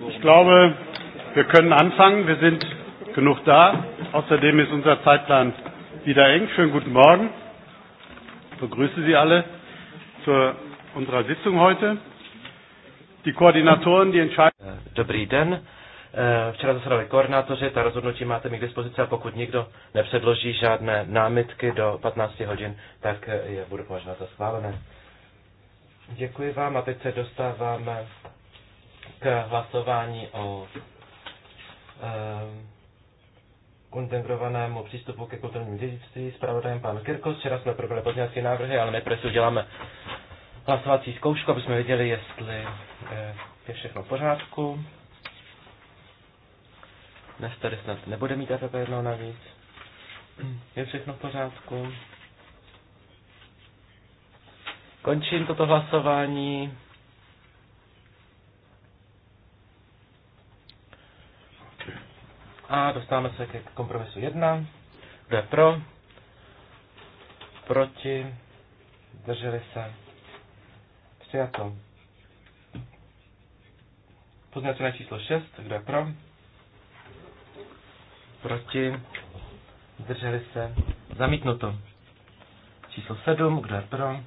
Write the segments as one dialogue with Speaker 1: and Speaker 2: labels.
Speaker 1: Ich
Speaker 2: glaube, wir können anfangen. Wir sind genug da. Außerdem ist unser Zeitplan wieder eng. Schönen guten Morgen. Ich begrüße Sie alle zu unserer Sitzung heute. Die Koordinatoren, die entscheiden. Eh, dobrý den.
Speaker 3: Eh, včera zasedali koordinátoři, ta rozhodnutí máte mi k dispozici a pokud nikdo nepředloží žádné námitky do 15 hodin, tak eh, je budu považovat za schválené. Děkuji vám a teď se dostáváme k hlasování o integrovanému ehm, přístupu ke kulturnímu dědictví. pravodajem pan Kirkos. Včera jsme probrali pozměňovací návrhy, ale nejprve si uděláme hlasovací zkoušku, aby jsme viděli, jestli eh, je všechno v pořádku. Dnes tady snad nebude mít ATP jednou navíc. Je všechno v pořádku. Končím toto hlasování. A dostáváme se ke kompromisu 1. Kdo je pro? Proti? Drželi se? Přijato. Poznáte na číslo 6. Kdo je pro? Proti? Drželi se? Zamítnuto. Číslo 7. Kdo je pro?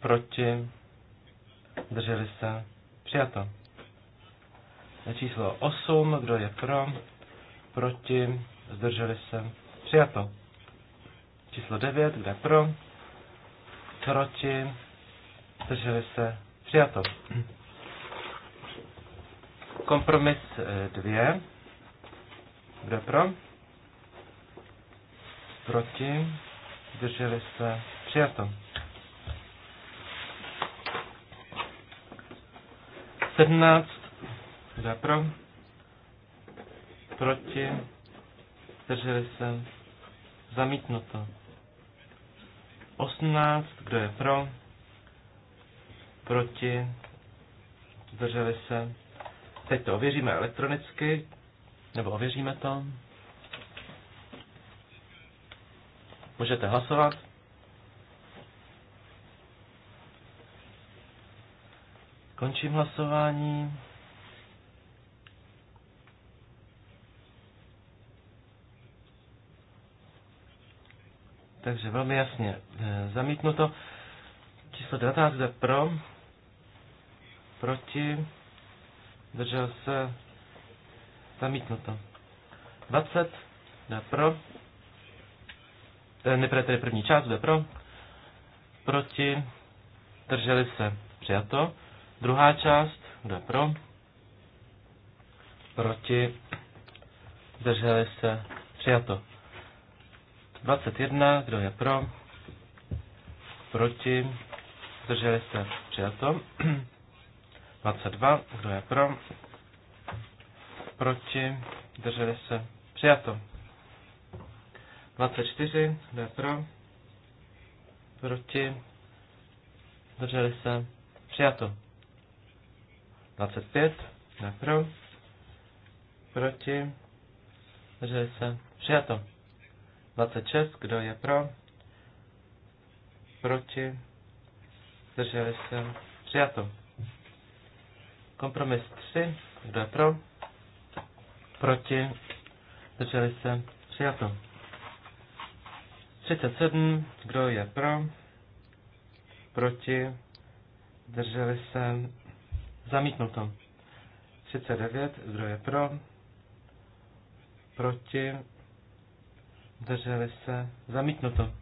Speaker 3: Proti? Drželi se? Přijato číslo 8, kdo je pro, proti, zdrželi se, přijato. Číslo 9, kdo je pro, proti, zdrželi se, přijato. Kompromis 2, eh, kdo je pro, proti, zdrželi se, přijato. 17 kdo pro? Proti? Zdrželi se? Zamítnuto. 18. Kdo je pro? Proti? Zdrželi se? Teď to ověříme elektronicky, nebo ověříme to. Můžete hlasovat. Končím hlasování. Takže velmi jasně eh, zamítnuto. Číslo 19 jde pro, proti, držel se, zamítnuto. 20 jde pro, eh, nejprve tedy první část jde pro, proti, drželi se, přijato. Druhá část jde pro, proti, drželi se, přijato. 21, kdo je pro? Proti? Zdrželi se? Přijato. 22, kdo je pro? Proti? Zdrželi se? Přijato. 24, kdo je pro? Proti? Zdrželi se? Přijato. 25, kdo je pro? Proti? Zdrželi se? Přijato. 26, kdo je pro? Proti? Zdrželi se? Přijato. Kompromis 3, kdo je pro? Proti? Zdrželi se? Přijato. 37, kdo je pro? Proti? Zdrželi se? Zamítnuto. 39, kdo je pro? Proti? Zdrželi se. Zamítnuto.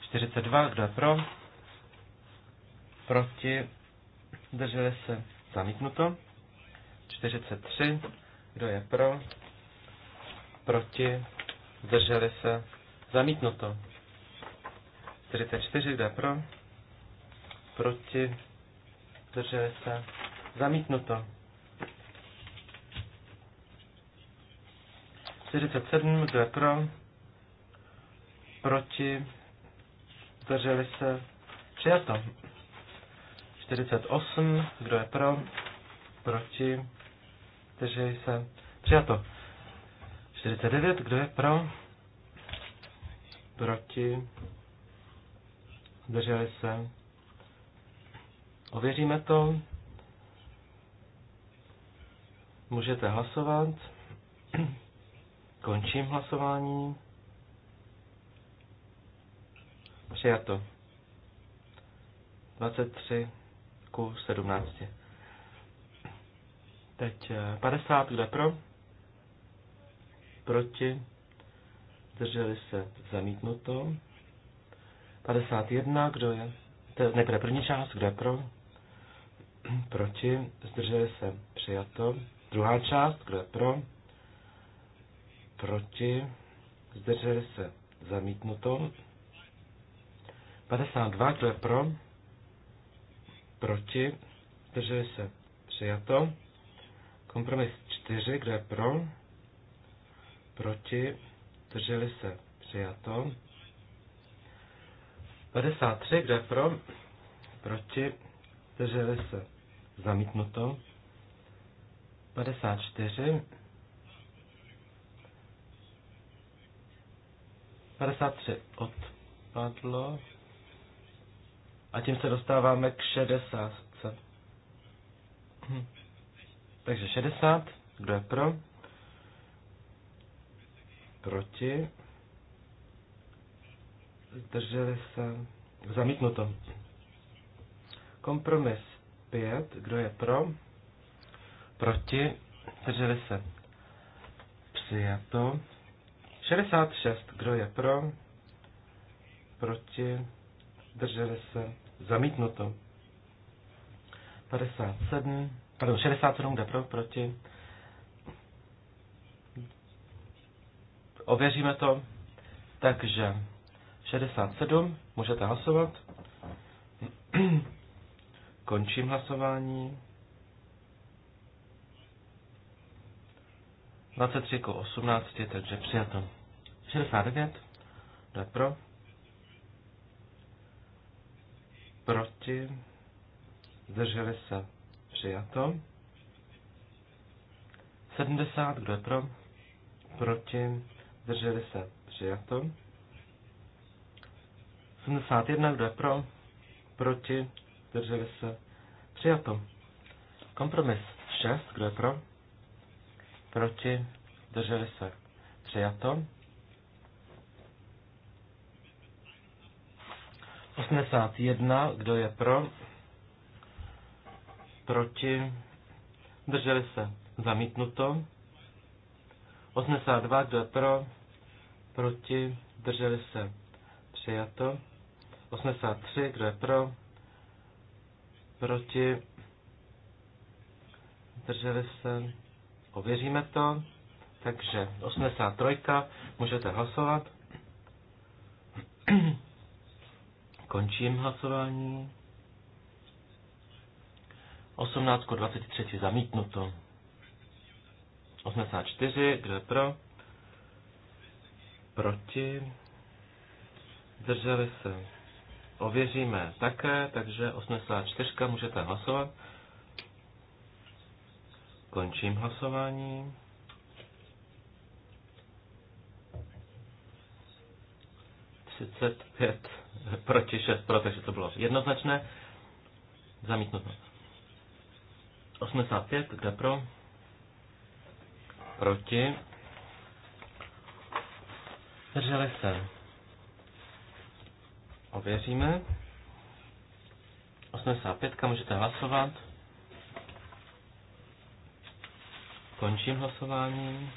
Speaker 3: 42. Kdo je pro? Proti. Zdrželi se. Zamítnuto. 43. Kdo je pro? Proti. Zdrželi se. Zamítnuto. 44. Kdo je pro? Proti. Zdrželi se. Zamítnuto. 47, kdo je pro, proti, zdrželi se, přijato. 48, kdo je pro, proti, zdrželi se, přijato. 49, kdo je pro, proti, zdrželi se. Ověříme to. Můžete hlasovat. Končím hlasování. Přijato. 23 ku 17. Teď 50, eh, kde pro? Proti. Drželi se zamítnuto. 51, kdo je? Nejprve první část, kdo je pro? Proti. Zdrželi se přijato. Druhá část, kdo je pro? Proti. Zdrželi se zamítnuto. 52, kdo je pro? Proti? Drželi se. Přijato. Kompromis 4, kdo je pro? Proti? Drželi se. Přijato. 53, kdo je pro? Proti? Drželi se. Zamítnuto. 54. 53 odpadlo. A tím se dostáváme k 60. Hm. Takže 60, kdo je pro? Proti? Zdrželi se? Zamítnuto. Kompromis 5, kdo je pro? Proti? Zdrželi se? Přijato. 66, kdo je pro? Proti? Zdrželi se? Zamítnuto. 57, pardon, 67 jde pro, proti. Ověříme to. Takže 67, můžete hlasovat. Končím hlasování. 23 k 18, takže přijato. 69, jde pro? proti, zdrželi se, přijato. 70, kdo je pro, proti, zdrželi se, přijato. 71, kdo je pro, proti, zdrželi se, přijato. Kompromis 6, kdo je pro, proti, zdrželi se, přijato. 81, kdo je pro? Proti? Drželi se. Zamítnuto. 82, kdo je pro? Proti? Drželi se. Přijato. 83, kdo je pro? Proti? Drželi se. Ověříme to. Takže 83, můžete hlasovat. Končím hlasování. 18 23 zamítnuto. 84, kdo je pro? Proti. Drželi se. Ověříme také, takže 84 můžete hlasovat. Končím hlasování. Třicet pět proti 6 pro, takže to bylo jednoznačné. Zamítnuto. 85, kde pro? Proti. Drželi se. Ověříme. 85, můžete hlasovat. Končím hlasování.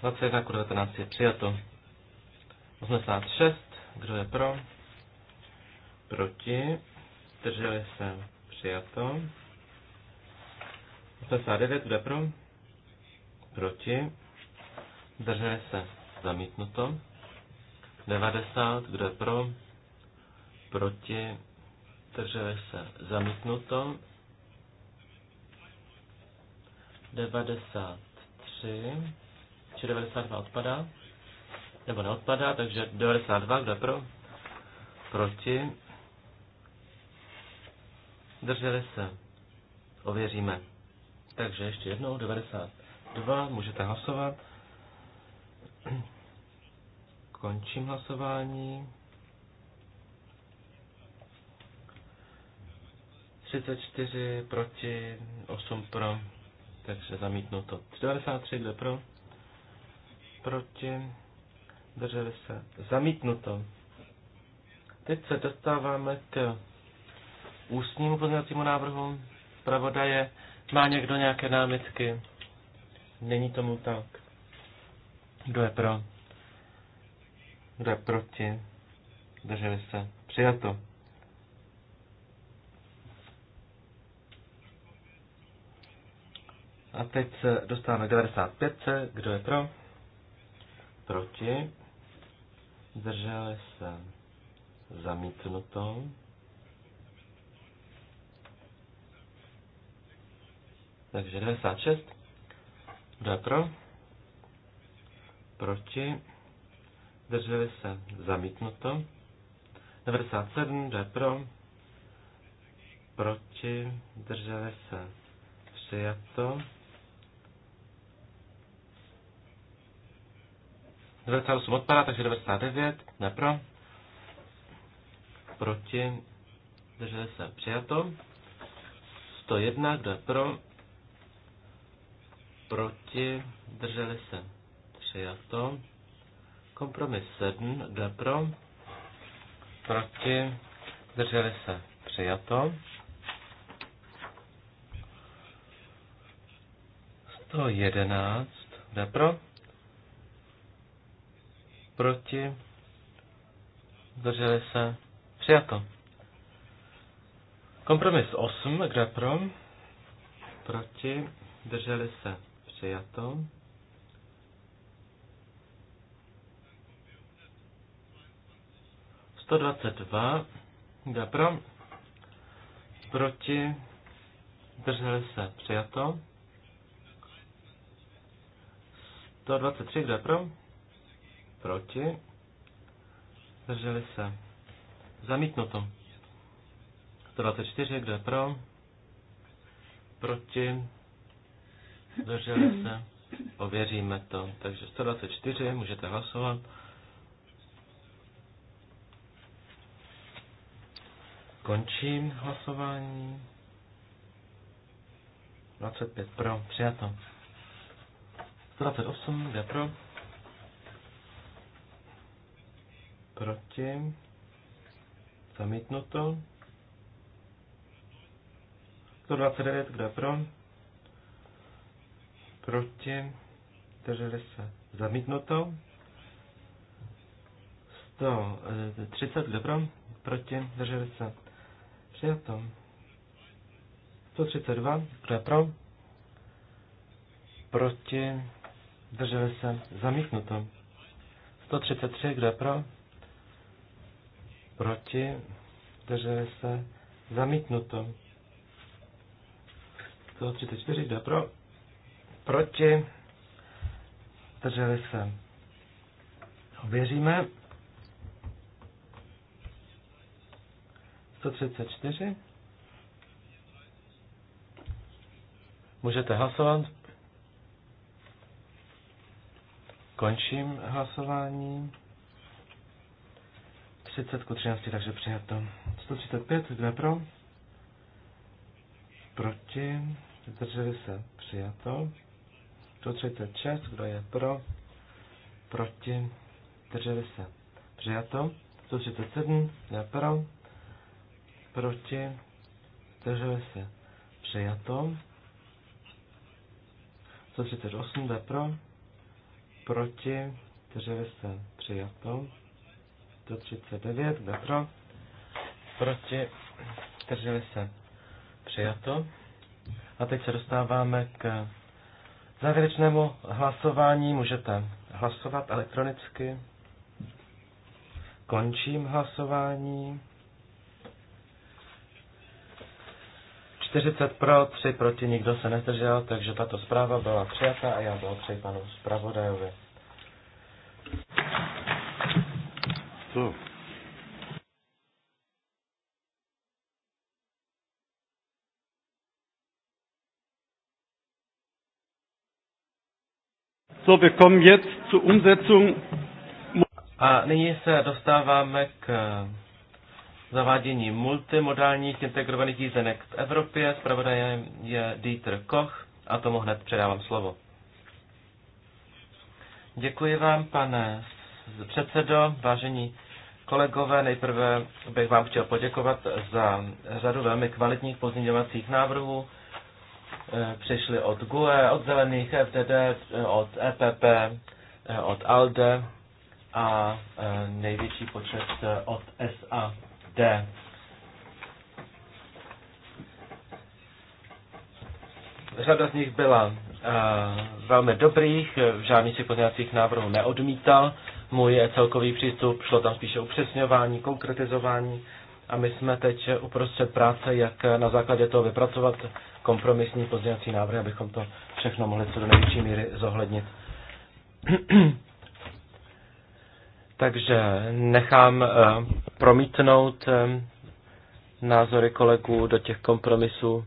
Speaker 3: 21 k 19 je přijato. 86. Kdo je pro? Proti? Drželi se. Přijato. 89. Kdo je pro? Proti? Drželi se. Zamítnuto. 90. Kdo je pro? Proti? Drželi se. Zamítnuto. 93. Či 92 odpadá nebo neodpadá, takže 92, kdo pro? Proti. Drželi se. Ověříme. Takže ještě jednou, 92, můžete hlasovat. Končím hlasování. 34 proti, 8 pro, takže zamítnuto. 93, kde pro? Proti drželi se, zamítnuto. Teď se dostáváme k ústnímu pozměňovacímu návrhu zpravodaje. Má někdo nějaké námitky? Není tomu tak. Kdo je pro? Kdo je proti? Drželi se. Přijato. A teď se dostáváme k 95. Kdo je pro? Proti zdrželi se zamítnutou. Takže 96. Kdo je pro? Proti. Zdrželi se zamítnuto. 97. Kdo je pro? Proti. Zdrželi se přijato. 98 odpadá, takže 99, ne pro. Proti, takže se, přijato. 101, kdo je pro. Proti, drželi se, přijato. Kompromis 7, kdo je pro. Proti, drželi se, přijato. 111, kdo je pro Proti? drželi se? Přijato. Kompromis 8, kde pro? Proti? drželi se? Přijato. Sto dvacet dva, kde pro? Proti? drželi se? Přijato. dvacet tři, kde pro? Proti? Zdrželi se. Zamítnuto. 124, kdo je pro? Proti? Zdrželi se. Ověříme to. Takže 124, můžete hlasovat. Končím hlasování. 25 pro, přijato. 128, kde pro? proti, zamítnuto. 129, kdo je pro, proti, drželi se, zamítnuto. 130, kdo pro, proti, drželi se, přijato. 132, kdo je pro, proti, drželi se, zamítnuto. 133, kdo je pro, proti, zdrželi se, zamítnuto. 134, jde pro, proti, drželi se. Věříme 134. Můžete hlasovat. Končím hlasování. 30 ku 13, takže přijato. 135, kdo pro? Proti? Zdrželi se. Přijato. 136, kdo je pro? Proti? Zdrželi se. Přijato. 137, kdo je pro? Proti? Zdrželi se. Přijato. 138, kdo je pro? Proti? Zdrželi se. Přijato. 139, kdo pro? Proti, drželi se. Přijato. A teď se dostáváme k závěrečnému hlasování. Můžete hlasovat elektronicky. Končím hlasování. 40 pro, 3 proti, nikdo se nezdržel, takže tato zpráva byla přijata a já blahopřeji panu zpravodajovi.
Speaker 2: So. So, wir kommen jetzt zur Umsetzung.
Speaker 3: A nyní se dostáváme k eh, zavádění multimodálních integrovaných jízenek v Evropě. Spravodajem je Dieter Koch a tomu hned předávám slovo. Děkuji vám, pane předsedo, vážení kolegové, nejprve bych vám chtěl poděkovat za řadu velmi kvalitních pozměňovacích návrhů. Eh, přišli od GUE, od Zelených, FDD, eh, od EPP, eh, od ALDE a největší počet od SAD. Řada z nich byla velmi dobrých, žádný si pozměňovacích návrhů neodmítal můj celkový přístup. Šlo tam spíše upřesňování, konkretizování a my jsme teď uprostřed práce, jak na základě toho vypracovat kompromisní pozdějací návrhy, abychom to všechno mohli co do největší míry zohlednit. Takže nechám eh, promítnout eh, názory kolegů do těch kompromisů.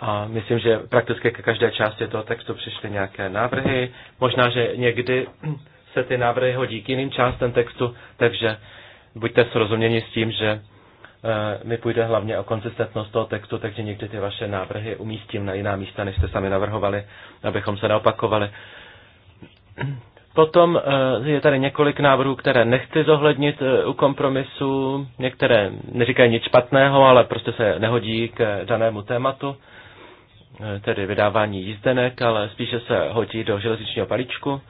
Speaker 3: A myslím, že prakticky ke každé části toho textu přišly nějaké návrhy. Možná, že někdy se ty návrhy hodí k jiným částem textu, takže buďte srozuměni s tím, že eh, mi půjde hlavně o konzistentnost toho textu, takže někdy ty vaše návrhy umístím na jiná místa, než jste sami navrhovali, abychom se neopakovali. Potom eh, je tady několik návrhů, které nechci zohlednit eh, u kompromisu. Některé neříkají nic špatného, ale prostě se nehodí k danému tématu, tedy vydávání jízdenek, ale spíše se hodí do železničního palíčku.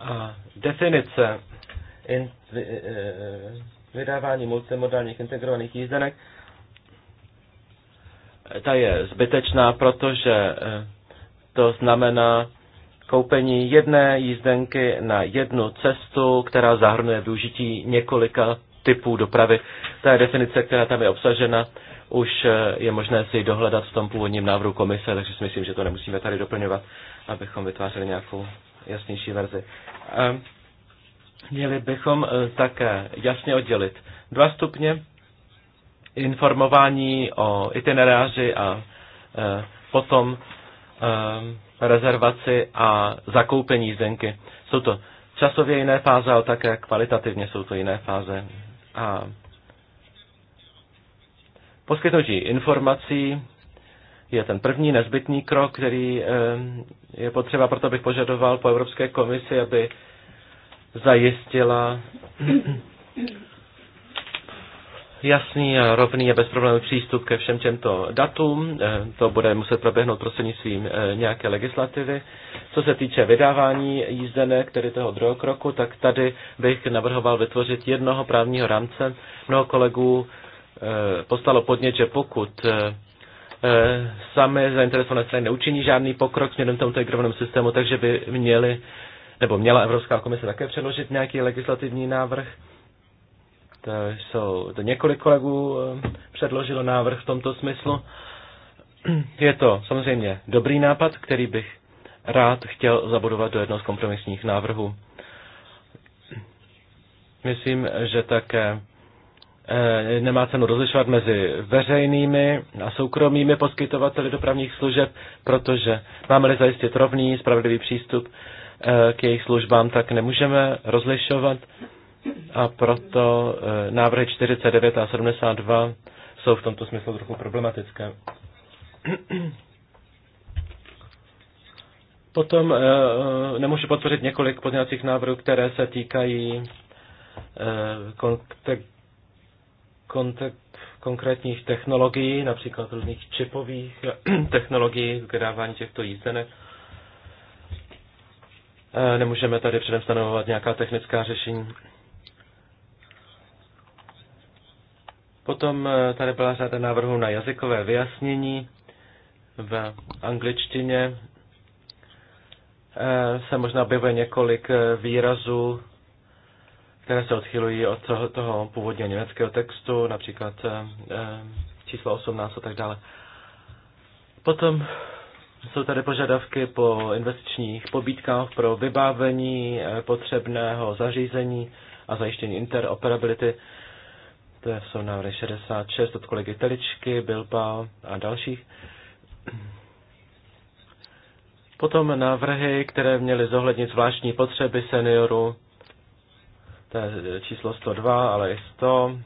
Speaker 3: A definice in, eh, eh, vydávání multimodálních integrovaných jízdenek, eh, ta je zbytečná, protože to znamená koupení jedné jízdenky na jednu cestu, která zahrnuje využití několika typů dopravy. Ta definice, která tam je obsažena, už je možné si ji dohledat v tom původním návrhu komise, takže si myslím, že to nemusíme tady doplňovat, abychom vytvářeli nějakou jasnější verzi. Měli bychom e, také jasně oddělit dva stupně informování o itineráři a e, potom e, rezervaci a zakoupení zdenky. Jsou to časově jiné fáze, ale také kvalitativně jsou to jiné fáze. A poskytnutí informací je ten první nezbytný krok, který eh, je potřeba, proto bych požadoval po Evropské komisi, aby zajistila jasný a rovný a bezproblémový přístup ke všem těmto datům. Eh, to bude muset proběhnout prostřednictvím eh, nějaké legislativy. Co se týče vydávání jízdenek, tedy toho druhého kroku, tak tady bych navrhoval vytvořit jednoho právního rámce. Mnoho kolegů postalo podnět, že pokud Eh, samé zainteresované strany neučiní žádný pokrok směrem tomu tomuto integrovanému systému, takže by měli, nebo měla Evropská komise také předložit nějaký legislativní návrh. To jsou to několik kolegů eh, předložilo návrh v tomto smyslu. Je to samozřejmě dobrý nápad, který bych rád chtěl zabudovat do jednoho z kompromisních návrhů. Myslím, že také Eh, nemá cenu rozlišovat mezi veřejnými a soukromými poskytovateli dopravních služeb, protože máme-li zajistit rovný, spravedlivý přístup eh, k jejich službám, tak nemůžeme rozlišovat a proto eh, návrhy 49 a 72 jsou v tomto smyslu trochu problematické. Potom nemůžu podpořit několik pozměňovacích návrhů, které se týkají kontek- konkrétních technologií, například různých čipových technologií k vydávání těchto jízdenek. E, nemůžeme tady předem stanovovat nějaká technická řešení. Potom e, tady byla řada návrhů na jazykové vyjasnění v angličtině. E, se možná objevuje několik výrazů, které se odchylují od toho, toho původně německého textu, například eh, eh číslo 18 a tak dále. Potom jsou tady požadavky po investičních pobídkách pro vybávení eh, potřebného zařízení a zajištění interoperability. To jsou návrhy 66 od kolegy Teličky, Bilbao a dalších. Potom návrhy, které měly zohlednit zvláštní potřeby seniorů to je číslo 102, ale i 100,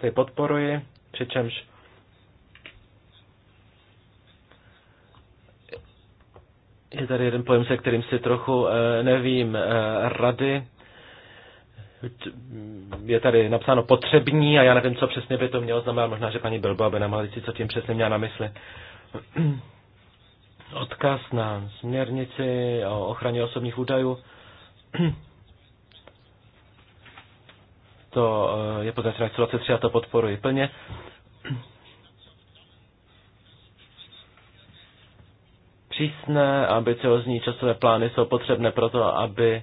Speaker 3: ty podporuji, přičemž je tady jeden pojem, se kterým si trochu eh, nevím eh, rady. Je tady napsáno potřební a já nevím, co přesně by to mělo znamenat. Možná, že paní Bilba by nám mohla říct, co tím přesně měla na mysli. Odkaz na směrnici o ochraně osobních údajů. To eh, je poznačená situace 23 a to podporuji plně. Přísné a ambiciozní časové plány jsou potřebné proto, aby eh,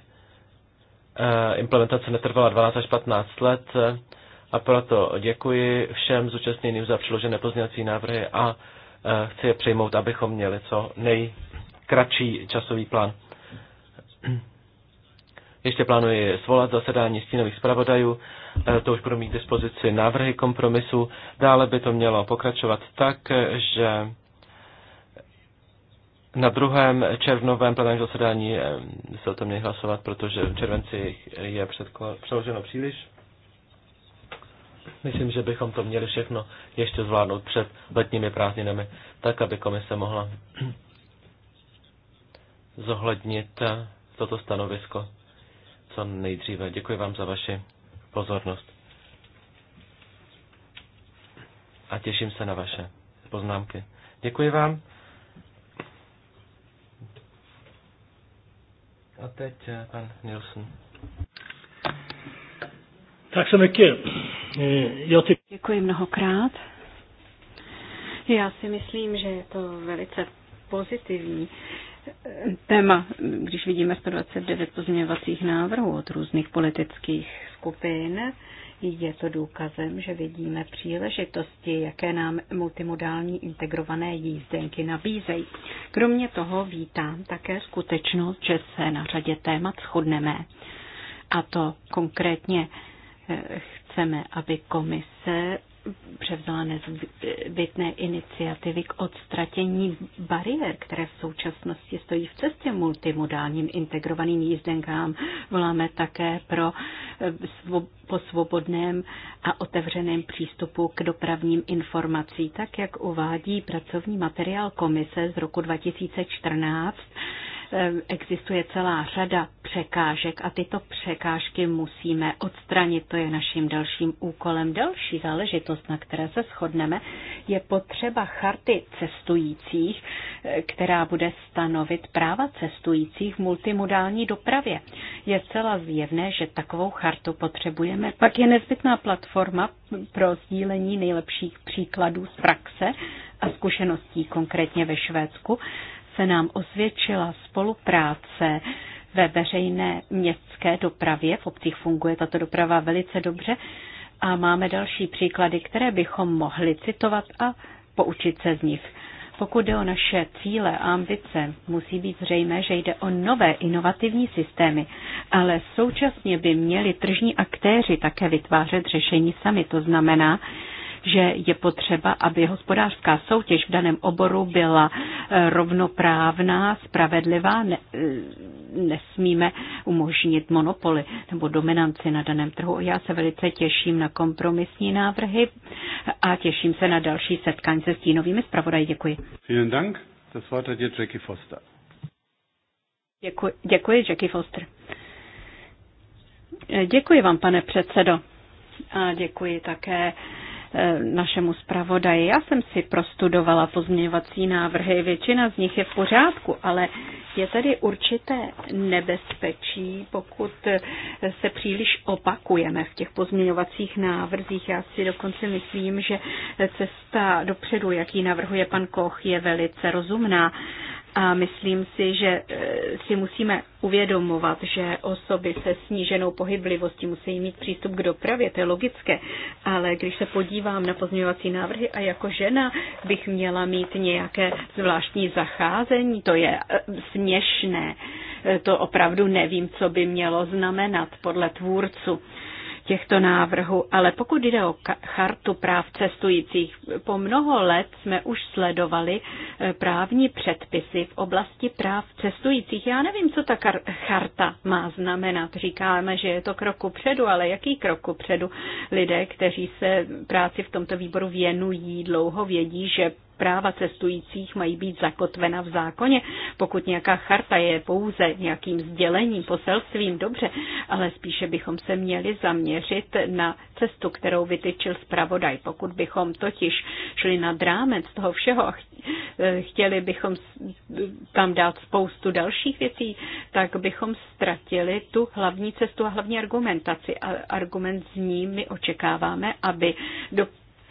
Speaker 3: implementace netrvala 12 až 15 let a proto děkuji všem zúčastněným za přiložené pozměňovací návrhy a eh, chci je přejmout, abychom měli co nejkratší časový plán. Ještě plánuji svolat zasedání stínových zpravodajů, e, to už budou mít k dispozici návrhy kompromisu. Dále by to mělo pokračovat tak, že na druhém červnovém plenárním zasedání e, se o tom měli hlasovat, protože v červenci je přeloženo příliš. Myslím, že bychom to měli všechno ještě zvládnout před letními prázdninami, tak aby komise mohla zohlednit e, toto stanovisko co nejdříve. Děkuji vám za vaši pozornost. A těším se na vaše poznámky. Děkuji vám. A teď eh, pan Nilsson.
Speaker 2: Tak se mycket. Eh, Děkuji mnohokrát.
Speaker 4: Já si myslím, že je to velice pozitivní téma, když vidíme 129 pozměňovacích návrhů od různých politických skupin, je to důkazem, že vidíme příležitosti, jaké nám multimodální integrované jízdenky nabízejí. Kromě toho vítám také skutečnost, že se na řadě témat shodneme. A to konkrétně eh, chceme, aby komise převzala nezbytné iniciativy k odstratění bariér, které v současnosti stojí v cestě multimodálním integrovaným jízdenkám. Voláme také pro, eh, po svobodném a otevřeném přístupu k dopravním informací, tak jak uvádí pracovní materiál komise z roku 2014 Ehm, existuje celá řada překážek a tyto překážky musíme odstranit. To je naším dalším úkolem. Další záležitost, na které se shodneme, je potřeba charty cestujících, eh, která bude stanovit práva cestujících v multimodální dopravě. Je zcela zjevné, že takovou chartu potřebujeme. Pak je nezbytná platforma pro sdílení nejlepších příkladů z praxe a zkušeností konkrétně ve Švédsku se nám osvědčila spolupráce ve veřejné městské dopravě. V obcích funguje tato doprava velice dobře a máme další příklady, které bychom mohli citovat a poučit se z nich. Pokud jde o naše cíle a ambice, musí být zřejmé, že jde o nové inovativní systémy, ale současně by měli tržní aktéři také vytvářet řešení sami. To znamená, že je potřeba, aby hospodářská soutěž v daném oboru byla eh, rovnoprávná, spravedlivá. Ne, eh, nesmíme umožnit monopoly nebo dominanci na daném trhu. Já se velice těším na kompromisní návrhy a těším se na další setkání se stínovými zpravodaji. Děkuji.
Speaker 2: Vielen Dank. Das Wort hat Jackie Foster.
Speaker 4: Děkuji, děkuji Jackie Foster. Děkuji vám, pane předsedo. A děkuji také Eh, našemu zpravodaji. Já jsem si prostudovala pozměňovací návrhy, většina z nich je v pořádku, ale je tady určité nebezpečí, pokud se příliš opakujeme v těch pozměňovacích návrzích. Já si dokonce myslím, že cesta dopředu, jaký navrhuje pan Koch, je velice rozumná. A myslím si, že eh, si musíme uvědomovat, že osoby se sníženou pohyblivostí musí mít přístup k dopravě, to je logické. Ale když se podívám na pozměňovací návrhy a jako žena bych měla mít nějaké zvláštní zacházení, to je eh, směšné. Eh, to opravdu nevím, co by mělo znamenat podle tvůrců těchto návrhů. Ale pokud jde o chartu práv cestujících, po mnoho let jsme už sledovali eh, právní předpisy v oblasti práv cestujících. Já nevím, co ta charta má znamenat. Říkáme, že je to kroku předu, ale jaký kroku předu? Lidé, kteří se práci v tomto výboru věnují dlouho, vědí, že práva cestujících mají být zakotvena v zákoně. Pokud nějaká charta je pouze nějakým sdělením, poselstvím, dobře, ale spíše bychom se měli zaměřit na cestu, kterou vytyčil zpravodaj. Pokud bychom totiž šli nad rámec toho všeho a chtěli bychom tam dát spoustu dalších věcí, tak bychom ztratili tu hlavní cestu a hlavní argumentaci. A argument z ní my očekáváme, aby do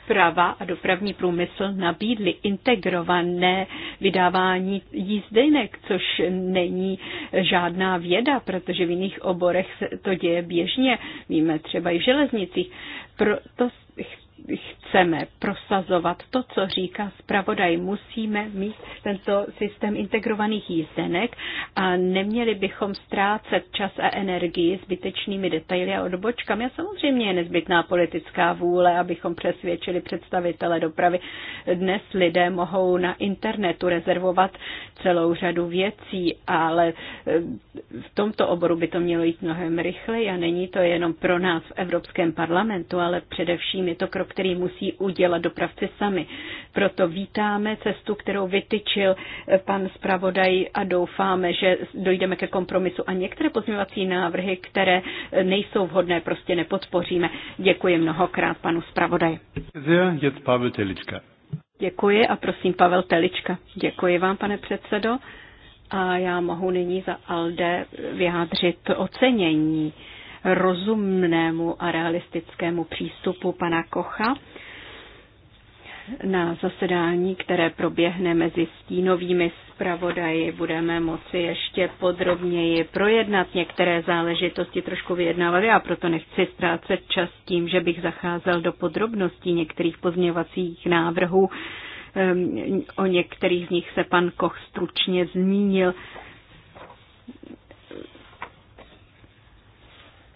Speaker 4: doprava a dopravní průmysl nabídli integrované vydávání jízdenek, což není žádná věda, protože v jiných oborech se to děje běžně, víme třeba i v železnicích. Proto chceme prosazovat to, co říká zpravodaj. Musíme mít tento systém integrovaných jízdenek a neměli bychom ztrácet čas a energii zbytečnými detaily a odbočkami. A samozřejmě je nezbytná politická vůle, abychom přesvědčili představitele dopravy. Dnes lidé mohou na internetu rezervovat celou řadu věcí, ale eh, v tomto oboru by to mělo jít mnohem rychleji a není to jenom pro nás v Evropském parlamentu, ale především je to krok pokrok, který musí udělat dopravci sami. Proto vítáme cestu, kterou vytyčil eh, pan zpravodaj a doufáme, že dojdeme ke kompromisu a některé pozměvací návrhy, které eh, nejsou vhodné, prostě nepodpoříme. Děkuji mnohokrát panu zpravodaj. Děkuji a prosím Pavel Telička. Děkuji vám, pane předsedo. A já mohu nyní za ALDE vyjádřit ocenění rozumnému a realistickému přístupu pana Kocha na zasedání, které proběhne mezi stínovými zpravodaji, budeme moci ještě podrobněji projednat některé záležitosti, trošku vyjednávat. Já proto nechci ztrácet čas tím, že bych zacházel do podrobností některých pozměvacích návrhů. Ehm, o některých z nich se pan Koch stručně zmínil.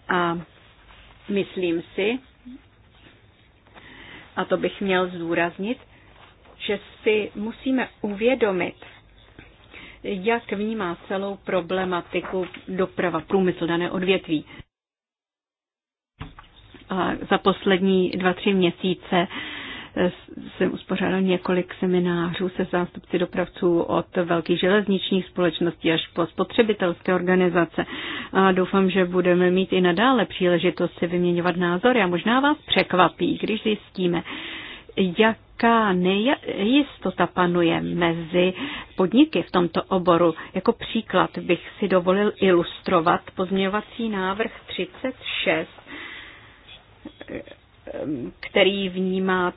Speaker 4: A myslím si, a to bych měl zdůraznit, že si musíme uvědomit, jak vnímá celou problematiku doprava, průmysl dané odvětví. A za poslední dva, tři měsíce jsem uspořádal několik seminářů se zástupci dopravců od velkých železničních společností až po spotřebitelské organizace. A doufám, že budeme mít i nadále příležitost si vyměňovat názory a možná vás překvapí, když zjistíme, jaká nejistota panuje mezi podniky v tomto oboru. Jako příklad bych si dovolil ilustrovat pozměňovací návrh 36 Ehm, který vnímá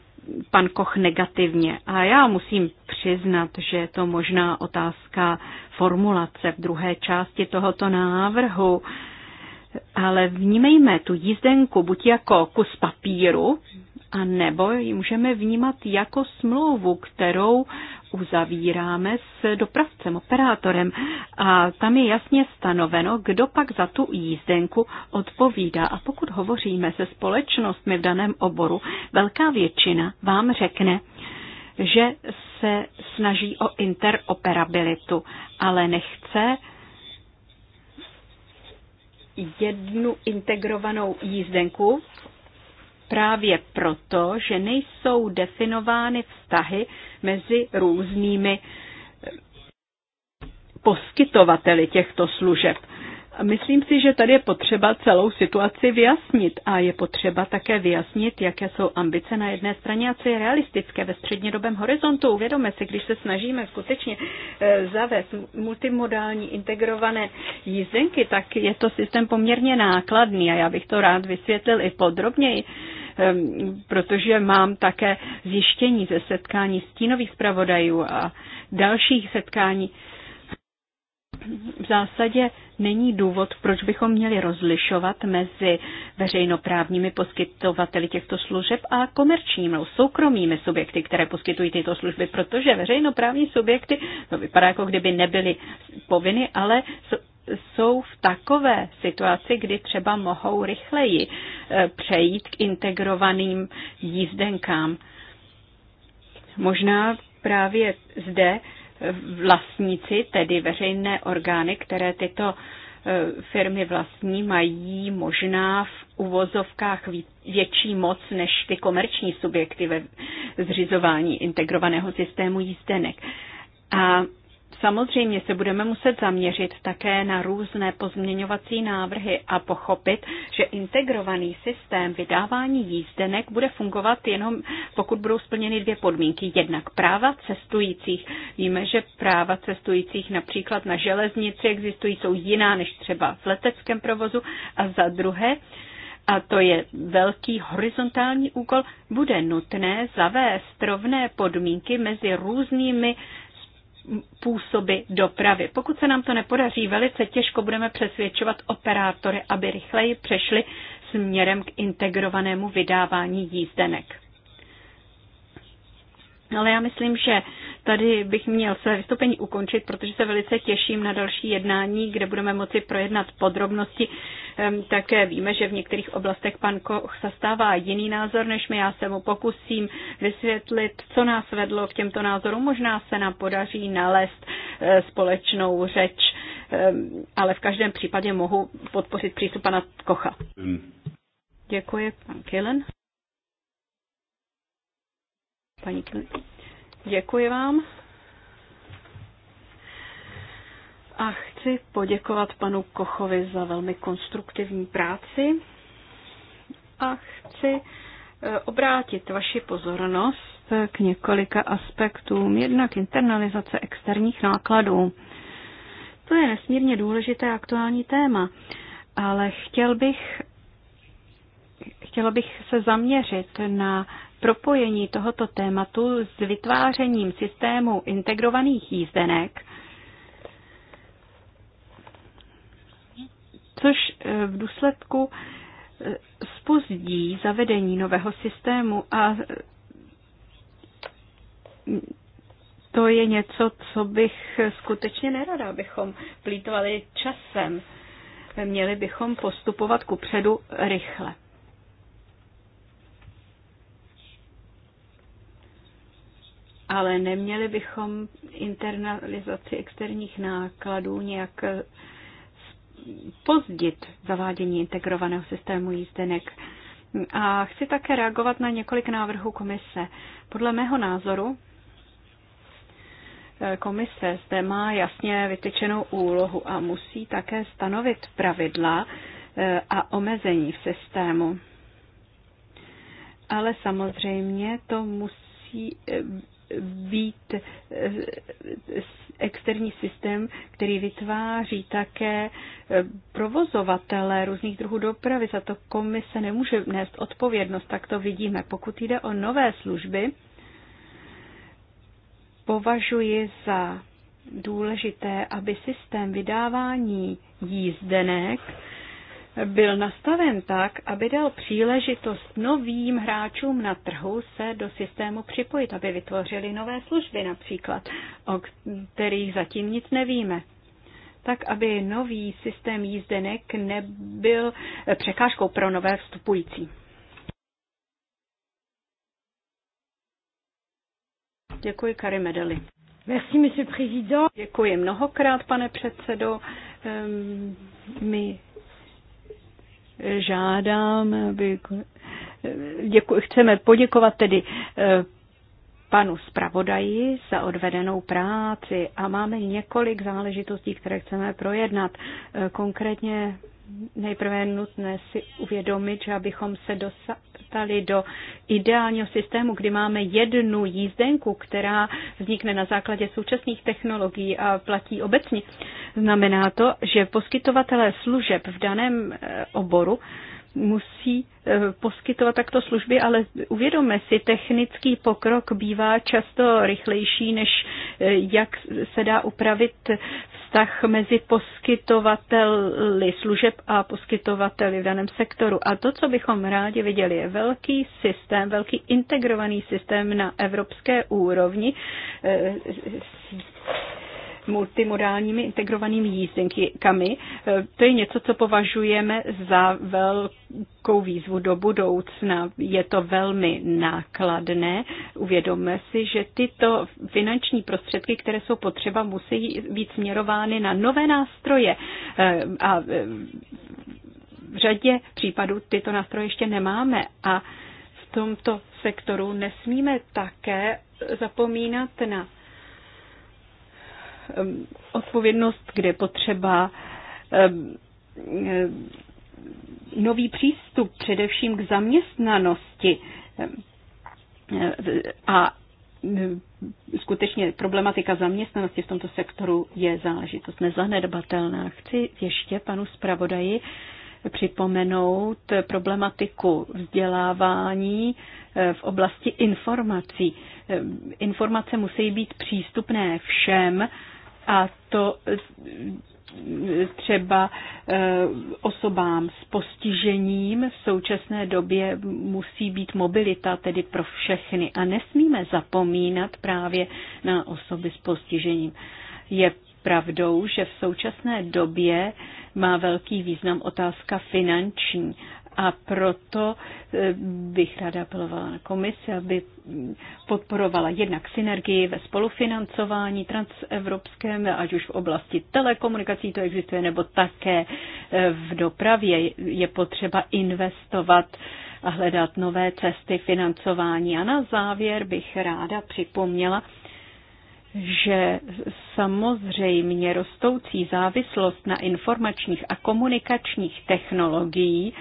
Speaker 4: pan Koch negativně. A já musím přiznat, že je to možná otázka formulace v druhé části tohoto návrhu, ale vnímejme tu jízdenku buď jako kus papíru, a nebo ji můžeme vnímat jako smlouvu, kterou uzavíráme s dopravcem, operátorem a tam je jasně stanoveno, kdo pak za tu jízdenku odpovídá. A pokud hovoříme se společnostmi v daném oboru, velká většina vám řekne, že se snaží o interoperabilitu, ale nechce jednu integrovanou jízdenku v právě proto, že nejsou definovány vztahy mezi různými eh, poskytovateli těchto služeb. Myslím si, že tady je potřeba celou situaci vyjasnit a je potřeba také vyjasnit, jaké jsou ambice na jedné straně a co je realistické ve střednědobém horizontu. Uvědomme si, když se snažíme skutečně eh, zavést multimodální integrované jízdenky, tak je to systém poměrně nákladný a já bych to rád vysvětlil i podrobněji protože mám také zjištění ze setkání stínových zpravodajů a dalších setkání. V zásadě není důvod, proč bychom měli rozlišovat mezi veřejnoprávními poskytovateli těchto služeb a komerčními, soukromými subjekty, které poskytují tyto služby, protože veřejnoprávní subjekty, to vypadá jako kdyby nebyly povinny, ale jsou v takové situaci, kdy třeba mohou rychleji e, přejít k integrovaným jízdenkám. Možná právě zde vlastníci, tedy veřejné orgány, které tyto e, firmy vlastní, mají možná v uvozovkách větší moc než ty komerční subjekty ve zřizování integrovaného systému jízdenek. A Samozřejmě se budeme muset zaměřit také na různé pozměňovací návrhy a pochopit, že integrovaný systém vydávání jízdenek bude fungovat jenom, pokud budou splněny dvě podmínky. Jednak práva cestujících. Víme, že práva cestujících například na železnici existují, jsou jiná než třeba v leteckém provozu. A za druhé, a to je velký horizontální úkol, bude nutné zavést rovné podmínky mezi různými působy dopravy. Pokud se nám to nepodaří, velice těžko budeme přesvědčovat operátory, aby rychleji přešli směrem k integrovanému vydávání jízdenek. Ale já myslím, že tady bych měl své vystoupení ukončit, protože se velice těším na další jednání, kde budeme moci projednat podrobnosti. Ehm, také víme, že v některých oblastech pan Koch zastává jiný názor než my. Já se mu pokusím vysvětlit, co nás vedlo k těmto názorům. Možná se nám podaří nalézt eh, společnou řeč, ehm, ale v každém případě mohu podpořit přístup pana Kocha. Hmm. Děkuji, pan Kilen. Paní Kl... Děkuji vám. A chci poděkovat panu Kochovi za velmi konstruktivní práci a chci e, obrátit vaši pozornost k několika aspektům. Jednak internalizace externích nákladů. To je nesmírně důležité aktuální téma, ale chtěl bych, chtěla bych se zaměřit na propojení tohoto tématu s vytvářením systému integrovaných jízdenek, což eh, v důsledku eh, spozdí zavedení nového systému a eh, to je něco, co bych skutečně nerada, abychom plítovali časem. Měli bychom postupovat ku předu rychle. ale neměli bychom internalizaci externích nákladů nějak eh, pozdit zavádění integrovaného systému jízdenek. A chci také reagovat na několik návrhů komise. Podle mého názoru eh, komise zde má jasně vytyčenou úlohu a musí také stanovit pravidla eh, a omezení v systému. Ale samozřejmě to musí být eh, externí systém, který vytváří také eh, provozovatele různých druhů dopravy. Za to komise nemůže nést odpovědnost, tak to vidíme. Pokud jde o nové služby, považuji za důležité, aby systém vydávání jízdenek byl nastaven tak, aby dal příležitost novým hráčům na trhu se do systému připojit, aby vytvořili nové služby například, o kterých zatím nic nevíme tak aby nový systém jízdenek nebyl překážkou pro nové vstupující. Děkuji, Kary Medeli. Merci, monsieur président. Děkuji mnohokrát, pane předsedo. Ehm, my žádám, aby děku, chceme poděkovat tedy eh, panu zpravodaji za odvedenou práci a máme několik záležitostí, které chceme projednat. Eh, konkrétně Nejprve je nutné si uvědomit, že abychom se dostali do ideálního systému, kdy máme jednu jízdenku, která vznikne na základě současných technologií a platí obecně, znamená to, že poskytovatelé služeb v daném eh, oboru musí eh, poskytovat takto služby, ale uvědomme si, technický pokrok bývá často rychlejší, než eh, jak se dá upravit vztah mezi poskytovateli služeb a poskytovateli v daném sektoru. A to, co bychom rádi viděli, je velký systém, velký integrovaný systém na evropské úrovni eh, multimodálními integrovanými jízdenkami. E, to je něco, co považujeme za velkou výzvu do budoucna. Je to velmi nákladné. Uvědomme si, že tyto finanční prostředky, které jsou potřeba, musí být směrovány na nové nástroje e, a e, v řadě případů tyto nástroje ještě nemáme a v tomto sektoru nesmíme také zapomínat na Ehm, odpovědnost, kde potřeba ehm, ehm, nový přístup především k zaměstnanosti a skutečně problematika zaměstnanosti v tomto sektoru je záležitost nezanedbatelná. Chci ještě panu zpravodaji připomenout problematiku vzdělávání v oblasti informací. Informace musí být přístupné všem, a to třeba eh, osobám s postižením v současné době musí být mobilita tedy pro všechny a nesmíme zapomínat právě na osoby s postižením. Je pravdou, že v současné době má velký význam otázka finanční a proto eh, bych ráda apelovala na komisi, aby podporovala jednak synergii ve spolufinancování transevropském, ať už v oblasti telekomunikací to existuje, nebo také eh, v dopravě je potřeba investovat a hledat nové cesty financování. A na závěr bych ráda připomněla, že samozřejmě rostoucí závislost na informačních a komunikačních technologií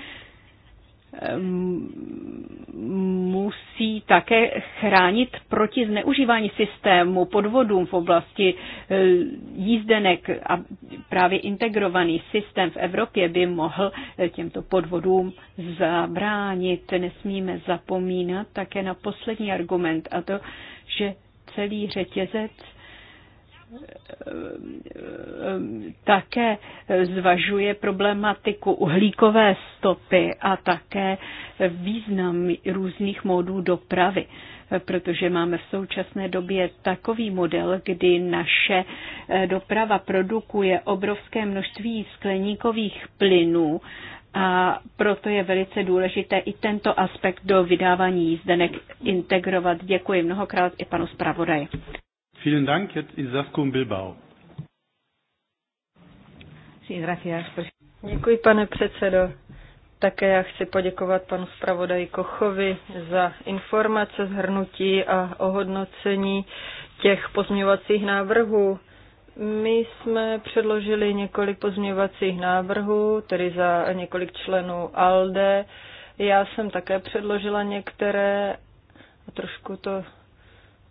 Speaker 4: musí také chránit proti zneužívání systému, podvodům v oblasti e, jízdenek a právě integrovaný systém v Evropě by mohl e, těmto podvodům zabránit. Nesmíme zapomínat také na poslední argument a to, že celý řetězec také zvažuje problematiku uhlíkové stopy a také význam různých módů dopravy, protože máme v současné době takový model, kdy naše doprava produkuje obrovské množství skleníkových plynů a proto je velice důležité i tento aspekt do vydávání jízdenek integrovat. Děkuji mnohokrát i panu zpravodaji.
Speaker 2: Vielen Dank. Jetzt Bilbao.
Speaker 4: Děkuji, pane předsedo.
Speaker 5: Také já chci poděkovat panu zpravodaji Kochovi za informace, zhrnutí a ohodnocení těch pozměňovacích návrhů. My jsme předložili několik pozměňovacích návrhů, tedy za několik členů ALDE. Já jsem také předložila některé a trošku to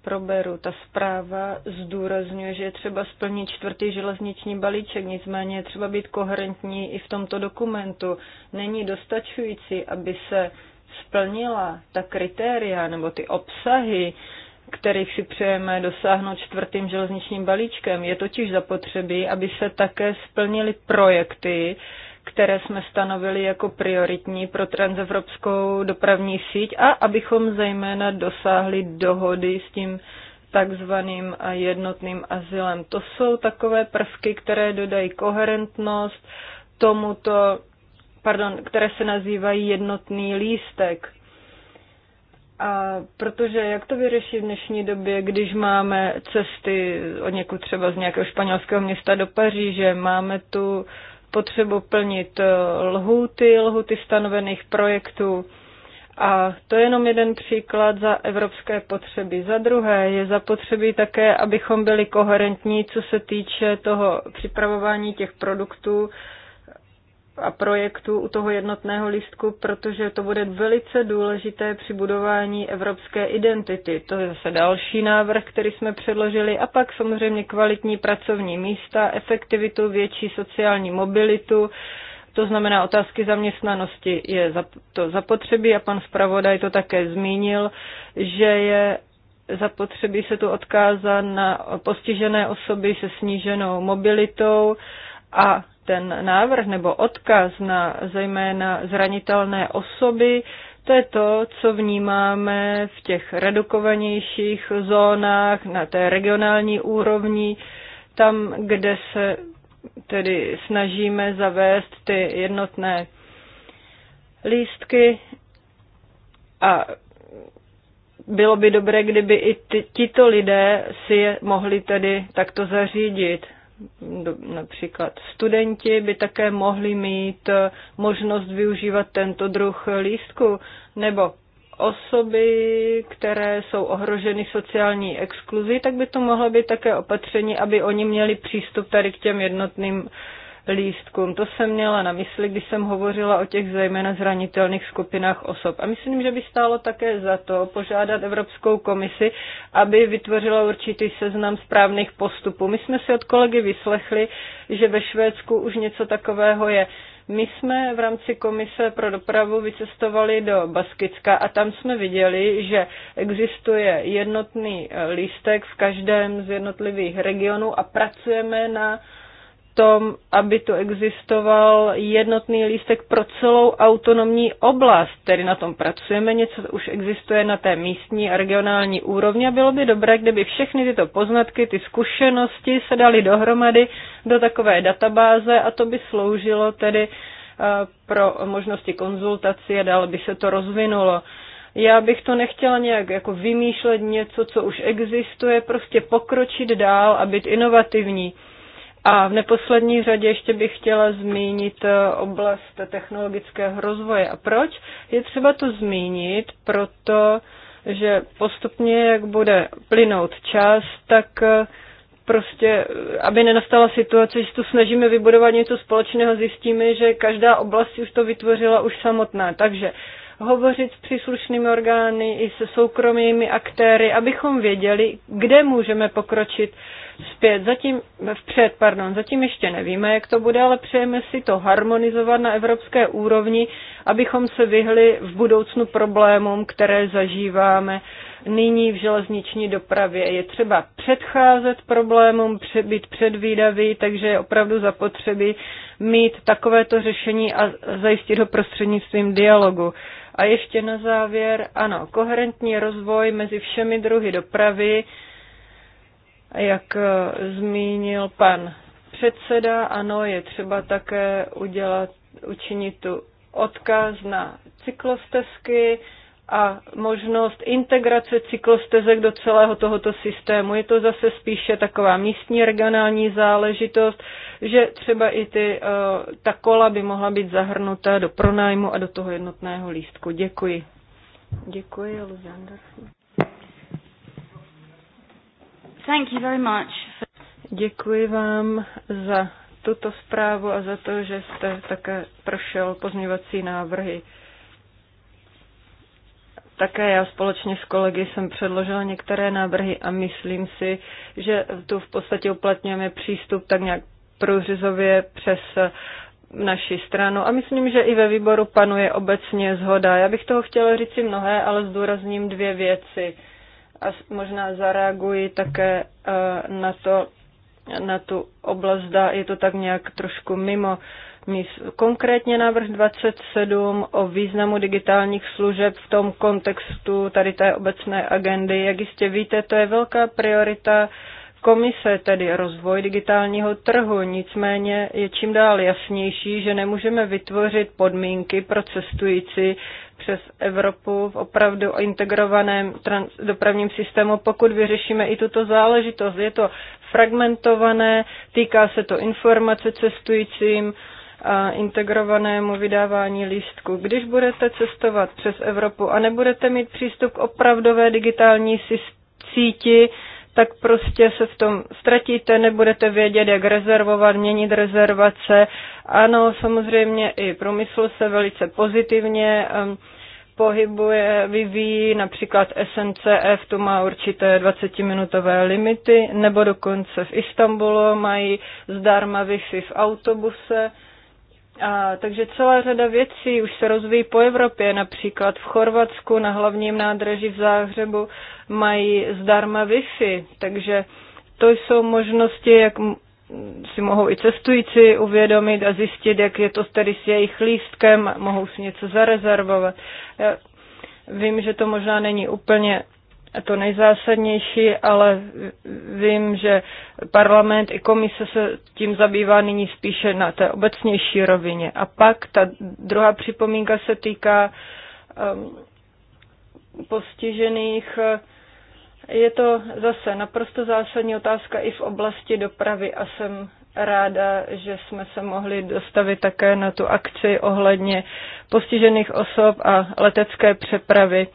Speaker 5: proberu. Ta zpráva zdůrazňuje, že je třeba splnit čtvrtý železniční balíček, nicméně je třeba být koherentní i v tomto dokumentu. Není dostačující, aby se splnila ta kritéria nebo ty obsahy, kterých si přejeme dosáhnout čtvrtým železničním balíčkem. Je totiž zapotřebí, aby se také splnily projekty, které jsme stanovili jako prioritní pro transevropskou dopravní síť a abychom zejména dosáhli dohody s tím takzvaným jednotným azylem. To jsou takové prvky, které dodají koherentnost tomuto, pardon, které se nazývají jednotný lístek. A protože jak to vyřeší v dnešní době, když máme cesty od někud třeba z nějakého španělského města do Paříže, máme tu potřebu plnit eh, lhuty, lhuty stanovených projektů. A to je jenom jeden příklad za evropské potřeby. Za druhé je zapotřebí také, abychom byli koherentní, co se týče toho připravování těch produktů a projektu u toho jednotného lístku, protože to bude velice důležité při budování evropské identity. To je zase další návrh, který jsme předložili. A pak samozřejmě kvalitní pracovní místa, efektivitu, větší sociální mobilitu, to znamená otázky zaměstnanosti je to zapotřebí a pan zpravodaj to také zmínil, že je zapotřebí se tu odkázat na postižené osoby se sníženou mobilitou a ten návrh nebo odkaz na zejména zranitelné osoby, to je to, co vnímáme v těch redukovanějších zónách, na té regionální úrovni, tam, kde se tedy snažíme zavést ty jednotné lístky a bylo by dobré, kdyby i tito lidé si je mohli tedy takto zařídit například studenti by také mohli mít eh, možnost využívat tento druh lístku, nebo osoby, které jsou ohroženy sociální exkluzí, tak by to mohlo být také opatření, aby oni měli přístup tady k těm jednotným lístkům. To jsem měla na mysli, když jsem hovořila o těch zejména zranitelných skupinách osob. A myslím, že by stálo také za to požádat Evropskou komisi, aby vytvořila určitý seznam správných postupů. My jsme si od kolegy vyslechli, že ve Švédsku už něco takového je. My jsme v rámci komise pro dopravu vycestovali do Baskicka a tam jsme viděli, že existuje jednotný lístek v každém z jednotlivých regionů a pracujeme na tom, aby tu existoval jednotný lístek pro celou autonomní oblast. Tedy na tom pracujeme, něco už existuje na té místní a regionální úrovni a bylo by dobré, kdyby všechny tyto poznatky, ty zkušenosti se daly dohromady do takové databáze a to by sloužilo tedy eh, pro možnosti konzultaci a dále by se to rozvinulo. Já bych to nechtěla nějak jako vymýšlet něco, co už existuje, prostě pokročit dál a být inovativní. A v neposlední řadě ještě bych chtěla zmínit eh, oblast technologického rozvoje. A proč? Je třeba to zmínit, proto, že postupně, jak bude plynout čas, tak eh, prostě, eh, aby nenastala situace, že tu snažíme vybudovat něco společného, zjistíme, že každá oblast už to vytvořila už samotná. Takže hovořit s příslušnými orgány i se soukromými aktéry, abychom věděli, kde můžeme pokročit zpět, zatím, vpřed, pardon, zatím ještě nevíme, jak to bude, ale přejeme si to harmonizovat na evropské úrovni, abychom se vyhli v budoucnu problémům, které zažíváme nyní v železniční dopravě. Je třeba předcházet problémům, být předvídavý, takže je opravdu zapotřebí mít takovéto řešení a zajistit ho prostřednictvím dialogu. A ještě na závěr, ano, koherentní rozvoj mezi všemi druhy dopravy, jak eh, zmínil pan předseda, ano, je třeba také udělat, učinit tu odkaz na cyklostezky, a možnost integrace cyklostezek do celého tohoto systému. Je to zase spíše taková místní regionální záležitost, že třeba i ty, eh, ta kola by mohla být zahrnuta do pronájmu a do toho jednotného lístku. Děkuji. Děkuji, Luzander. Thank you very much. Děkuji vám za tuto zprávu a za to, že jste také prošel pozměvací návrhy. Také já společně s kolegy jsem předložila některé návrhy a myslím si, že tu v podstatě uplatňujeme přístup tak nějak průřezově přes naši stranu a myslím, že i ve výboru panuje obecně zhoda. Já bych toho chtěla říct si mnohé, ale zdůrazním dvě věci a možná zareaguji také eh, na to, na tu oblast, zda je to tak nějak trošku mimo Konkrétně návrh 27 o významu digitálních služeb v tom kontextu tady té obecné agendy. Jak jistě víte, to je velká priorita komise, tedy rozvoj digitálního trhu. Nicméně je čím dál jasnější, že nemůžeme vytvořit podmínky pro cestující přes Evropu v opravdu integrovaném dopravním systému, pokud vyřešíme i tuto záležitost. Je to fragmentované, týká se to informace cestujícím, a integrovanému vydávání lístku. Když budete cestovat přes Evropu a nebudete mít přístup k opravdové digitální síti, tak prostě se v tom ztratíte, nebudete vědět, jak rezervovat, měnit rezervace. Ano, samozřejmě i průmysl se velice pozitivně um, pohybuje, vyvíjí, například SNCF tu má určité 20-minutové limity, nebo dokonce v Istanbulu mají zdarma Wi-Fi v autobuse. A, takže celá řada věcí už se rozvíjí po Evropě, například v Chorvatsku na hlavním nádraží v Záhřebu mají zdarma Wi-Fi, takže to jsou možnosti, jak si mohou i cestující uvědomit a zjistit, jak je to tedy s jejich lístkem, mohou si něco zarezervovat. Já vím, že to možná není úplně to nejzásadnější, ale vím, že parlament i komise se tím zabývá nyní spíše na té obecnější rovině. A pak ta druhá připomínka se týká um, postižených. Je to zase naprosto zásadní otázka i v oblasti dopravy a jsem ráda, že jsme se mohli dostavit také na tu akci ohledně postižených osob a letecké přepravy.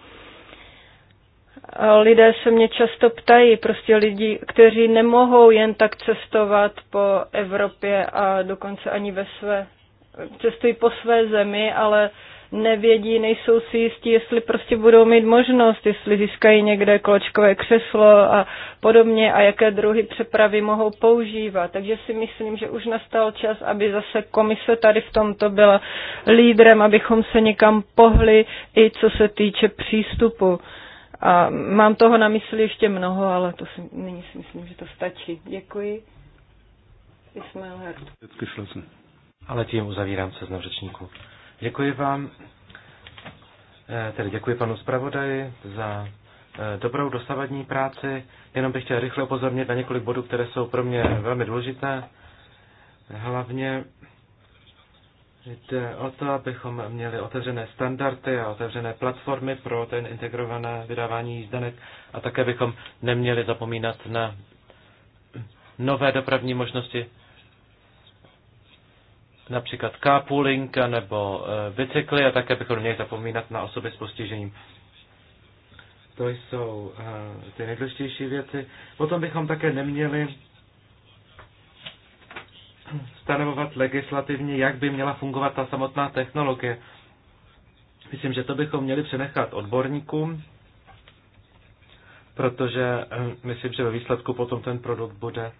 Speaker 5: Lidé se mě často ptají, prostě lidi, kteří nemohou jen tak cestovat po Evropě a dokonce ani ve své, cestují po své zemi, ale nevědí, nejsou si jistí, jestli prostě budou mít možnost, jestli získají někde kločkové křeslo a podobně a jaké druhy přepravy mohou používat. Takže si myslím, že už nastal čas, aby zase komise tady v tomto byla lídrem, abychom se někam pohli i co se týče přístupu. A mám toho na mysli ještě mnoho, ale to si, nyní si myslím, že to stačí. Děkuji. Ismail
Speaker 3: Ale tím uzavírám seznam řečníků. Děkuji vám, eh, tedy děkuji panu zpravodaji za eh, dobrou dosavadní práci. Jenom bych chtěl rychle upozornit na několik bodů, které jsou pro mě velmi důležité. Hlavně Jde o to, abychom měli otevřené standardy a otevřené platformy pro ten integrované vydávání jízdenek a také bychom neměli zapomínat na nové dopravní možnosti, například carpooling nebo e, bicykly a také bychom měli zapomínat na osoby s postižením. To jsou e, ty nejdůležitější věci. Potom bychom také neměli stanovovat legislativně, jak by měla fungovat ta samotná technologie. Myslím, že to bychom měli přenechat odborníkům, protože eh, myslím, že ve výsledku potom ten produkt bude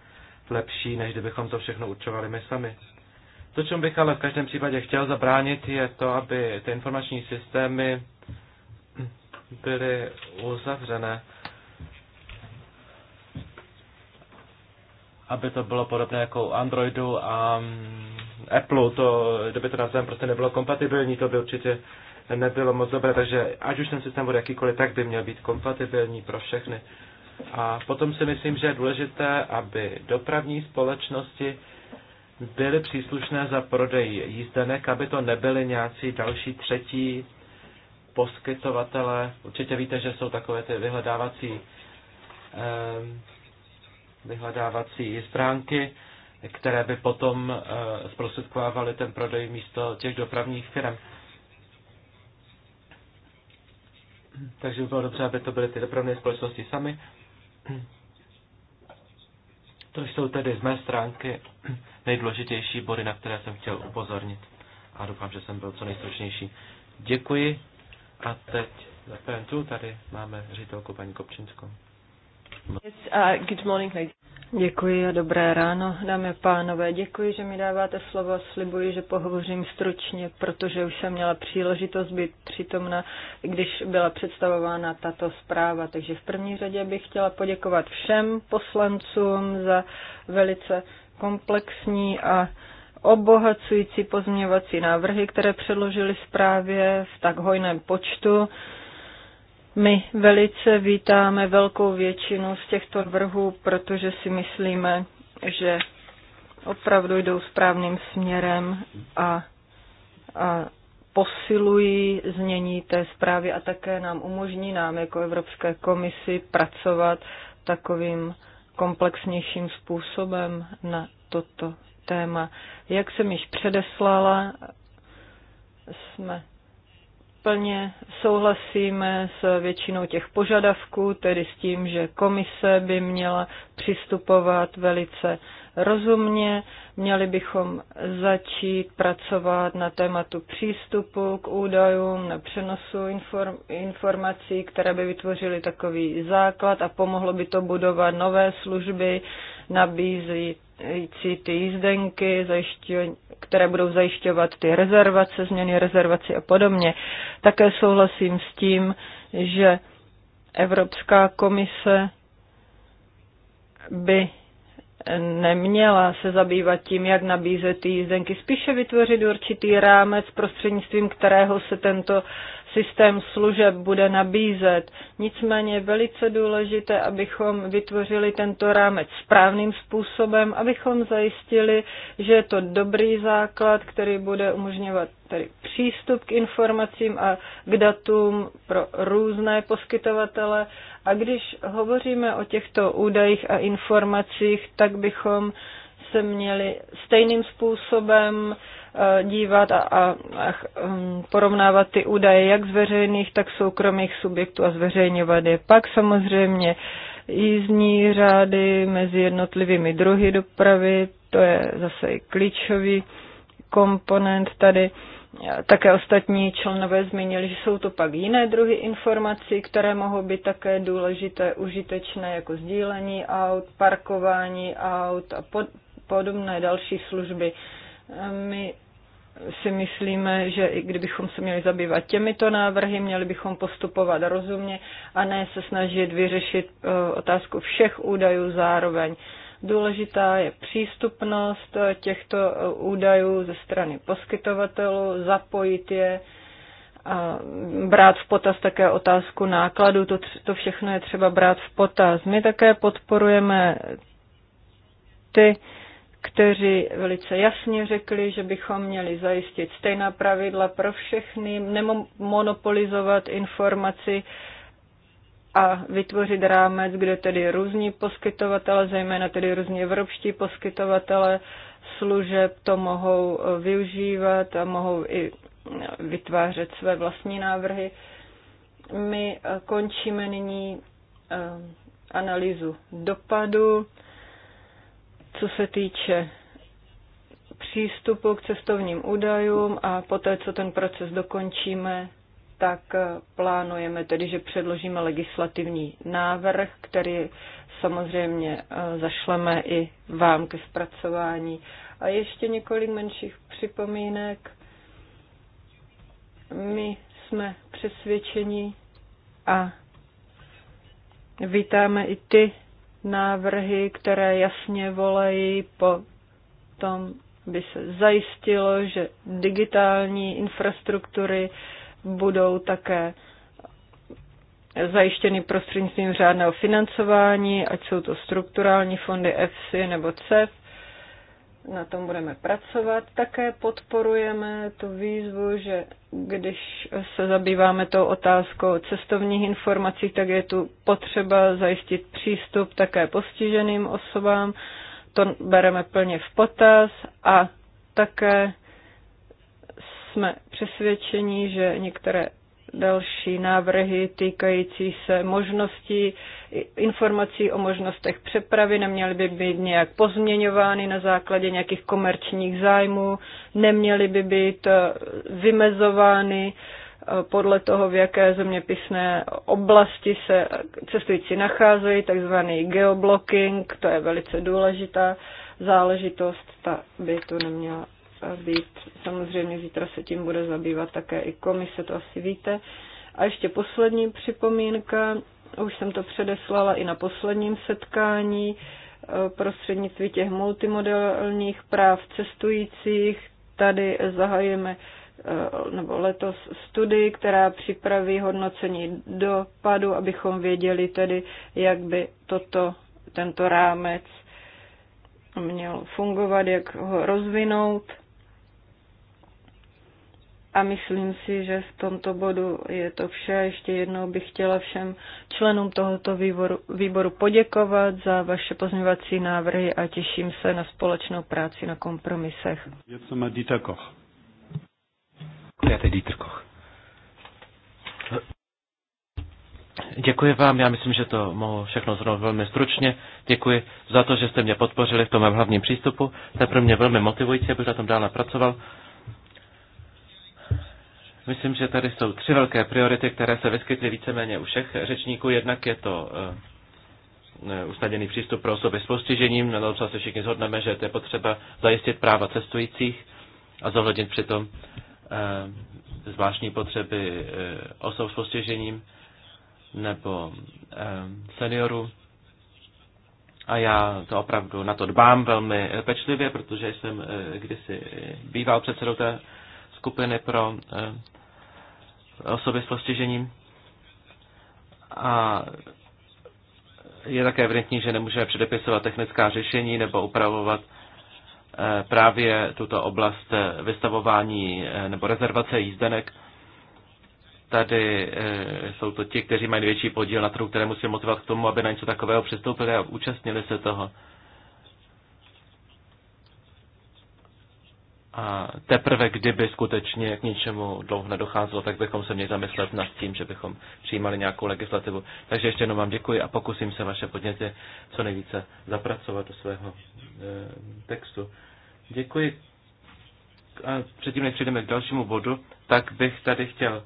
Speaker 3: lepší, než kdybychom to všechno určovali my sami. To, čemu bych ale v každém případě chtěl zabránit, je to, aby ty informační systémy byly uzavřené aby to bylo podobné jako Androidu a mm, Apple, to, kdyby to navzájem prostě nebylo kompatibilní, to by určitě nebylo moc dobré, takže ať už ten systém bude jakýkoliv, tak by měl být kompatibilní pro všechny. A potom si myslím, že je důležité, aby dopravní společnosti byly příslušné za prodej jízdenek, aby to nebyly nějací další třetí poskytovatele. Určitě víte, že jsou takové ty vyhledávací ehm, vyhledávací stránky, které by potom eh, zprostředkovávaly ten prodej místo těch dopravních firm. Takže by bylo dobře, aby to byly ty dopravní společnosti sami. To jsou tedy z mé stránky nejdůležitější body, na které jsem chtěl upozornit. A doufám, že jsem byl co nejstručnější. Děkuji. A teď za PNTu tady máme ředitelku paní Kopčinskou.
Speaker 5: Uh, Děkuji a dobré ráno, dámy a pánové. Děkuji, že mi dáváte slovo a slibuji, že pohovořím stručně, protože už jsem měla příležitost být přítomna, když byla představována tato zpráva. Takže v první řadě bych chtěla poděkovat všem poslancům za velice komplexní a obohacující pozměňovací návrhy, které předložili zprávě v tak hojném počtu. My velice vítáme velkou většinu z těchto vrhů, protože si myslíme, že opravdu jdou správným směrem a, a posilují znění té zprávy a také nám umožní nám jako Evropské komisi pracovat takovým komplexnějším způsobem na toto téma. Jak jsem již předeslala, jsme plně souhlasíme s většinou těch požadavků, tedy s tím, že komise by měla přistupovat velice rozumně, měli bychom začít pracovat na tématu přístupu k údajům, na přenosu inform, informací, které by vytvořily takový základ a pomohlo by to budovat nové služby, nabízející ty jízdenky, které budou zajišťovat ty rezervace, změny rezervací a podobně. Také souhlasím s tím, že Evropská komise by neměla se zabývat tím, jak nabízet ty jízdenky, spíše vytvořit určitý rámec, prostřednictvím kterého se tento systém služeb bude nabízet. Nicméně je velice důležité, abychom vytvořili tento rámec správným způsobem, abychom zajistili, že je to dobrý základ, který bude umožňovat tedy přístup k informacím a k datům pro různé poskytovatele. A když hovoříme o těchto údajích a informacích, tak bychom se měli stejným způsobem uh, Eh, dívat a, a, a hm, porovnávat ty údaje jak z veřejných, tak soukromých subjektů a zveřejňovat je. Pak samozřejmě jízdní řády mezi jednotlivými druhy dopravy, to je zase i klíčový komponent tady. Také ostatní členové zmínili, že jsou to pak jiné druhy informací, které mohou být také důležité, užitečné, jako sdílení aut, parkování aut a pod, podobné další služby. Eh, my si myslíme, že i kdybychom se měli zabývat těmito návrhy, měli bychom postupovat rozumně a ne se snažit vyřešit eh, otázku všech údajů zároveň. Důležitá je přístupnost eh, těchto eh, údajů ze strany poskytovatelů, zapojit je, a brát v potaz také otázku nákladu, to, to všechno je třeba brát v potaz. My také podporujeme ty kteří velice jasně řekli, že bychom měli zajistit stejná pravidla pro všechny, nemonopolizovat informaci a vytvořit rámec, kde tedy různí poskytovatele, zejména tedy různí evropští poskytovatele služeb to mohou eh, využívat a mohou i eh, vytvářet své vlastní návrhy. My eh, končíme nyní analýzu dopadu co se týče přístupu k cestovním údajům a poté, co ten proces dokončíme, tak eh, plánujeme tedy, že předložíme legislativní návrh, který samozřejmě eh, zašleme i vám ke zpracování. A ještě několik menších připomínek. My jsme přesvědčeni a vítáme i ty návrhy, které jasně volají po tom, aby se zajistilo, že digitální infrastruktury budou také zajištěny prostřednictvím řádného financování, ať jsou to strukturální fondy EFSI nebo CEF, na tom budeme pracovat. Také podporujeme tu výzvu, že když se zabýváme tou otázkou cestovních informací, tak je tu potřeba zajistit přístup také postiženým osobám. To bereme plně v potaz a také jsme přesvědčeni, že některé další návrhy týkající se možností, informací o možnostech přepravy, neměly by být nějak pozměňovány na základě nějakých komerčních zájmů, neměly by být eh, vymezovány eh, podle toho, v jaké zeměpisné oblasti se cestující nacházejí, takzvaný geoblocking, to je velice důležitá záležitost, ta by tu neměla být. Samozřejmě zítra se tím bude zabývat také i komise, to asi víte. A ještě poslední připomínka, už jsem to předeslala i na posledním setkání, e, prostřednictví těch multimodelních práv cestujících. Tady zahajujeme e, nebo letos studii, která připraví hodnocení dopadu, abychom věděli tedy, jak by toto, tento rámec měl fungovat, jak ho rozvinout. A myslím si, že v tomto bodu je to vše. Ještě jednou bych chtěla všem členům tohoto výboru, výboru poděkovat za vaše pozměvací návrhy a těším se na společnou práci na kompromisech.
Speaker 2: Děkuji, má Dieter Koch. je Dieter Koch. Děkuji vám, já myslím, že to
Speaker 3: mohu všechno zhrnout velmi stručně. Děkuji za to, že jste mě podpořili v tom hlavním přístupu. To je pro mě velmi motivující, abych na tom dále pracoval. Myslím, že tady jsou tři velké priority, které se vyskytly víceméně u všech řečníků. Jednak je to eh, eh, usnadněný přístup pro osoby s postižením. Na tom se všichni zhodneme, že to je potřeba zajistit práva cestujících a zohlednit přitom eh, zvláštní potřeby osob s postižením nebo seniorů. A já to opravdu na to dbám velmi pečlivě, protože jsem kdysi býval předsedou té skupiny pro eh, osoby s postižením. A je také evidentní, že nemůžeme předepisovat technická řešení nebo upravovat eh, právě tuto oblast eh, vystavování nebo rezervace jízdenek. Tady jsou to ti, kteří mají větší podíl na trhu, které musí motivovat k tomu, aby na něco takového přistoupili a účastnili se toho. A teprve kdyby skutečně k něčemu dlouho nedocházelo, tak bychom se měli zamyslet nad tím, že bychom přijímali nějakou legislativu. Takže ještě jednou vám děkuji a pokusím se vaše podněty co nejvíce zapracovat do svého e, textu. Děkuji. A předtím, než přejdeme k dalšímu bodu, tak bych tady chtěl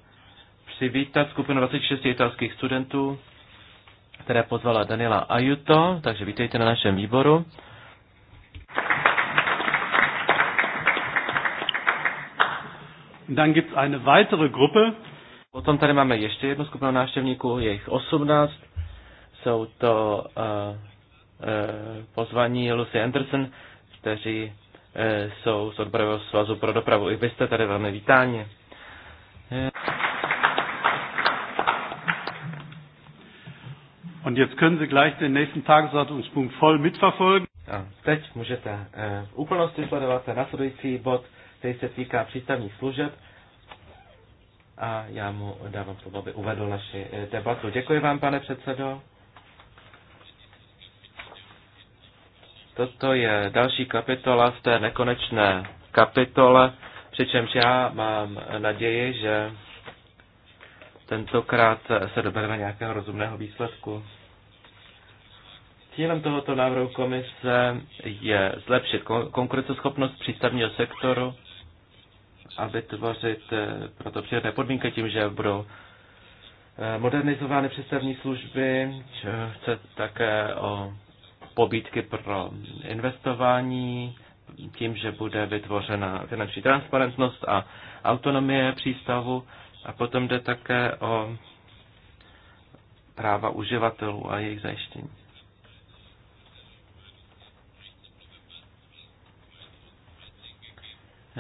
Speaker 3: přivítat skupinu 26 italských studentů, které pozvala Daniela Ajuto, takže vítejte na našem výboru. Dann gibt's eine weitere Gruppe. Potom tady máme ještě jednu skupinu návštěvníků, je jich 18. Jsou to uh, uh, pozvaní Lucy Anderson, kteří uh, jsou z odborového svazu pro dopravu. I vy jste tady velmi vítáni.
Speaker 2: Und jetzt können Sie gleich den nächsten Tagesordnungspunkt voll mitverfolgen. A teď
Speaker 3: můžete uh, v úplnosti sledovat ten následující bod který se týká přístavních služeb. A já mu dávám slovo, aby uvedl naši eh, debatu. Děkuji vám, pane předsedo. Toto je další kapitola v té nekonečné kapitole, přičemž já mám naději, že tentokrát se dobereme nějakého rozumného výsledku. Cílem tohoto návrhu komise je zlepšit konkurenceschopnost přístavního sektoru a vytvořit eh, proto přírodné podmínky tím, že budou eh, modernizovány přestavní služby, chce také o pobídky pro investování, tím, že bude vytvořena finanční transparentnost a autonomie přístavu a potom jde také o práva uživatelů a jejich zajištění.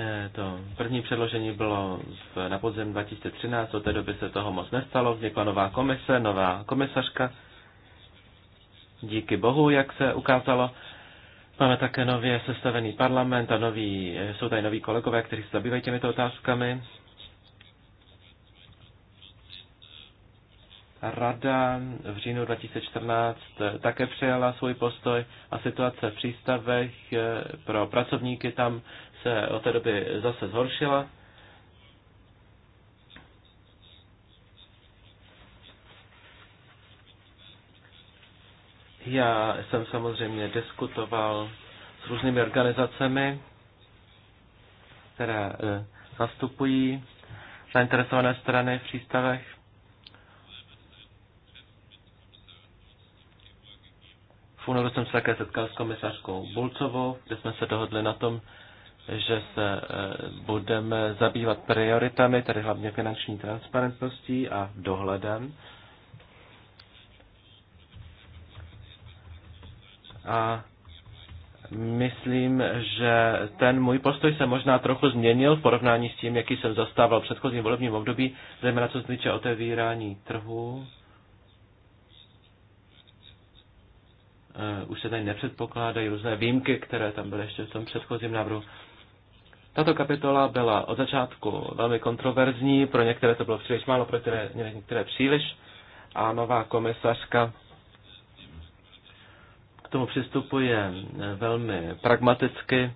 Speaker 3: Eh, to první předložení bylo na podzim 2013, od té doby se toho moc nestalo, vznikla nová komise, nová komisařka. Díky bohu, jak se ukázalo, máme také nově sestavený parlament a nový, eh, jsou tady noví kolegové, kteří se zabývají těmito otázkami. Rada v říjnu 2014 eh, také přijala svůj postoj a situace v přístavech pro pracovníky tam se od té doby zase zhoršila. Já jsem samozřejmě diskutoval s různými organizacemi, které eh, zastupují zainteresované strany v přístavech. V únoru jsem se také setkal s komisařkou Bulcovou, kde jsme se dohodli na tom, že se e, budeme zabývat prioritami, tedy hlavně finanční transparentností a dohledem. A myslím, že ten můj postoj se možná trochu změnil v porovnání s tím, jaký jsem zastával v předchozím volebním období, zejména co se týče otevírání trhu. E, už se tady nepředpokládají různé výjimky, které tam byly ještě v tom předchozím návrhu. Tato kapitola byla od začátku velmi kontroverzní, pro některé to bylo příliš málo, pro některé, některé příliš. A nová komisařka k tomu přistupuje velmi pragmaticky.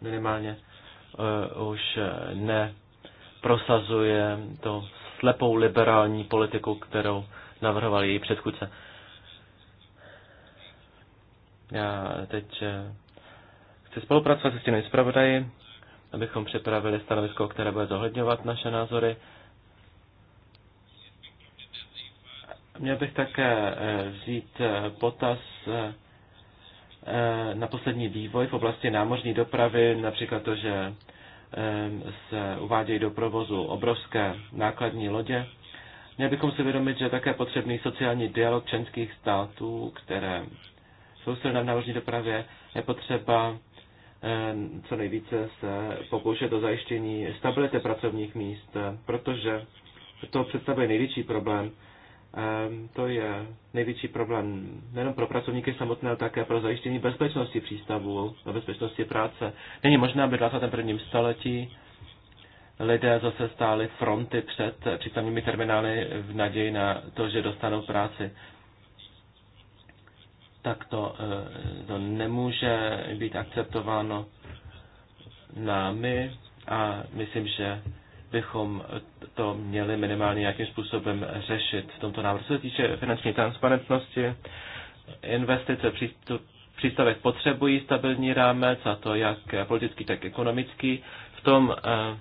Speaker 3: Minimálně uh, už neprosazuje to slepou liberální politiku, kterou navrhoval její předchůdce. Já teď eh, chci spolupracovat se stínovým zpravodaji, abychom připravili stanovisko, které bude zohledňovat naše názory. Měl bych také eh, vzít eh, potaz na poslední vývoj v oblasti námořní dopravy, například to, že se uvádějí do provozu obrovské nákladní lodě. Měli bychom si vědomit, že je také potřebný sociální dialog členských států, které soustředit na námořní dopravě, je potřeba eh, co nejvíce se pokoušet o zajištění stability pracovních míst, protože to představuje největší problém. Eh, to je největší problém nejen pro pracovníky samotné, ale také pro zajištění bezpečnosti přístavů a bezpečnosti práce. Není možné, aby v 21. století lidé zase stáli fronty před přístavními terminály v naději na to, že dostanou práci tak to, eh, to nemůže být akceptováno námi a myslím, že bychom to měli minimálně nějakým způsobem řešit v tomto návrhu. Co se týče finanční transparentnosti, investice přístup, přístavek potřebují stabilní rámec, a to jak politický, tak ekonomický. V tom eh,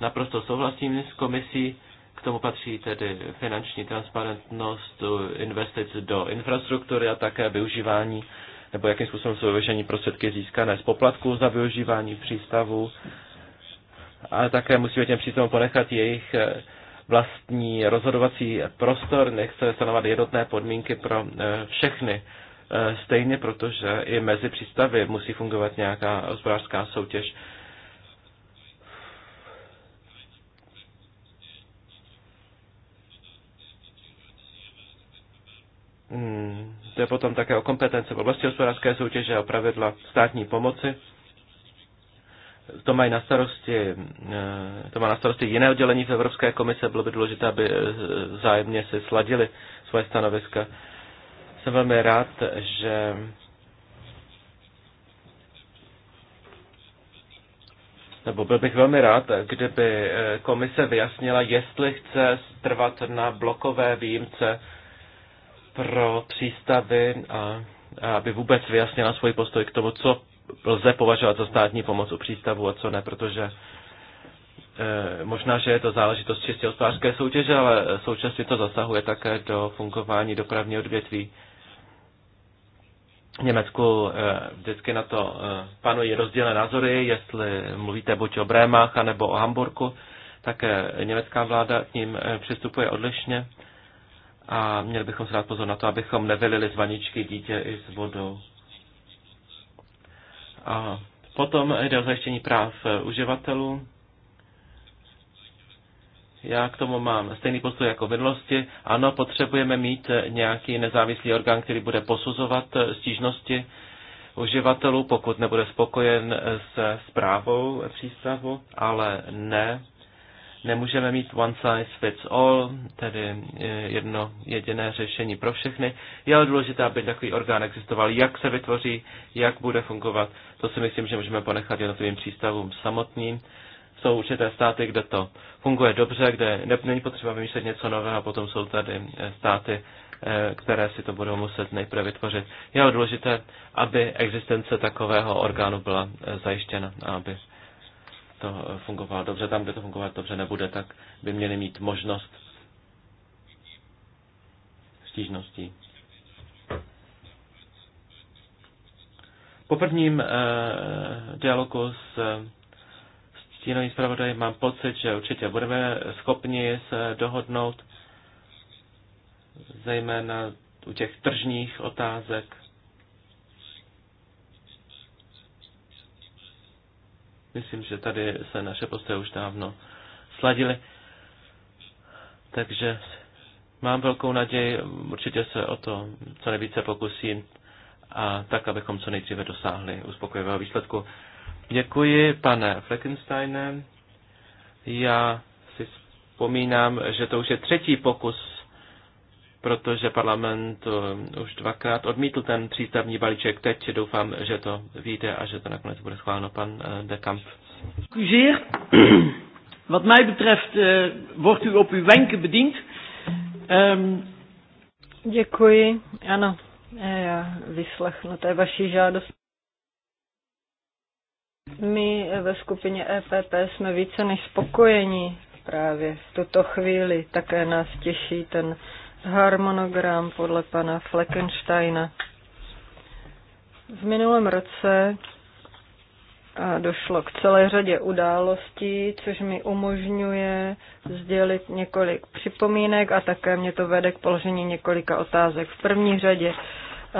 Speaker 3: naprosto souhlasím s komisí. K tomu patří tedy finanční transparentnost, investic do infrastruktury a také využívání nebo jakým způsobem jsou vyvěšení prostředky získané z poplatků za využívání přístavů. a také musíme těm přístavům ponechat jejich eh, vlastní rozhodovací prostor, nechce stanovat jednotné podmínky pro eh, všechny eh, stejně, protože i mezi přístavy musí fungovat nějaká hospodářská soutěž. Mm, jde potom také o kompetence v oblasti hospodářské soutěže a pravidla státní pomoci. To, mají na starosti, eh, to má na starosti jiné oddělení v Evropské komise. Bylo by důležité, aby eh, zájemně si sladili svoje stanoviska. Jsem velmi rád, že nebo byl bych velmi rád, kdyby eh, komise vyjasnila, jestli chce trvat na blokové výjimce pro přístavy a, a aby vůbec vyjasnila svůj postoj k tomu, co lze považovat za státní pomoc u přístavu a co ne, protože e, možná, že je to záležitost čistě hospodářské soutěže, ale současně to zasahuje také do fungování dopravního odvětví. V Německu e, vždycky na to e, panují rozdílné názory, jestli mluvíte buď o Brémách, nebo o Hamburku. e, německá vláda k ním e, přistupuje odlišně a měli bychom se dát pozor na to, abychom nevylili z vaničky dítě i s vodou. A potom jde o zajištění práv eh, uživatelů. Já k tomu mám stejný postoj jako v minulosti. Ano, potřebujeme mít eh, nějaký nezávislý orgán, který bude posuzovat eh, stížnosti uživatelů, pokud nebude spokojen se zprávou přístavu, ale ne Nemůžeme mít one size fits all, tedy eh, jedno jediné řešení pro všechny. Je ale důležité, aby takový orgán existoval, jak se vytvoří, jak bude fungovat. To si myslím, že můžeme ponechat jednotlivým přístavům samotným. Jsou určité státy, kde to funguje dobře, kde není potřeba vymýšlet něco nového, a potom jsou tady eh, státy, eh, které si to budou muset nejprve vytvořit. Je ale důležité, aby existence takového orgánu byla zajištěna, aby to fungovalo dobře. Tam, kde to fungovat dobře nebude, tak by měli mít možnost stížností. Po prvním eh, dialogu eh, s stínovým zpravodajem mám pocit, že určitě budeme schopni se dohodnout, zejména u těch tržních otázek. Myslím, že tady se naše postoje už dávno sladily. Takže mám velkou naději, určitě se o to co nejvíce pokusím a tak, abychom co nejdříve dosáhli uspokojivého výsledku. Děkuji, pane Fleckensteine. Já si vzpomínám, že to už je třetí pokus protože parlament eh, už dvakrát odmítl ten přístavní balíček. Teď doufám, že to vyjde a že to nakonec bude schváleno pan eh, de Kamp. Wat mij betreft uh, wordt u op uw wenken bediend. Um...
Speaker 5: Děkuji. Ano, já vyslechnu té vaši žádost. My ve skupině EPP jsme více než spokojeni právě v tuto chvíli. Také nás těší ten Harmonogram podle pana Fleckensteina. V minulém roce došlo k celé řadě událostí, což mi umožňuje sdělit několik připomínek a také mě to vede k položení několika otázek. V první řadě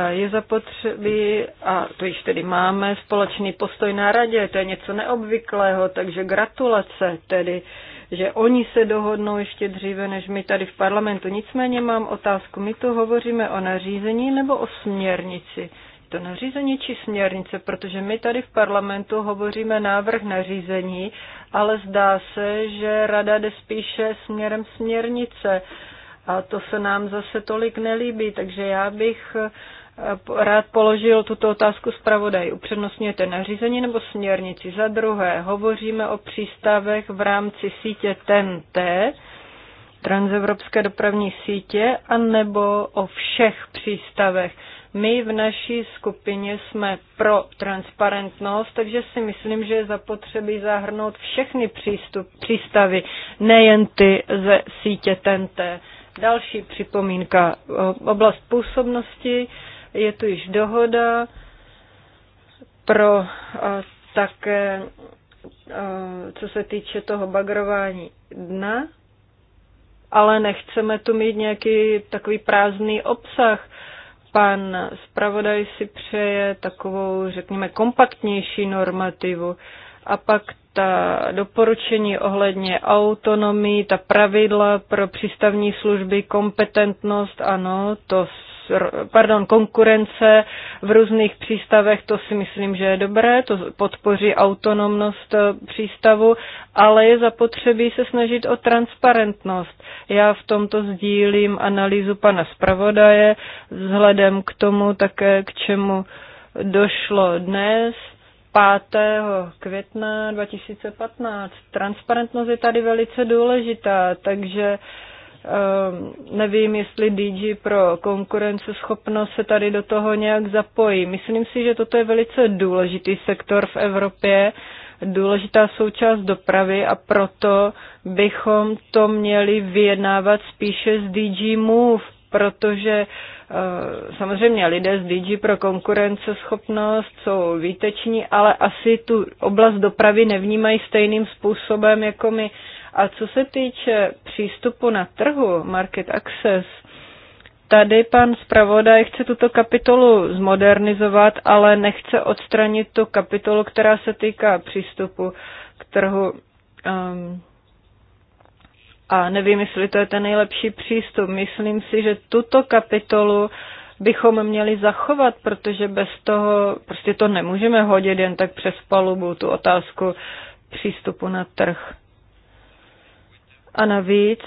Speaker 5: je zapotřebí, a to již tedy máme, společný postoj na radě, to je něco neobvyklého, takže gratulace tedy že oni se dohodnou ještě dříve než my tady v parlamentu. Nicméně mám otázku, my tu hovoříme o nařízení nebo o směrnici? to nařízení či směrnice, protože my tady v parlamentu hovoříme návrh nařízení, ale zdá se, že rada jde spíše směrem směrnice. A to se nám zase tolik nelíbí, takže já bych Eh, rád položil tuto otázku zpravodaj. Upřednostňujete nařízení nebo směrnici? Za druhé, hovoříme o přístavech v rámci sítě TNT, transevropské dopravní sítě, anebo o všech přístavech. My v naší skupině jsme pro transparentnost, takže si myslím, že je zapotřebí zahrnout všechny přístup, přístavy, nejen ty ze sítě TNT. Další připomínka, oblast působnosti je tu již dohoda pro eh, také, eh, co se týče toho bagrování dna, ale nechceme tu mít nějaký takový prázdný obsah. Pan zpravodaj si přeje takovou, řekněme, kompaktnější normativu. A pak ta doporučení ohledně autonomii, ta pravidla pro přístavní služby, kompetentnost, ano, to pardon, konkurence v různých přístavech, to si myslím, že je dobré, to podpoří autonomnost eh, přístavu, ale je zapotřebí se snažit o transparentnost. Já v tomto sdílím analýzu pana zpravodaje, vzhledem k tomu také, k čemu došlo dnes, 5. května 2015. Transparentnost je tady velice důležitá, takže uh, Ehm, nevím, jestli DG pro konkurenceschopnost se tady do toho nějak zapojí. Myslím si, že toto je velice důležitý sektor v Evropě, důležitá součást dopravy a proto bychom to měli vyjednávat spíše s DG Move, protože eh, samozřejmě lidé z DG pro konkurenceschopnost jsou výteční, ale asi tu oblast dopravy nevnímají stejným způsobem jako my. My a co se týče přístupu na trhu, market access, tady pan zpravodaj chce tuto kapitolu zmodernizovat, ale nechce odstranit tu kapitolu, která se týká přístupu k trhu. Um, a nevím, jestli to je ten nejlepší přístup. Myslím si, že tuto kapitolu bychom měli zachovat, protože bez toho prostě to nemůžeme hodit jen tak přes palubu, tu otázku přístupu na trh. A navíc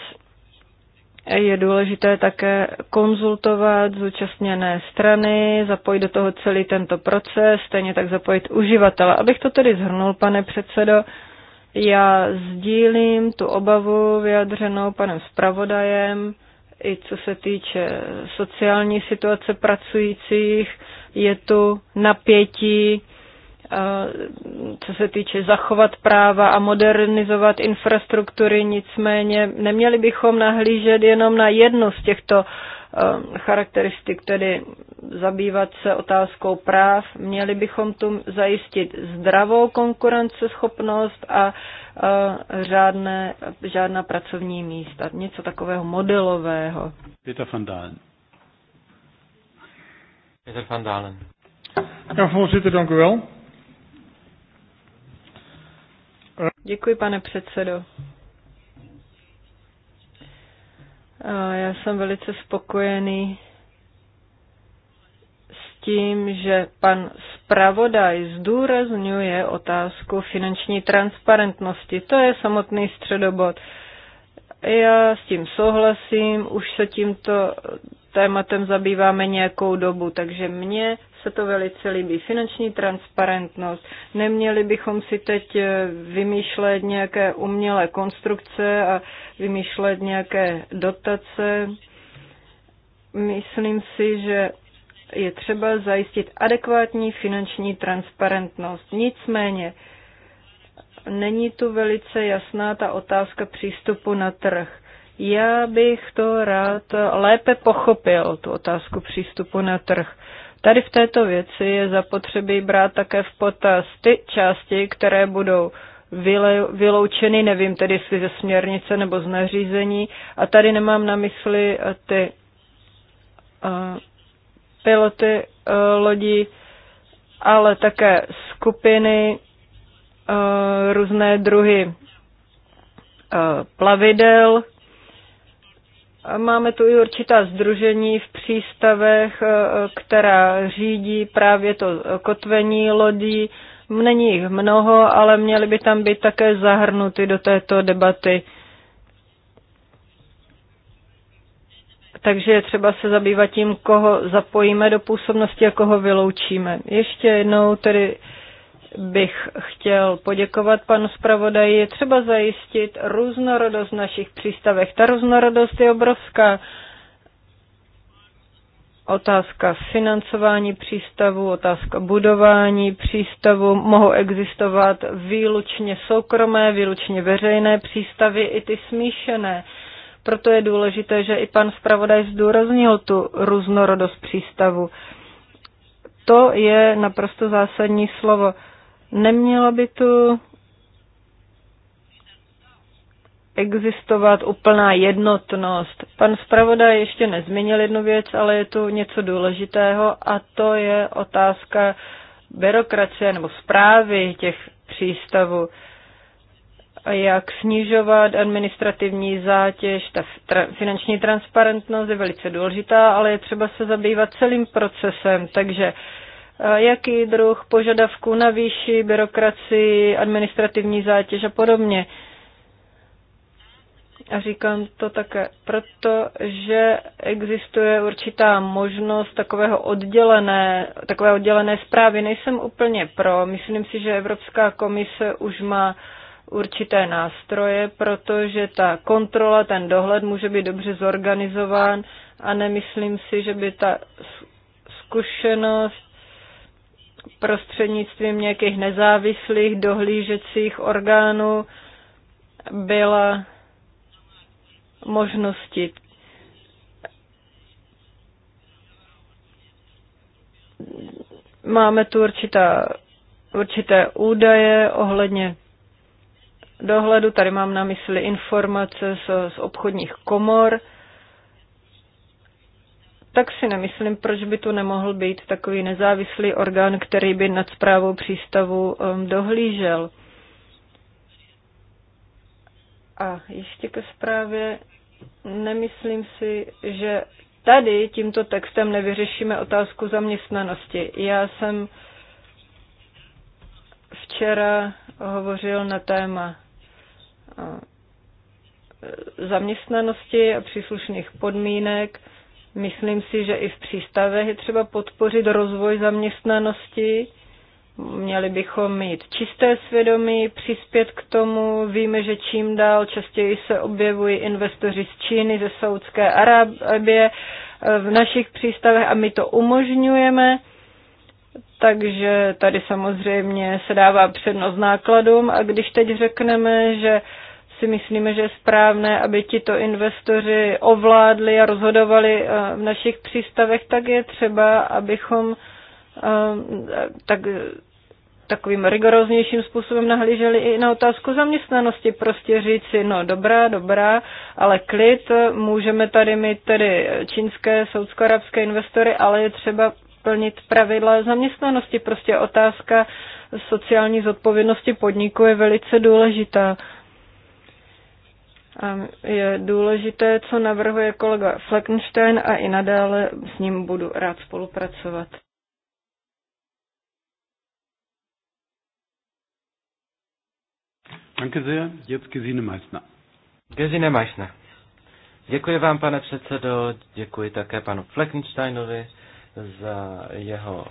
Speaker 5: je důležité také konzultovat zúčastněné strany, zapojit do toho celý tento proces, stejně tak zapojit uživatele. Abych to tedy zhrnul, pane předsedo, já sdílím tu obavu vyjadřenou panem zpravodajem, i co se týče sociální situace pracujících, je tu napětí co se týče zachovat práva a modernizovat infrastruktury, nicméně neměli bychom nahlížet jenom na jednu z těchto charakteristik, tedy zabývat se otázkou práv. Měli bychom tu zajistit zdravou konkurenceschopnost a řádné, žádná pracovní místa. Něco takového modelového.
Speaker 2: Peter van Dalen. Peter van Dalen.
Speaker 5: Ja, voorzitter, dank u wel. Děkuji, pane předsedo. Já jsem velice spokojený s tím, že pan zpravodaj zdůrazňuje otázku finanční transparentnosti. To je samotný středobod. Já s tím souhlasím, už se tímto tématem zabýváme nějakou dobu, takže mě se to velice líbí. Finanční transparentnost. Neměli bychom si teď eh, vymýšlet nějaké umělé konstrukce a vymýšlet nějaké dotace. Myslím si, že je třeba zajistit adekvátní finanční transparentnost. Nicméně, není tu velice jasná ta otázka přístupu na trh. Já bych to rád lépe pochopil, tu otázku přístupu na trh. Tady v této věci je zapotřebí brát také v potaz ty části, které budou vyloučeny, nevím tedy jestli ze směrnice nebo z nařízení. A tady nemám na mysli eh, ty eh, piloty eh, lodí, ale také skupiny, různé druhy plavidel, Máme tu i určitá združení v přístavech, e, která řídí právě to kotvení lodí. Není jich mnoho, ale měly by tam být také zahrnuty do této debaty. Takže je třeba se zabývat tím, koho zapojíme do působnosti a koho vyloučíme. Ještě jednou tedy bych chtěl poděkovat panu zpravodaji. Je třeba zajistit různorodost v našich přístavech. Ta různorodost je obrovská. Otázka financování přístavu, otázka budování přístavu. Mohou existovat výlučně soukromé, výlučně veřejné přístavy, i ty smíšené. Proto je důležité, že i pan zpravodaj zdůraznil tu různorodost přístavu. To je naprosto zásadní slovo. Nemělo by tu existovat úplná jednotnost. Pan zpravodaj ještě nezmínil jednu věc, ale je tu něco důležitého a to je otázka byrokracie nebo zprávy těch přístavů. Jak snižovat administrativní zátěž, ta finanční transparentnost je velice důležitá, ale je třeba se zabývat celým procesem. Takže E, jaký druh požadavků na výši, byrokracii, administrativní zátěž a podobně. A říkám to také proto, že existuje určitá možnost takového oddělené, takové oddělené zprávy. Nejsem úplně pro. Myslím si, že Evropská komise už má určité nástroje, protože ta kontrola, ten dohled může být dobře zorganizován a nemyslím si, že by ta zkušenost prostřednictvím nějakých nezávislých dohlížecích orgánů byla možnosti. Máme tu určitá, určité údaje ohledně dohledu. Tady mám na mysli informace z, z obchodních komor tak si nemyslím, proč by tu nemohl být takový nezávislý orgán, který by nad zprávou přístavu um, dohlížel. A ještě ke zprávě, nemyslím si, že tady tímto textem nevyřešíme otázku zaměstnanosti. Já jsem včera hovořil na téma uh, zaměstnanosti a příslušných podmínek Myslím si, že i v přístavech je třeba podpořit rozvoj zaměstnanosti. Měli bychom mít čisté svědomí, přispět k tomu. Víme, že čím dál častěji se objevují investoři z Číny, ze Saudské Arábie v našich přístavech a my to umožňujeme. Takže tady samozřejmě se dává přednost nákladům a když teď řekneme, že si myslíme, že je správné, aby to investoři ovládli a rozhodovali eh, v našich přístavech, tak je třeba, abychom eh, tak takovým rigoroznějším způsobem nahlíželi i na otázku zaměstnanosti. Prostě říci, no dobrá, dobrá, ale klid, můžeme tady mít tedy čínské, soudsko-arabské investory, ale je třeba plnit pravidla zaměstnanosti. Prostě otázka sociální zodpovědnosti podniku je velice důležitá. Ehm, je důležité, co navrhuje kolega Fleckenstein a i nadále s ním budu rád spolupracovat.
Speaker 2: Danke sehr. Jetzt Gesine Meissner.
Speaker 3: Gesine Meissner. Děkuji vám, pane předsedo, děkuji také panu Fleckensteinovi za jeho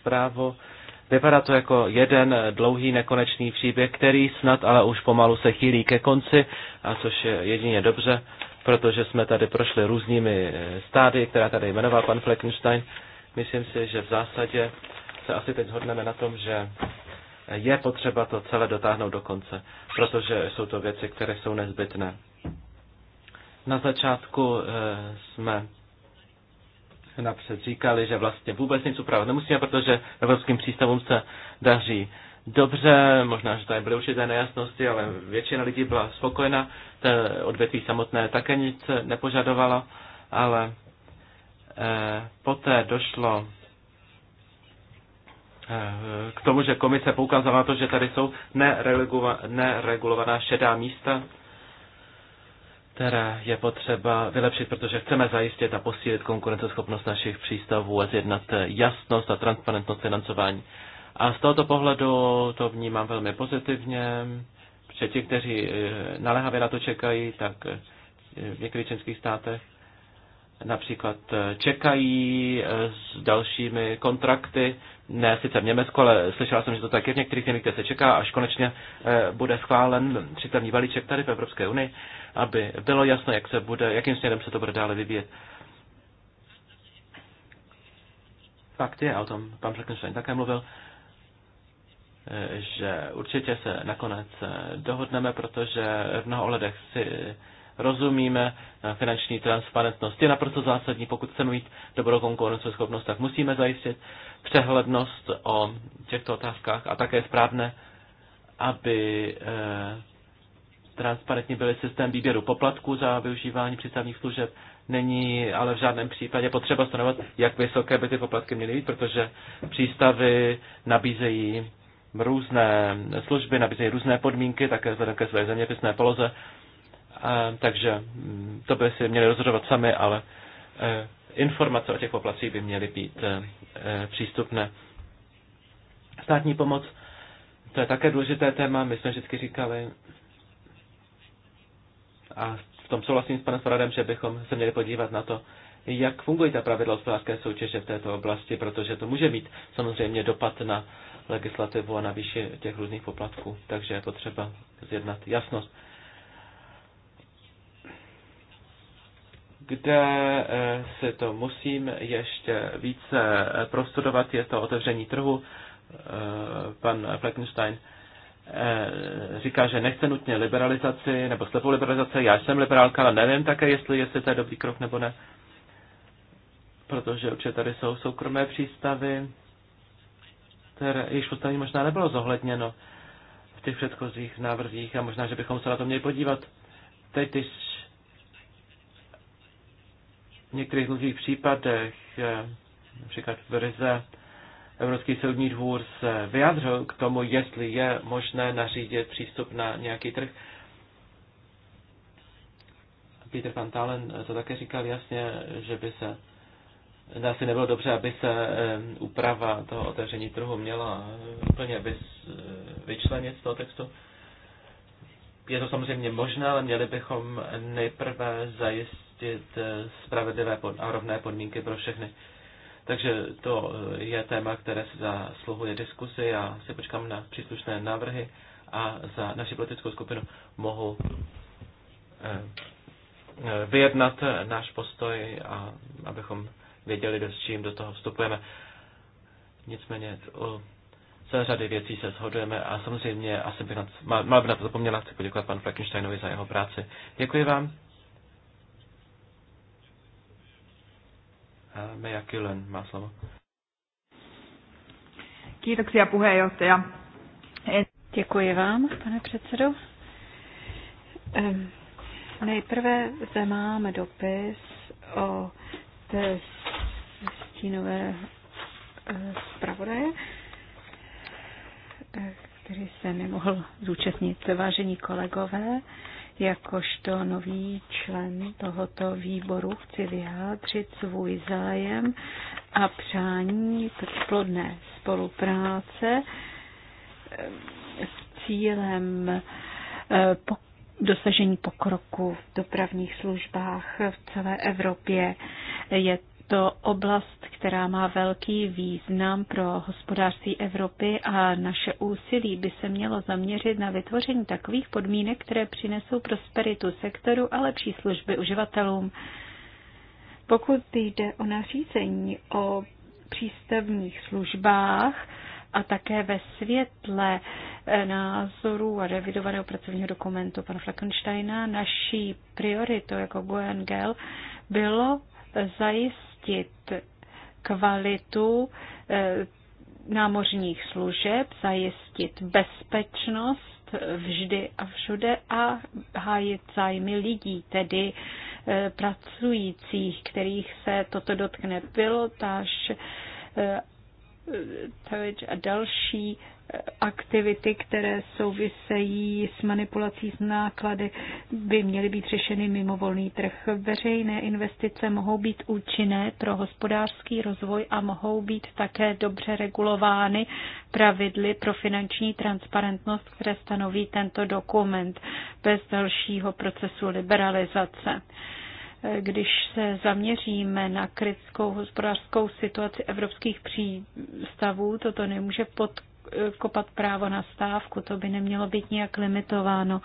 Speaker 3: zprávu. Vypadá to jako jeden dlouhý nekonečný příběh, který snad ale už pomalu se chýlí ke konci, a což je jedině dobře, protože jsme tady prošli různými eh, stády, která tady jmenoval pan Fleckenstein. Myslím si, že v zásadě se asi teď shodneme na tom, že je potřeba to celé dotáhnout do konce, protože jsou to věci, které jsou nezbytné. Na začátku eh, jsme napřed říkali, že vlastně vůbec nic upravovat nemusíme, protože evropským přístavům se daří dobře, možná, že tady byly určité nejasnosti, ale většina lidí byla spokojena, to odvětví samotné také nic nepožadovalo, ale eh, poté došlo eh, k tomu, že komise poukázala na to, že tady jsou neregulovaná šedá místa které je potřeba vylepšit, protože chceme zajistit a posílit konkurenceschopnost našich přístavů a zjednat jasnost a transparentnost financování. A z tohoto pohledu to vnímám velmi pozitivně, protože ti, kteří eh, naléhavě na to čekají, tak eh, v některých členských státech například eh, čekají s dalšími kontrakty ne sice v Německu, ale slyšela jsem, že to taky v některých zemích, kde se čeká, až konečně eh, bude schválen přístavní balíček tady v Evropské unii, aby bylo jasno, jak se bude, jakým směrem se to bude dále vyvíjet. Fakt je, a o tom pan Frankenstein také mluvil, eh, že určitě se nakonec eh, dohodneme, protože v mnoha ohledech si rozumíme, eh, finanční transparentnost je naprosto zásadní. Pokud chceme mít dobrou konkurenceschopnost, tak musíme zajistit přehlednost o těchto otázkách a také správné, aby eh, transparentní byl systém výběru poplatků za využívání přístavních služeb. Není ale v žádném případě potřeba stanovat, jak vysoké by ty poplatky měly být, protože přístavy nabízejí různé služby, nabízejí různé podmínky, také vzhledem ke své zeměpisné poloze a, takže mm, to by si měli rozhodovat sami, ale e, informace o těch poplacích by měly být e, e, přístupné. Státní pomoc, to je také důležité téma, my jsme vždycky říkali, a v tom souhlasím s panem Faradem, že bychom se měli podívat na to, jak fungují ta pravidla hospodářské soutěže v této oblasti, protože to může mít samozřejmě dopad na legislativu a na výši těch různých poplatků, takže je potřeba zjednat jasnost. kde eh, se to musím ještě více eh, prostudovat, je to otevření trhu. Eh, pan Fleckenstein říká, že nechce nutně liberalizaci nebo slepou liberalizaci. Já jsem liberálka, ale nevím také, jestli, jestli to je dobrý krok nebo ne. Protože určitě tady jsou soukromé přístavy, které již postavení možná nebylo zohledněno v těch předchozích návrzích a možná, že bychom se na to měli podívat. Teď, když v některých dlouhých případech, eh, například v Rize, Evropský soudní dvůr se vyjádřil k tomu, jestli je možné nařídit přístup na nějaký trh. Peter Van Talen to také říkal jasně, že by se asi nebylo dobře, aby se eh, úprava toho otevření trhu měla úplně eh, vyčlenit z toho textu. Je to samozřejmě možné, ale měli bychom nejprve zajistit zajistit eh, spravedlivé a rovné podmínky pro všechny. Takže to eh, je téma, které se zasluhuje diskusi. Já si počkám na příslušné návrhy a za naši politickou skupinu mohu eh, vyjednat náš postoj a abychom věděli, s čím do toho vstupujeme. Nicméně o celé řady věcí se shodujeme a samozřejmě asi bych na, mal, mal by na to zapomněla. Chci poděkovat panu Frankensteinovi za jeho práci. Děkuji vám. Meja Kylön má slovo.
Speaker 4: Kiitoksia puheenjohtaja. Děkuji vám, pane předsedo. Nejprve zde máme dopis o té stínové eh, zpravodaje, eh, který se nemohl zúčastnit. Vážení kolegové, Jakožto nový člen tohoto výboru chci vyjádřit svůj zájem a přání plodné spolupráce eh, s cílem eh, dosažení pokroku v dopravních službách v celé Evropě. Je to oblast, která má velký význam pro hospodářství Evropy a naše úsilí by se mělo zaměřit na vytvoření takových podmínek, které přinesou prosperitu sektoru a lepší služby uživatelům. Pokud jde o nařízení o přístavních službách a také ve světle eh, názorů a revidovaného pracovního dokumentu pana Fleckensteina, naší prioritou jako Goengel bylo zajistit zajistit kvalitu eh, námořních služeb, zajistit bezpečnost vždy a všude a hájit zájmy lidí, tedy eh, pracujících, kterých se toto dotkne pilotáž, eh, a další aktivity, které souvisejí s manipulací s náklady, by měly být řešeny mimo volný trh. Veřejné investice mohou být účinné pro hospodářský rozvoj a mohou být také dobře regulovány pravidly pro finanční transparentnost, které stanoví tento dokument bez dalšího procesu liberalizace když se zaměříme na kritickou hospodářskou situaci evropských přístavů, toto nemůže pod kopat právo na stávku. To by nemělo být nijak limitováno.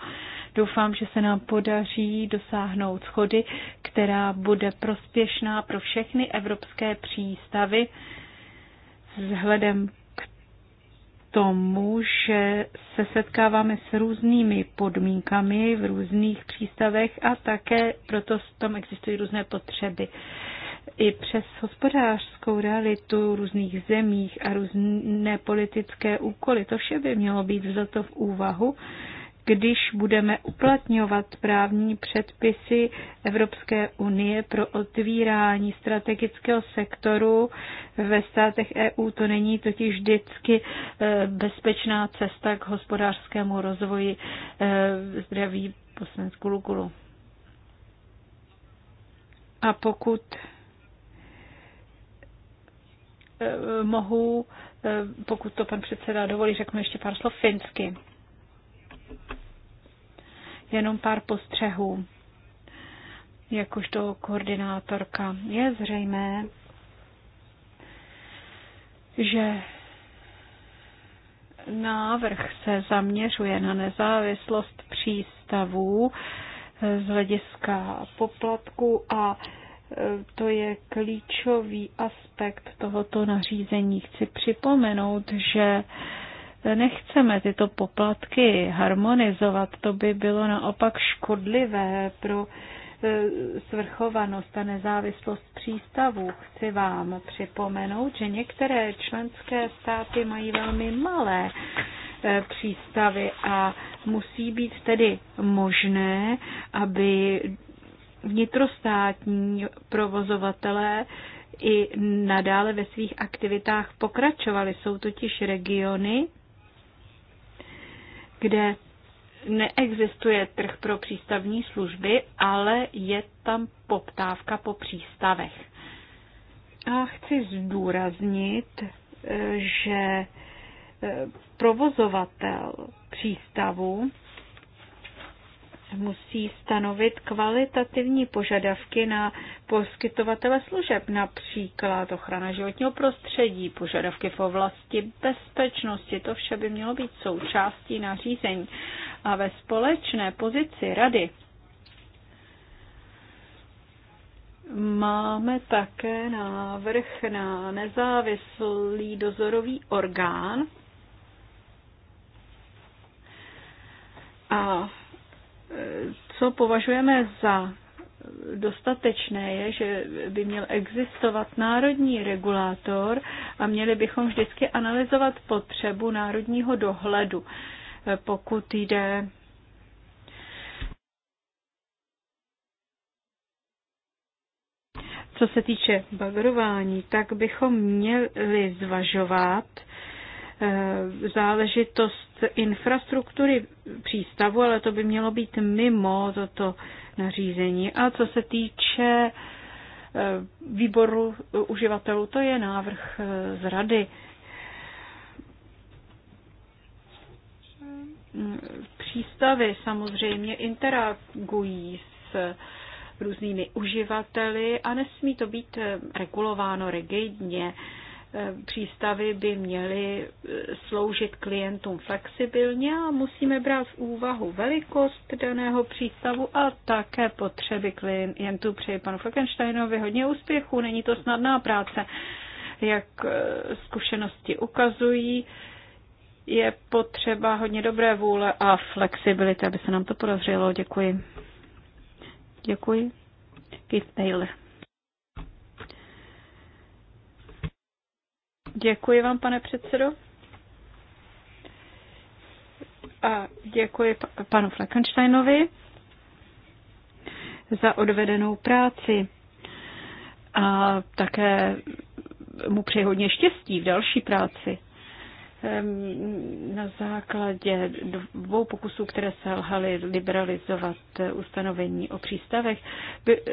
Speaker 4: Doufám, že se nám podaří dosáhnout schody, která bude prospěšná pro všechny evropské přístavy vzhledem k tomu, že se setkáváme s různými podmínkami v různých přístavech a také proto tam existují různé potřeby i přes hospodářskou realitu různých zemích a různé politické úkoly. To vše by mělo být vzato v úvahu, když budeme uplatňovat právní předpisy Evropské unie pro otvírání strategického sektoru ve státech EU. To není totiž vždycky eh, bezpečná cesta k hospodářskému rozvoji eh, zdraví poslanec Kulukulu. A pokud Eh, mohu, eh, pokud to pan předseda dovolí, řeknu ještě pár slov finsky. Jenom pár postřehů. Jakožto koordinátorka je zřejmé, že návrh se zaměřuje na nezávislost přístavů eh, z hlediska poplatku a to je klíčový aspekt tohoto nařízení. Chci připomenout, že nechceme tyto poplatky harmonizovat, to by bylo naopak škodlivé pro e, svrchovanost a nezávislost přístavů. Chci vám připomenout, že některé členské státy mají velmi malé e, přístavy a musí být tedy možné, aby vnitrostátní provozovatelé i nadále ve svých aktivitách pokračovali. Jsou totiž regiony, kde neexistuje trh pro přístavní služby, ale je tam poptávka po přístavech. A chci zdůraznit, eh, že eh, provozovatel přístavu musí stanovit kvalitativní požadavky na poskytovatele služeb, například ochrana životního prostředí, požadavky v oblasti bezpečnosti. To vše by mělo být součástí nařízení. A ve společné pozici rady máme také návrh na nezávislý dozorový orgán, a co považujeme za dostatečné je, že by měl existovat národní regulátor a měli bychom vždycky analyzovat potřebu národního dohledu, pokud jde Co se týče bagrování, tak bychom měli zvažovat, Eh, záležitost infrastruktury přístavu, ale to by mělo být mimo toto nařízení. A co se týče eh, výboru uživatelů, to je návrh eh, z rady. Přístavy samozřejmě interagují s různými uživateli a nesmí to být regulováno rigidně. Eh, přístavy by měly eh, sloužit klientům flexibilně a musíme brát v úvahu velikost daného přístavu a také potřeby klientů. Přeji panu Falkensteinovi hodně úspěchů, není to snadná práce. Jak eh, zkušenosti ukazují, je potřeba hodně dobré vůle a flexibility, aby se nám to podařilo. Děkuji. Děkuji. Keith Taylor. Děkuji vám, pane předsedo. A děkuji panu Fleckensteinovi za odvedenou práci a také mu přeji hodně štěstí v další práci na základě dvou pokusů, které lhaly liberalizovat eh, ustanovení o přístavech, by, eh,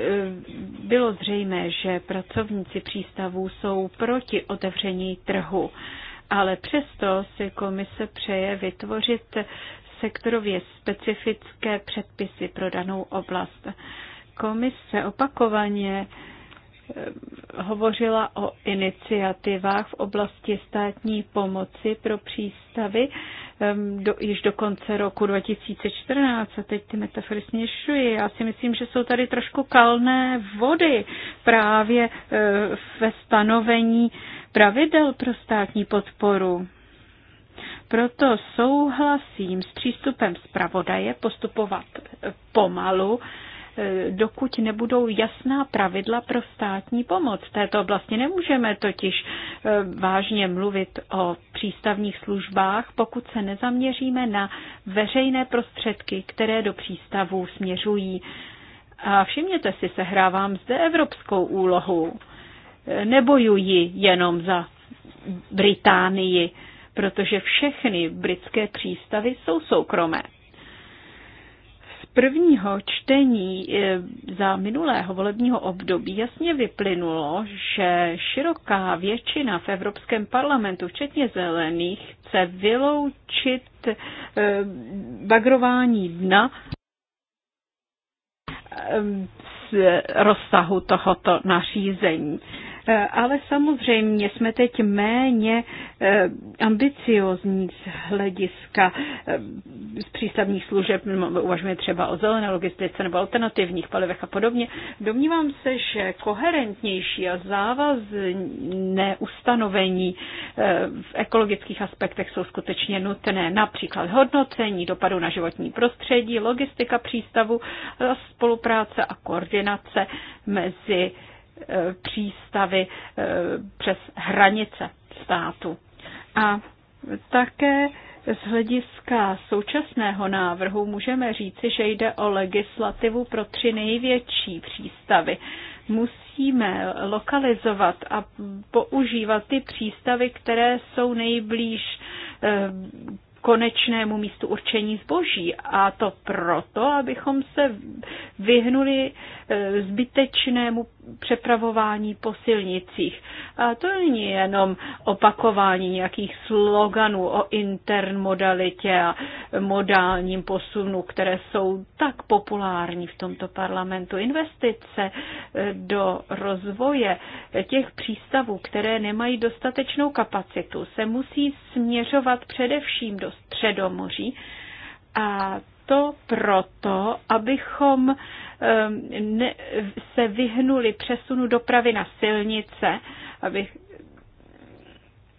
Speaker 4: bylo zřejmé, že pracovníci přístavů jsou proti otevření trhu. Ale přesto si komise přeje vytvořit sektorově specifické předpisy pro danou oblast. Komise opakovaně Eh, hovořila o iniciativách v oblasti státní pomoci pro přístavy do, již do konce roku 2014. A teď ty metafory směšuji. Já si myslím, že jsou tady trošku kalné vody právě eh, ve stanovení pravidel pro státní podporu. Proto souhlasím s přístupem zpravodaje postupovat pomalu, Eh, dokud nebudou jasná pravidla pro státní pomoc. V této oblasti nemůžeme totiž eh, vážně mluvit o přístavních službách, pokud se nezaměříme na veřejné prostředky, které do přístavů směřují. A všimněte si, sehrávám zde evropskou úlohu. Eh, nebojuji jenom za Británii, protože všechny britské přístavy jsou soukromé prvního čtení eh, za minulého volebního období jasně vyplynulo, že široká většina v Evropském parlamentu, včetně zelených, chce vyloučit eh, bagrování dna eh, z rozsahu tohoto nařízení. Eh, ale samozřejmě jsme teď méně eh, ambiciozní z hlediska eh, z přístavních služeb, uvažujeme třeba o zelené logistice nebo alternativních palivech a podobně. Domnívám se, že koherentnější a závazné ustanovení v ekologických aspektech jsou skutečně nutné, například hodnocení dopadu na životní prostředí, logistika přístavu, spolupráce a koordinace mezi přístavy eh, přes hranice státu. A také z hlediska současného návrhu můžeme říci, že jde o legislativu pro tři největší přístavy. Musíme lokalizovat a používat ty přístavy, které jsou nejblíž eh, konečnému místu určení zboží. A to proto, abychom se vyhnuli eh, zbytečnému přepravování po silnicích. A to není jenom opakování nějakých sloganů o intermodalitě a modálním posunu, které jsou tak populární v tomto parlamentu. Investice e, do rozvoje těch přístavů, které nemají dostatečnou kapacitu, se musí směřovat především do Středomoří, a to proto, abychom ehm, se vyhnuli přesunu dopravy na silnice, aby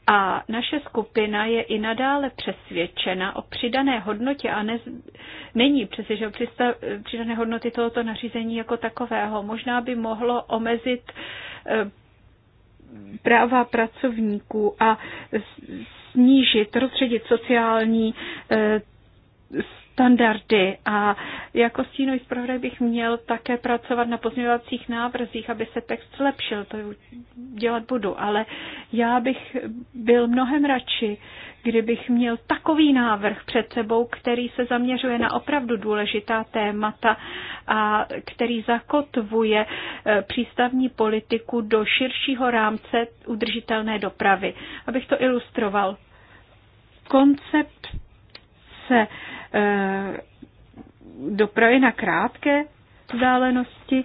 Speaker 4: a naše skupina je i nadále přesvědčena o přidané hodnotě a ne, není že o přista, přidané hodnoty tohoto nařízení jako takového. Možná by mohlo omezit ehm, práva pracovníků a snížit, rozředit sociální ehm, standardy a jako stínový zpravodaj bych měl také pracovat na pozměňovacích návrzích, aby se text zlepšil, to dělat budu, ale já bych byl mnohem radši, kdybych měl takový návrh před sebou, který se zaměřuje na opravdu důležitá témata a který zakotvuje eh, přístavní politiku do širšího rámce udržitelné dopravy. Abych to ilustroval. Koncept se Eh, dopravy na krátké vzdálenosti,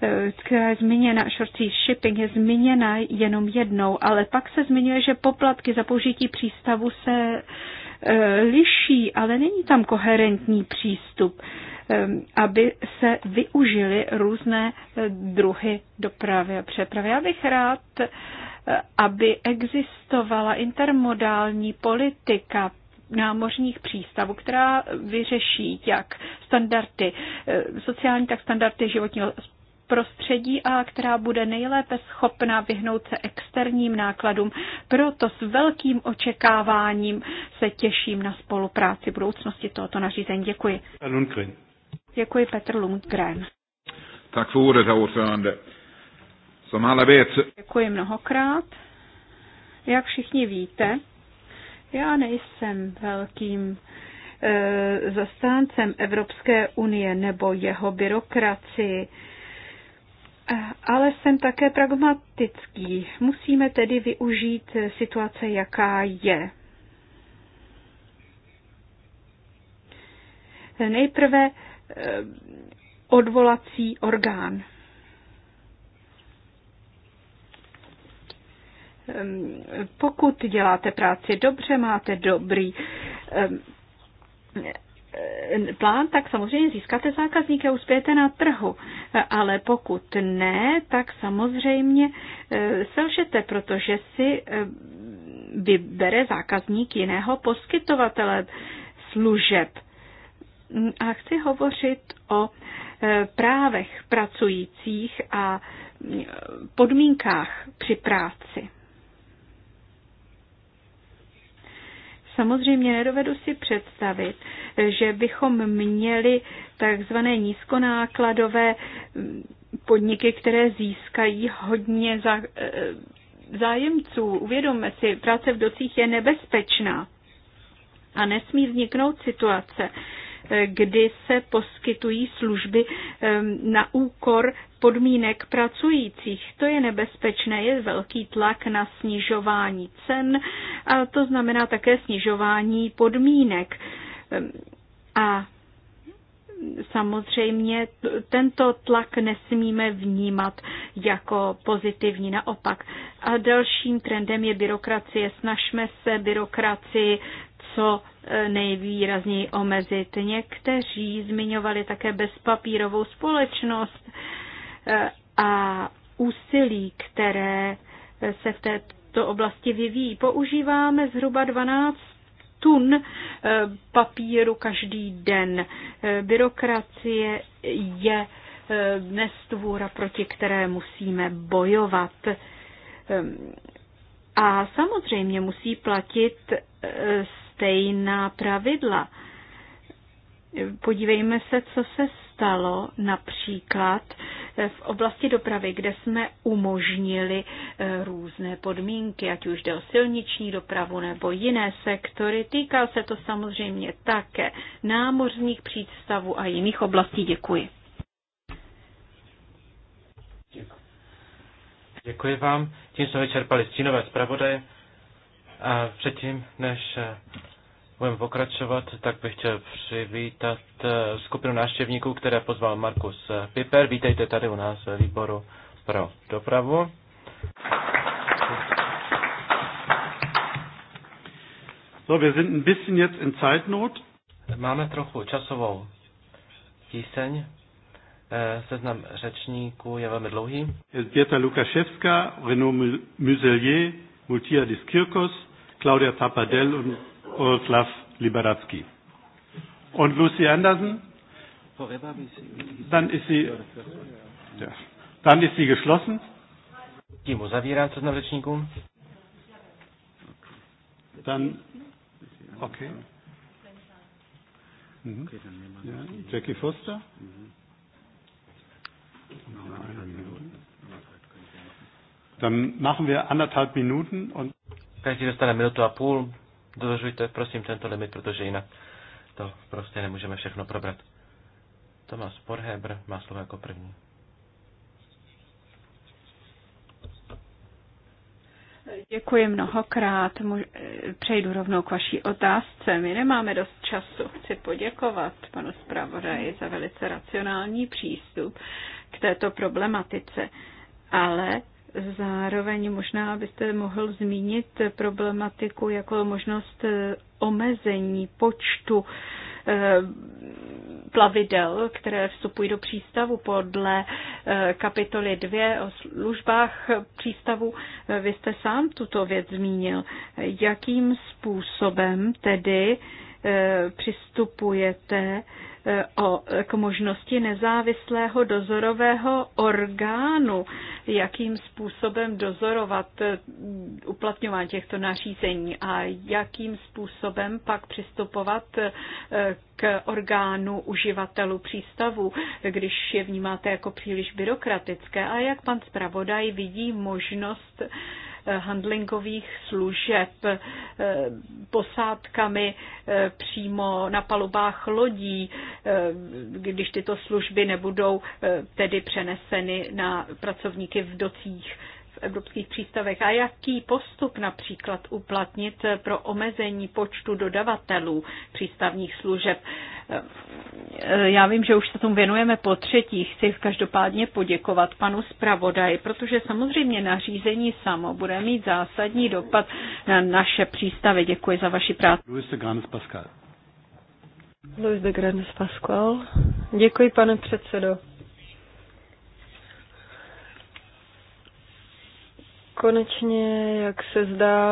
Speaker 4: eh, která je zmíněna, short sea shipping je zmíněna jenom jednou, ale pak se zmiňuje, že poplatky za použití přístavu se eh, liší, ale není tam koherentní přístup, aby se využily různé druhy dopravy a přepravy. Já bych rád, aby existovala intermodální politika námořních přístavů, která vyřeší jak standardy eh, sociální, tak standardy životního prostředí a která bude nejlépe schopná vyhnout se externím nákladům. Proto s velkým očekáváním se těším na spolupráci budoucnosti tohoto nařízení. Děkuji. Lundgren. Děkuji Petr Lundgren.
Speaker 2: Tak för ordet,
Speaker 4: Děkuji mnohokrát. Jak všichni víte, já nejsem velkým e, zastáncem Evropské unie nebo jeho byrokracii, eh, ale jsem také pragmatický. Musíme tedy využít situace, jaká je. Nejprve eh, odvolací orgán. Ehm, pokud děláte práci dobře, máte dobrý ehm, ehm, plán, tak samozřejmě získáte zákazníky a uspějete na trhu. Ale pokud ne, tak samozřejmě eh, selžete, protože si vybere zákazník jiného poskytovatele služeb. A chci hovořit o eh, právech pracujících a mm, podmínkách při práci. Samozřejmě nedovedu si představit, že bychom měli takzvané nízkonákladové podniky, které získají hodně za, eh, zájemců. Uvědomme si, práce v docích je nebezpečná a nesmí vzniknout situace, kdy se poskytují služby na úkor podmínek pracujících. To je nebezpečné, je velký tlak na snižování cen a to znamená také snižování podmínek. A samozřejmě tento tlak nesmíme vnímat jako pozitivní, naopak. A dalším trendem je byrokracie. Snažme se byrokracii co e, nejvýrazněji omezit. Někteří zmiňovali také bezpapírovou společnost e, a úsilí, které e, se v této oblasti vyvíjí. Používáme zhruba 12 tun papíru každý den. Byrokracie je dnes tvůra, proti které musíme bojovat. A samozřejmě musí platit stejná pravidla. Podívejme se, co se stalo například v oblasti dopravy, kde jsme umožnili eh, různé podmínky, ať už jde o silniční dopravu nebo jiné sektory. Týká se to samozřejmě také námořních přístavů a jiných oblastí. Děkuji.
Speaker 3: Děkuji vám. Tím jsme vyčerpali stínové zpravodaje. A předtím, než eh, budeme pokračovat, tak bych chtěl přivítat eh, skupinu návštěvníků, které pozval Markus eh, Piper. Vítejte tady u nás ve výboru pro dopravu.
Speaker 2: So, wir sind ein bisschen jetzt in Zeitnot. Máme trochu časovou tíseň.
Speaker 3: Seznam řečníků je velmi dlouhý.
Speaker 2: Pěta Lukaševská, Renaud Muselier, Multia Diskirkos, Claudia Zappadell und Olaf Liberatsky. Und Lucy Anderson?
Speaker 3: Dann ist sie, ja,
Speaker 2: dann ist sie geschlossen. Dann, okay. Mhm. Ja, Jackie Foster? Dann machen wir anderthalb Minuten und Každý dostane minutu a půl. Dodržujte, prosím, tento limit, protože
Speaker 3: jinak to prostě nemůžeme všechno probrat.
Speaker 2: Tomas Porhebr má
Speaker 3: slovo jako první.
Speaker 4: Děkuji mnohokrát. Přejdu rovnou k vaší otázce. My nemáme dost času. Chci poděkovat panu zpravodaji za velice racionální přístup k této problematice, ale Zároveň možná byste mohl zmínit problematiku jako možnost eh, omezení počtu eh, plavidel, které vstupují do přístavu podle eh, kapitoly 2 o službách přístavu. Vy jste sám tuto věc zmínil. Jakým způsobem tedy E, přistupujete e, o, k možnosti nezávislého dozorového orgánu, jakým způsobem dozorovat e, uplatňování těchto nařízení a jakým způsobem pak přistupovat k orgánu uživatelů přístavu, když je vnímáte jako příliš byrokratické a jak pan zpravodaj vidí možnost Eh, handlingových služeb eh, posádkami eh, přímo na palubách lodí, když tyto služby nebudou tedy přeneseny na pracovníky v docích v evropských přístavech a jaký postup například uplatnit pro omezení počtu dodavatelů přístavních služeb. Já vím, že už se tomu věnujeme po třetí. Chci každopádně poděkovat panu zpravodaji, protože samozřejmě nařízení samo bude mít zásadní dopad na naše přístavy. Děkuji za vaši práci.
Speaker 2: Luis de Grandes Pascal.
Speaker 4: Luis de Grandes Pascal. Děkuji, pane předsedo.
Speaker 5: Konečně, jak se zdá,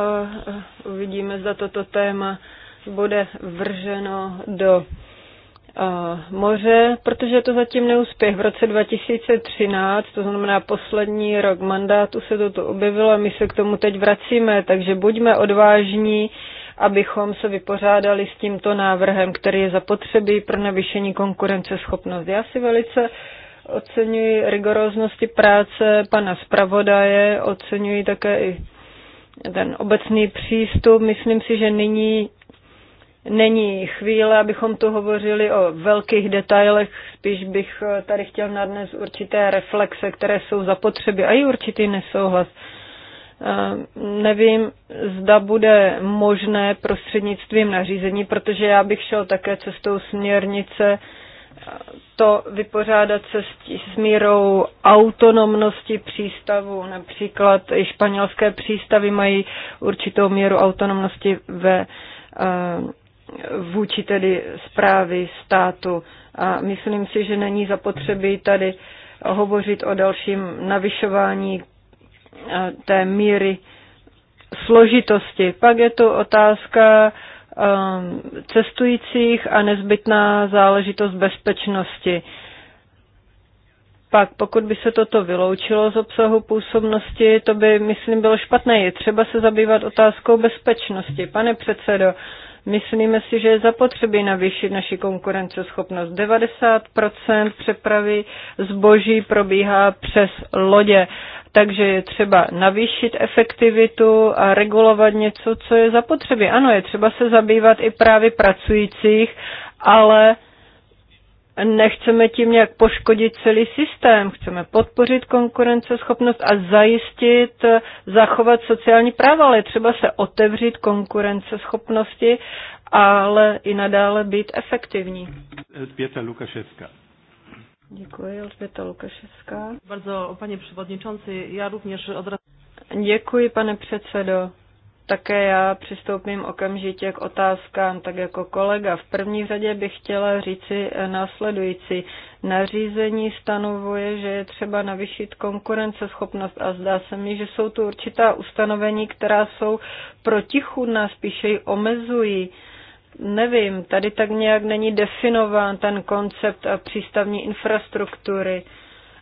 Speaker 5: uvidíme, zda toto téma bude vrženo do eh, moře, protože je to zatím neúspěch. V roce 2013, to znamená poslední rok mandátu, se toto objevilo a my se k tomu teď vracíme, takže buďme odvážní, abychom se vypořádali s tímto návrhem, který je zapotřebí pro navýšení konkurenceschopnost. Já si velice Oceňuji rigoróznosti práce pana zpravodaje, oceňuji také i ten obecný přístup. Myslím si, že nyní není chvíle, abychom tu hovořili o velkých detailech, spíš bych tady chtěl nadnes určité reflexe, které jsou zapotřeby a i určitý nesouhlas. Eh, nevím, zda bude možné prostřednictvím nařízení, protože já bych šel také cestou směrnice, to vypořádat se s, s mírou autonomnosti přístavu. Například i španělské přístavy mají určitou míru autonomnosti ve eh, vůči tedy zprávy státu. A myslím si, že není zapotřebí tady hovořit o dalším navyšování eh, té míry složitosti. Pak je tu otázka Um, cestujících a nezbytná záležitost bezpečnosti. Pak pokud by se toto vyloučilo z obsahu působnosti, to by, myslím, bylo špatné. Je třeba se zabývat otázkou bezpečnosti. Pane předsedo, myslíme si, že je zapotřebí navýšit naši konkurenceschopnost. 90% přepravy zboží probíhá přes lodě takže je třeba navýšit efektivitu a regulovat něco, co je zapotřebí. Ano, je třeba se zabývat i právě pracujících, ale nechceme tím nějak poškodit celý systém. Chceme podpořit konkurenceschopnost a zajistit, zachovat sociální práva, ale je třeba se otevřít konkurenceschopnosti, ale i nadále být efektivní.
Speaker 2: Pěta Lukaševská.
Speaker 5: Děkuji, Elžběta Lukaševská. Bardzo, paní předsedající, já rovněž odraz... Děkuji, pane předsedo. Také já přistoupím okamžitě k otázkám, tak jako kolega. V první řadě bych chtěla říci eh, následující. Nařízení stanovuje, že je třeba navyšit konkurenceschopnost a zdá se mi, že jsou tu určitá ustanovení, která jsou protichudná, spíše ji omezují. Nevím, tady tak nějak není definován ten koncept a přístavní infrastruktury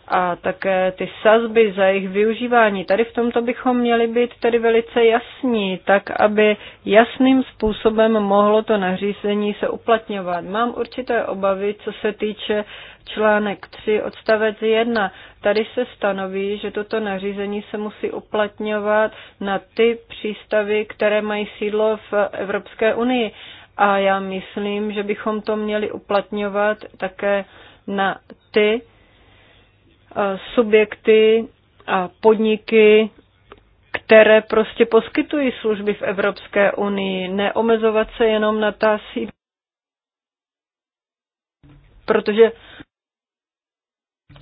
Speaker 5: a také ty sazby za jejich využívání. Tady v tomto bychom měli být tedy velice jasní, tak aby jasným způsobem mohlo to nařízení se uplatňovat. Mám určité obavy, co se týče článek 3 odstavec 1. Tady se stanoví, že toto nařízení se musí uplatňovat na ty přístavy, které mají sídlo v Evropské unii. A já myslím, že bychom to měli uplatňovat také na ty eh, subjekty a podniky, které prostě poskytují služby v Evropské unii, neomezovat se jenom na ta sídla. Protože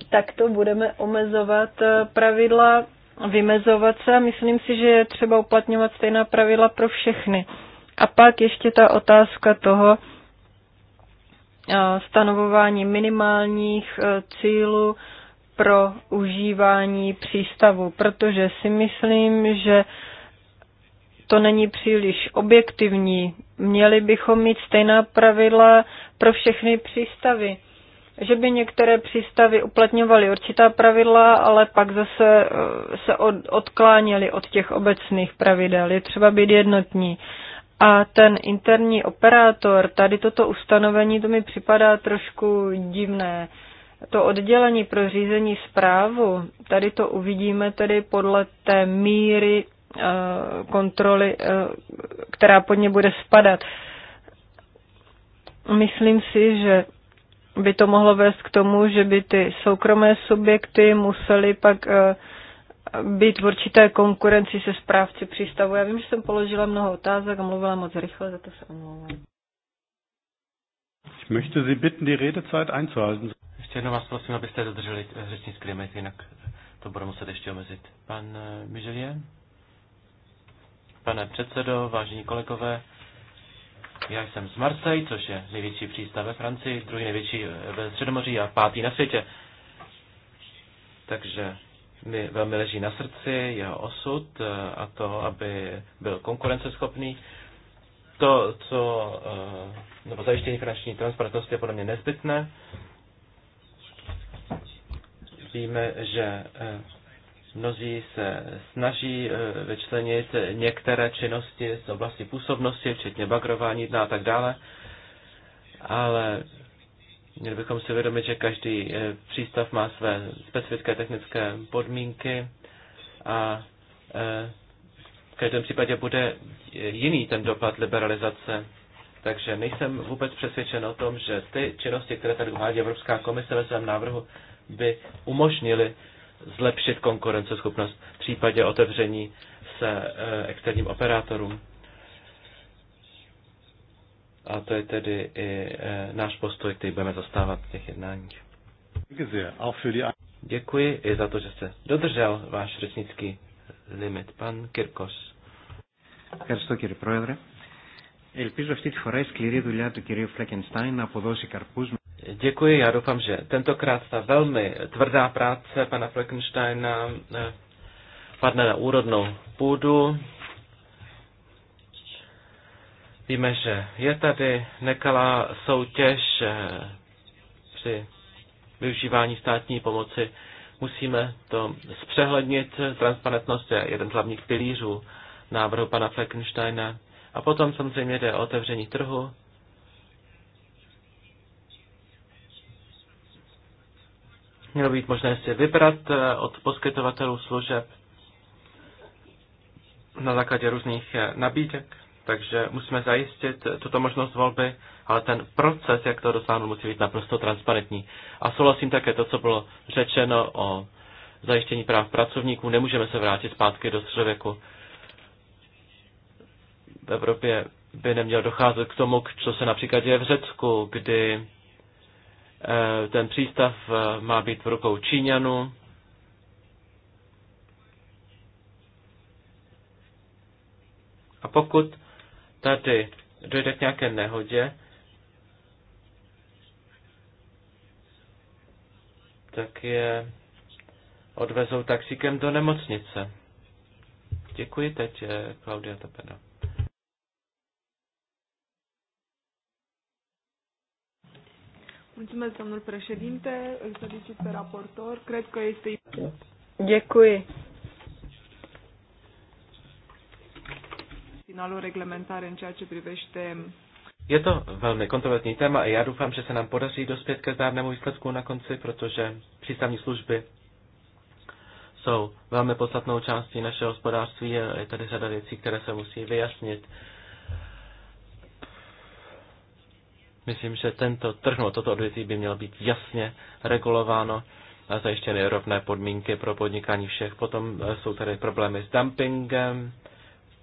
Speaker 5: takto budeme omezovat eh, pravidla, vymezovat se a myslím si, že je třeba uplatňovat stejná pravidla pro všechny. A pak ještě ta otázka toho eh, stanovování minimálních eh, cílů pro užívání přístavu, protože si myslím, že to není příliš objektivní. Měli bychom mít stejná pravidla pro všechny přístavy. Že by některé přístavy uplatňovaly určitá pravidla, ale pak zase eh, se odkláněly od těch obecných pravidel. Je třeba být jednotní. A ten interní operátor, tady toto ustanovení, to mi připadá trošku divné. To oddělení pro řízení zprávu, tady to uvidíme tedy podle té míry eh, kontroly, eh, která pod ně bude spadat. Myslím si, že by to mohlo vést k tomu, že by ty soukromé subjekty musely pak uh, být v určité konkurenci se správci přístavu. Já vím, že jsem položila mnoho otázek a mluvila moc rychle, za to se omlouvám.
Speaker 2: Ich möchte Sie bitten, die Redezeit einzuhalten. Ještě
Speaker 3: jednou vás prosím, abyste dodrželi eh, řečnický limit, jinak eh, to bude muset ještě omezit. Pan eh, Mižilie? Pane předsedo, vážení kolegové, já jsem z Marseille, což je největší přístav ve Francii, druhý největší ve Středomoří a pátý na světě. Takže mi velmi leží na srdci jeho osud eh, a to, aby byl konkurenceschopný. To, co, eh, nebo zajištění finanční transparentnosti je podle mě nezbytné. Víme, že eh, mnozí se snaží vyčlenit některé činnosti z oblasti působnosti, včetně bagrování dna a tak dále, ale Měli bychom si uvědomit, že každý eh, přístav má své specifické technické podmínky a eh, v každém případě bude jiný ten dopad liberalizace. Takže nejsem vůbec přesvědčen o tom, že ty činnosti, které tady uvádí Evropská komise ve svém návrhu, by umožnily zlepšit konkurenceschopnost v případě otevření se eh, externím operátorům. A to je tedy i e, náš postoj, který budeme zastávat v těch jednáních. Děkuji i za to, že jste dodržel váš řečnický limit. Pan Kirkos. Děkuji, já doufám, že tentokrát ta velmi tvrdá práce pana Fleckensteina e, padne na úrodnou půdu. Víme, že je tady nekalá soutěž eh, při využívání státní pomoci. Musíme to zpřehlednit. Transparentnost je jeden z hlavních pilířů návrhu pana Fleckensteina. A potom samozřejmě jde o otevření trhu. Mělo být možné si vybrat eh, od poskytovatelů služeb na základě různých eh, nabídek. Takže musíme zajistit tuto možnost volby, ale ten proces, jak to dosáhnout, musí být naprosto transparentní. A souhlasím také to, co bylo řečeno o zajištění práv pracovníků. Nemůžeme se vrátit zpátky do středověku. V Evropě by neměl docházet k tomu, co se například děje v Řecku, kdy eh, ten přístav eh, má být v rukou Číňanů, A pokud tady dojde k nějaké nehodě, tak je odvezou taxíkem do nemocnice. Děkuji teď, Klaudia Topena.
Speaker 5: Mulțumesc, domnul președinte, îl felicit pe raportor. Cred că este... Děkuji, la reglementare în ceea ce privește
Speaker 3: je to velmi kontroverzní téma a já doufám, že se nám podaří dospět ke zdárnému výsledku na konci, protože přístavní služby jsou velmi podstatnou částí našeho hospodářství a je tady řada věcí, které se musí vyjasnit. Myslím, že tento trh, no, toto odvětví by mělo být jasně regulováno a zajištěny rovné podmínky pro podnikání všech. Potom e, jsou tady problémy s dumpingem,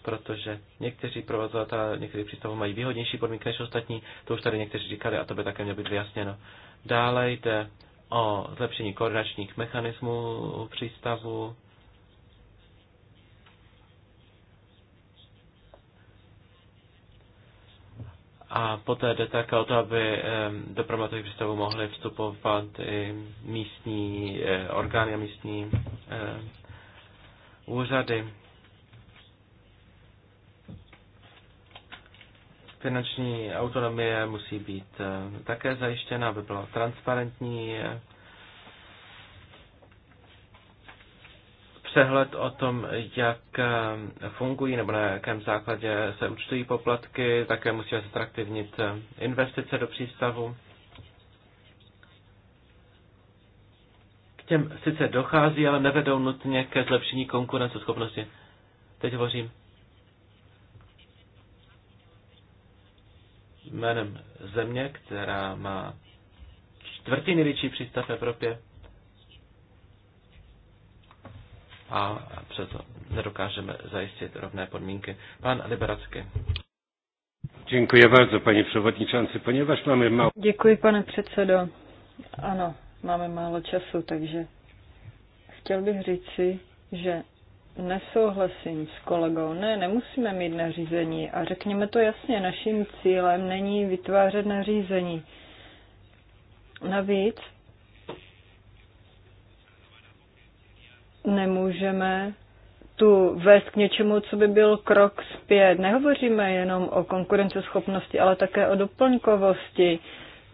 Speaker 3: protože někteří provozovatelé někteří přístavů mají výhodnější podmínky než ostatní, to už tady někteří říkali a to by také mělo být vyjasněno. Dále jde o zlepšení koordinačních mechanismů přístavu, A poté jde také o to, aby do problematiky přístavů mohly vstupovat i místní eh, orgány a místní eh, úřady. Finanční autonomie musí být eh, také zajištěna, aby byla transparentní přehled o tom, jak eh, fungují nebo na jakém základě se účtují poplatky, také musí se zatraktivnit eh, investice do přístavu. K těm sice dochází, ale nevedou nutně ke zlepšení konkurenceschopnosti. Teď hovořím jménem země, která má čtvrtý největší přístav v Evropě a přesto nedokážeme zajistit rovné podmínky. Pan Liberacky.
Speaker 2: Děkuji bardzo, paní převodníčance,
Speaker 3: ponieważ máme málo...
Speaker 5: Děkuji, pane předsedo. Ano, máme málo času, takže chtěl bych říci, že Nesouhlasím s kolegou. Ne, nemusíme mít nařízení. A řekněme to jasně, naším cílem není vytvářet nařízení. Navíc nemůžeme tu vést k něčemu, co by byl krok zpět. Nehovoříme jenom o konkurenceschopnosti, ale také o doplňkovosti.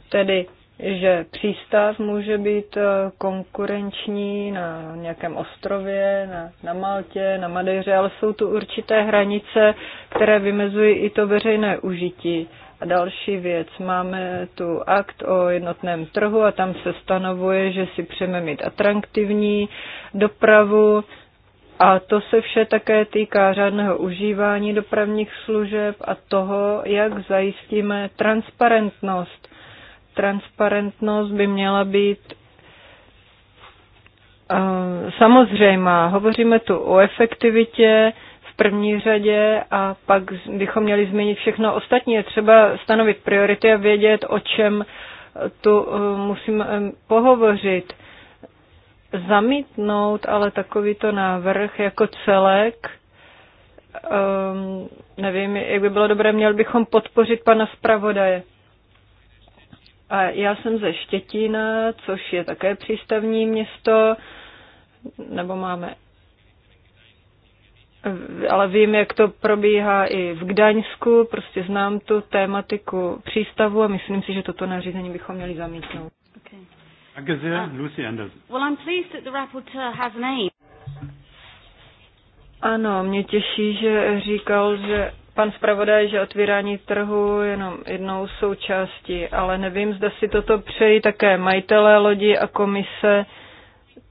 Speaker 5: Tedy že přístav může být eh, konkurenční na nějakém ostrově, na, na Maltě, na Madeře, ale jsou tu určité hranice, které vymezují i to veřejné užití. A další věc, máme tu akt o jednotném trhu a tam se stanovuje, že si přejeme mít atraktivní dopravu, a to se vše také týká řádného užívání dopravních služeb a toho, jak zajistíme transparentnost transparentnost by měla být eh, samozřejmá. Hovoříme tu o efektivitě v první řadě a pak bychom měli změnit všechno ostatní. Je třeba stanovit priority a vědět, o čem tu eh, musím eh, pohovořit. Zamítnout ale takovýto návrh jako celek, um, nevím, jak by bylo dobré, měl bychom podpořit pana zpravodaje. A já jsem ze štětina, což je také přístavní město, nebo máme ale vím, jak to probíhá i v Gdaňsku, prostě znám tu tématiku přístavu a myslím si, že toto nařízení bychom měli zamítnout.
Speaker 2: Ah. Lucy Anderson.
Speaker 5: Well,
Speaker 4: I'm pleased that the has an aim.
Speaker 5: Ano, mě těší, že říkal, že pan zpravodaj, že otvírání trhu jenom jednou součástí, ale nevím, zda si toto přejí také majitelé lodi a komise,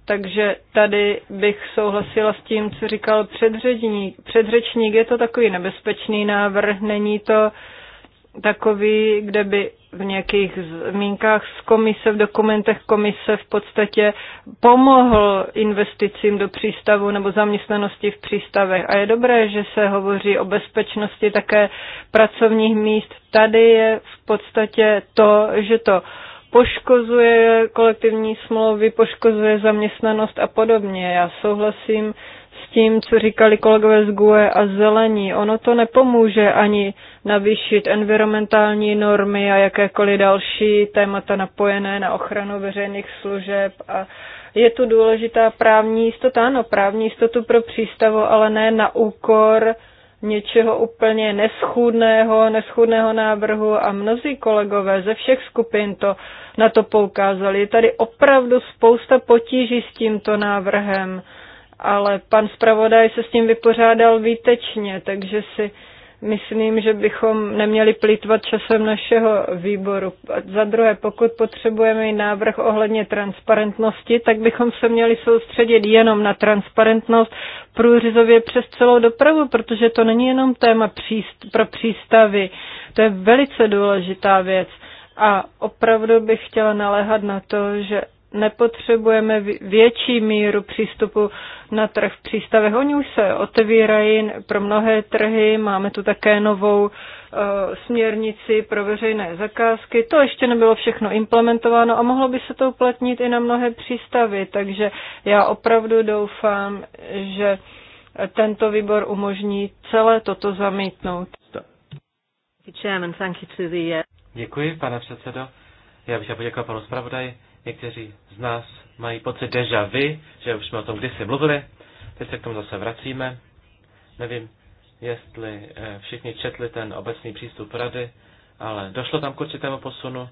Speaker 5: takže tady bych souhlasila s tím, co říkal předřečník. Předřečník je to takový nebezpečný návrh, není to uh, takový, kde by v nějakých zmínkách z komise, v dokumentech komise v podstatě pomohl investicím do přístavu nebo zaměstnanosti v přístavech. A je dobré, že se hovoří o bezpečnosti také pracovních míst. Tady je v podstatě to, že to poškozuje kolektivní smlouvy, poškozuje zaměstnanost a podobně. Já souhlasím tím, co říkali kolegové z GUE a zelení. Ono to nepomůže ani navýšit environmentální normy a jakékoliv další témata napojené na ochranu veřejných služeb a je tu důležitá právní jistota, ano, právní jistotu pro přístavu, ale ne na úkor něčeho úplně neschůdného, neschůdného návrhu a mnozí kolegové ze všech skupin to na to poukázali. Je tady opravdu spousta potíží s tímto návrhem ale pan zpravodaj se s tím vypořádal výtečně, takže si myslím, že bychom neměli plýtvat časem našeho výboru. A za druhé, pokud potřebujeme i návrh ohledně transparentnosti, tak bychom se měli soustředit jenom na transparentnost průřizově přes celou dopravu, protože to není jenom téma příst, pro přístavy. To je velice důležitá věc. A opravdu bych chtěla naléhat na to, že nepotřebujeme větší míru přístupu na trh v přístavech. Oni už se otevírají pro mnohé trhy, máme tu také novou uh, směrnici pro veřejné zakázky. To ještě nebylo všechno implementováno a mohlo by se to uplatnit i na mnohé přístavy, takže já opravdu doufám, že tento výbor umožní celé toto zamítnout. Uh,
Speaker 3: Děkuji, pane předsedo. Já bych chtěl poděkovat panu zpravodaji Někteří z nás mají pocit deja vu, že už jsme o tom kdysi mluvili, teď se k tomu zase vracíme. Nevím, jestli eh, všichni četli ten obecný přístup rady, ale došlo tam k určitému posunu.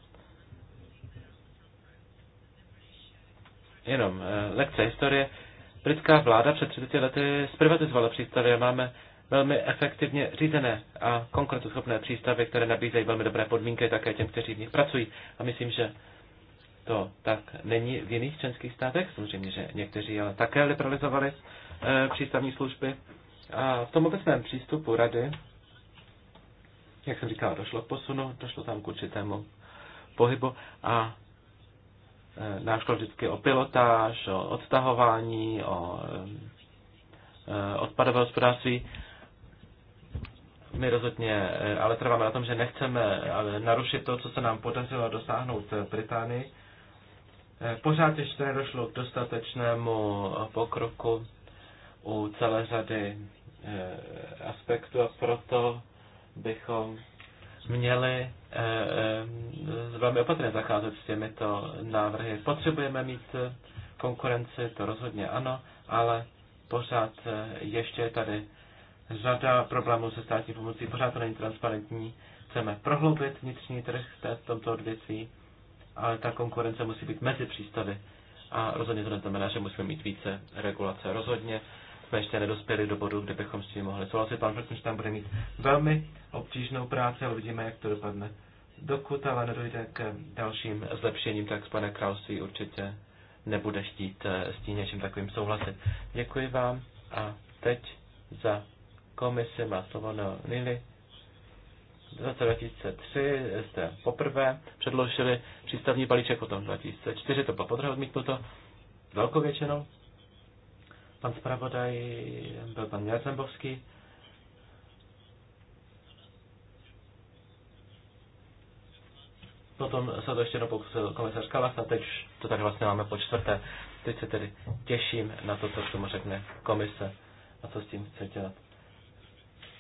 Speaker 3: Jenom eh, lekce historie. Britská vláda před 30 lety zprivatizovala přístavy a máme velmi efektivně řízené a konkurenceschopné přístavy, které nabízejí velmi dobré podmínky také těm, kteří v nich pracují. A myslím, že to tak není v jiných členských státech. Samozřejmě, že někteří ale také liberalizovali e, přístavní služby. A v tom obecném přístupu rady, jak jsem říkal, došlo k posunu, došlo tam k určitému pohybu a e, eh, nám šlo vždycky o pilotáž, o odtahování, o e, odpadové hospodářství. My rozhodně ale trváme na tom, že nechceme narušit to, co se nám podařilo dosáhnout v Británii Eh, pořád ještě nedošlo k dostatečnému pokroku u celé řady eh, aspektů a proto bychom měli eh, velmi opatrně zacházet s těmito návrhy. Potřebujeme mít konkurenci, to rozhodně ano, ale pořád ještě je tady řada problémů se státní pomocí, pořád to není transparentní. Chceme prohloubit vnitřní trh v tomto odvětví ale ta konkurence musí být mezi přístavy. A rozhodně to neznamená, že musíme mít více regulace. Rozhodně jsme ještě nedospěli do bodu, kde bychom s tím mohli souhlasit. Pan Frankenstein tam bude mít velmi obtížnou práci, a uvidíme, jak to dopadne. Dokud ale nedojde k dalším zlepšením, tak pane království určitě nebude chtít eh, s tím něčím takovým souhlasit. Děkuji vám a teď za komisi má slovo na Lili. 2003 jste poprvé předložili přístavní balíček, potom 2004 to bylo podruhé odmítnuto velkou většinou. Pan zpravodaj byl pan Jarzembovský. Potom se to ještě jednou pokusil komisař Kalas a teď to tak vlastně máme po čtvrté. Teď se tedy těším na to, co k tomu řekne komise a co s tím chce dělat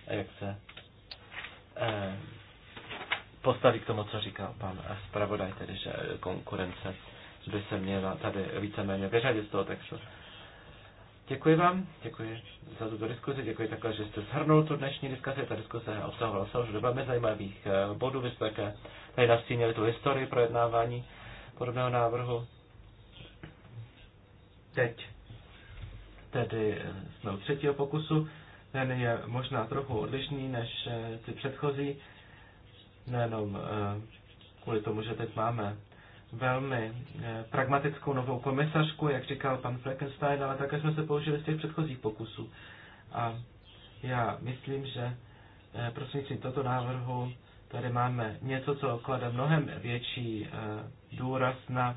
Speaker 3: a jak se Eh, postaví k tomu, co říkal pan zpravodaj, tedy že konkurence by se měla tady víceméně vyřadit z toho textu. Děkuji vám, děkuji za tuto diskuzi, děkuji takhle, že jste shrnul tu dnešní diskuzi. Ta diskuse obsahovala celou velmi zajímavých eh, bodů. Vy jste také tady nastínili tu historii projednávání podobného návrhu. Teď tedy eh, jsme u třetího pokusu ten je možná trochu odlišný než eh, ty předchozí, nejenom eh, kvůli tomu, že teď máme velmi eh, pragmatickou novou komisařku, jak říkal pan Fleckenstein, ale také jsme se použili z těch předchozích pokusů. A já myslím, že prostřednictvím toto návrhu tady máme něco, co klade mnohem větší důraz na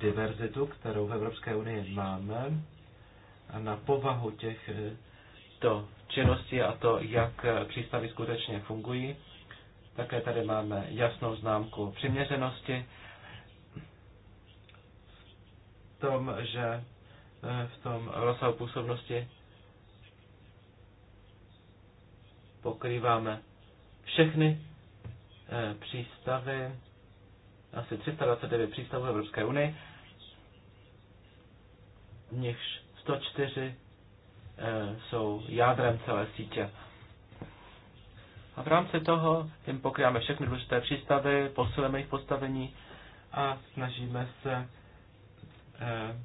Speaker 3: diverzitu, kterou v Evropské unii máme, a na povahu těch to činnosti a to, jak přístavy skutečně fungují. Také tady máme jasnou známku přiměřenosti, tom, že eh, v tom rozsahu působnosti pokrýváme všechny eh, přístavy, asi 329 přístavů Evropské unie, v nichž 104 Eh, jsou jádrem celé sítě. A v rámci toho tím pokryváme všechny důležité přístavy, posilujeme jejich postavení a snažíme se eh,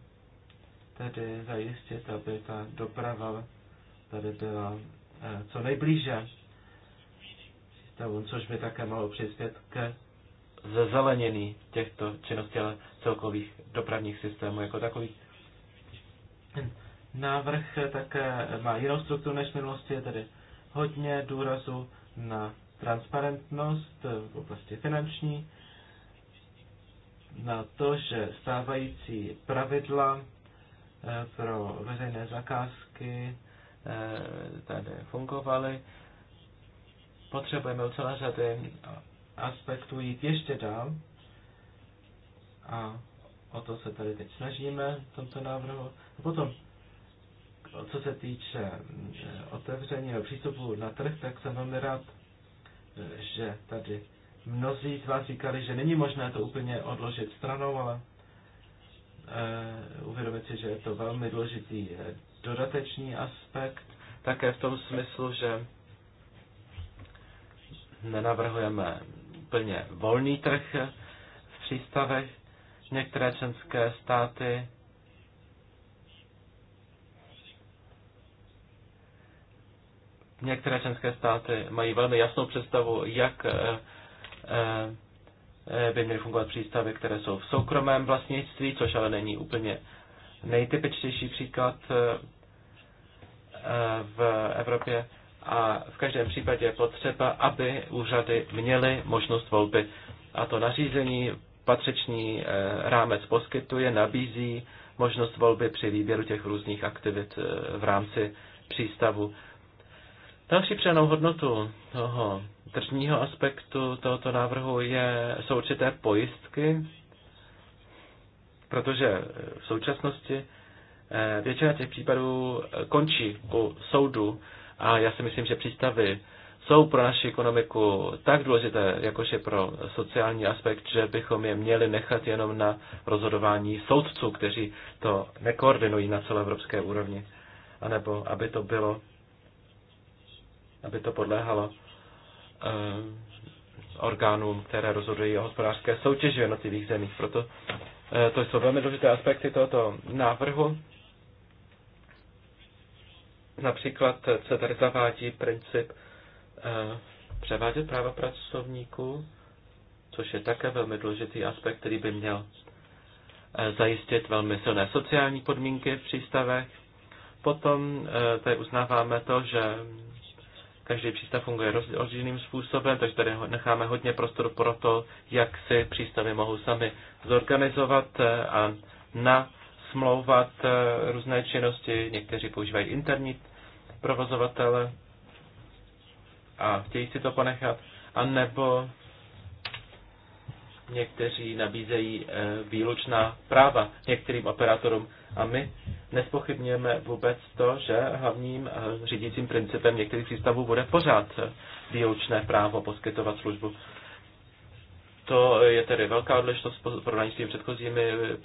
Speaker 3: tedy zajistit, aby ta doprava tady byla eh, co nejblíže přístavům, což by také mohlo přispět ke zezelenění těchto činností, ale celkových dopravních systémů jako takových. Návrh také má jinou strukturu než v minulosti, je tedy hodně důrazu na transparentnost v oblasti finanční, na to, že stávající pravidla eh, pro veřejné zakázky eh, tady fungovaly. Potřebujeme u celé řady aspektů jít ještě dál a o to se tady teď snažíme v tomto návrhu. A potom co se týče eh, a přístupu na trh, tak jsem velmi rád, eh, že tady mnozí z vás říkali, že není možné to úplně odložit stranou, ale eh, uvědomit si, že je to velmi důležitý dodatečný aspekt, také v tom smyslu, že nenavrhujeme úplně volný trh v přístavech. Některé členské státy Některé členské státy mají velmi jasnou představu, jak eh, eh, eh, by měly fungovat přístavy, které jsou v soukromém vlastnictví, což ale není úplně nejtypičtější příklad v Evropě. A v každém případě je potřeba, aby úřady měly možnost volby. A to nařízení patřičný rámec poskytuje, nabízí možnost volby při výběru těch různých aktivit v rámci přístavu. Další přenou hodnotu toho tržního aspektu tohoto návrhu je, jsou určité pojistky, protože v současnosti eh, většina těch případů eh, končí u soudu a já si myslím, že přístavy jsou pro naši ekonomiku tak důležité, jakož je pro sociální aspekt, že bychom je měli nechat jenom na rozhodování soudců, kteří to nekoordinují na evropské úrovni, anebo aby to bylo aby to podléhalo eh, orgánům, které rozhodují o hospodářské soutěži v jednotlivých zemích. Proto eh, to jsou velmi důležité aspekty tohoto návrhu. Například se eh, tady zavádí princip převádět práva pracovníků, což je také velmi důležitý aspekt, který by měl zajistit velmi silné sociální podmínky v přístavech. Potom tady uznáváme to, že Každý přístav funguje rozdílným způsobem, takže tady necháme hodně prostoru pro to, jak si přístavy mohou sami zorganizovat eh, a nasmlouvat eh, různé činnosti. Někteří používají interní provozovatele a chtějí si to ponechat, a nebo někteří nabízejí eh, výlučná práva některým operátorům a my nespochybněme vůbec to, že hlavním eh, řídícím principem některých přístavů bude pořád výlučné právo poskytovat službu. To je tedy velká odlišnost v porovnání s těmi předchozími eh,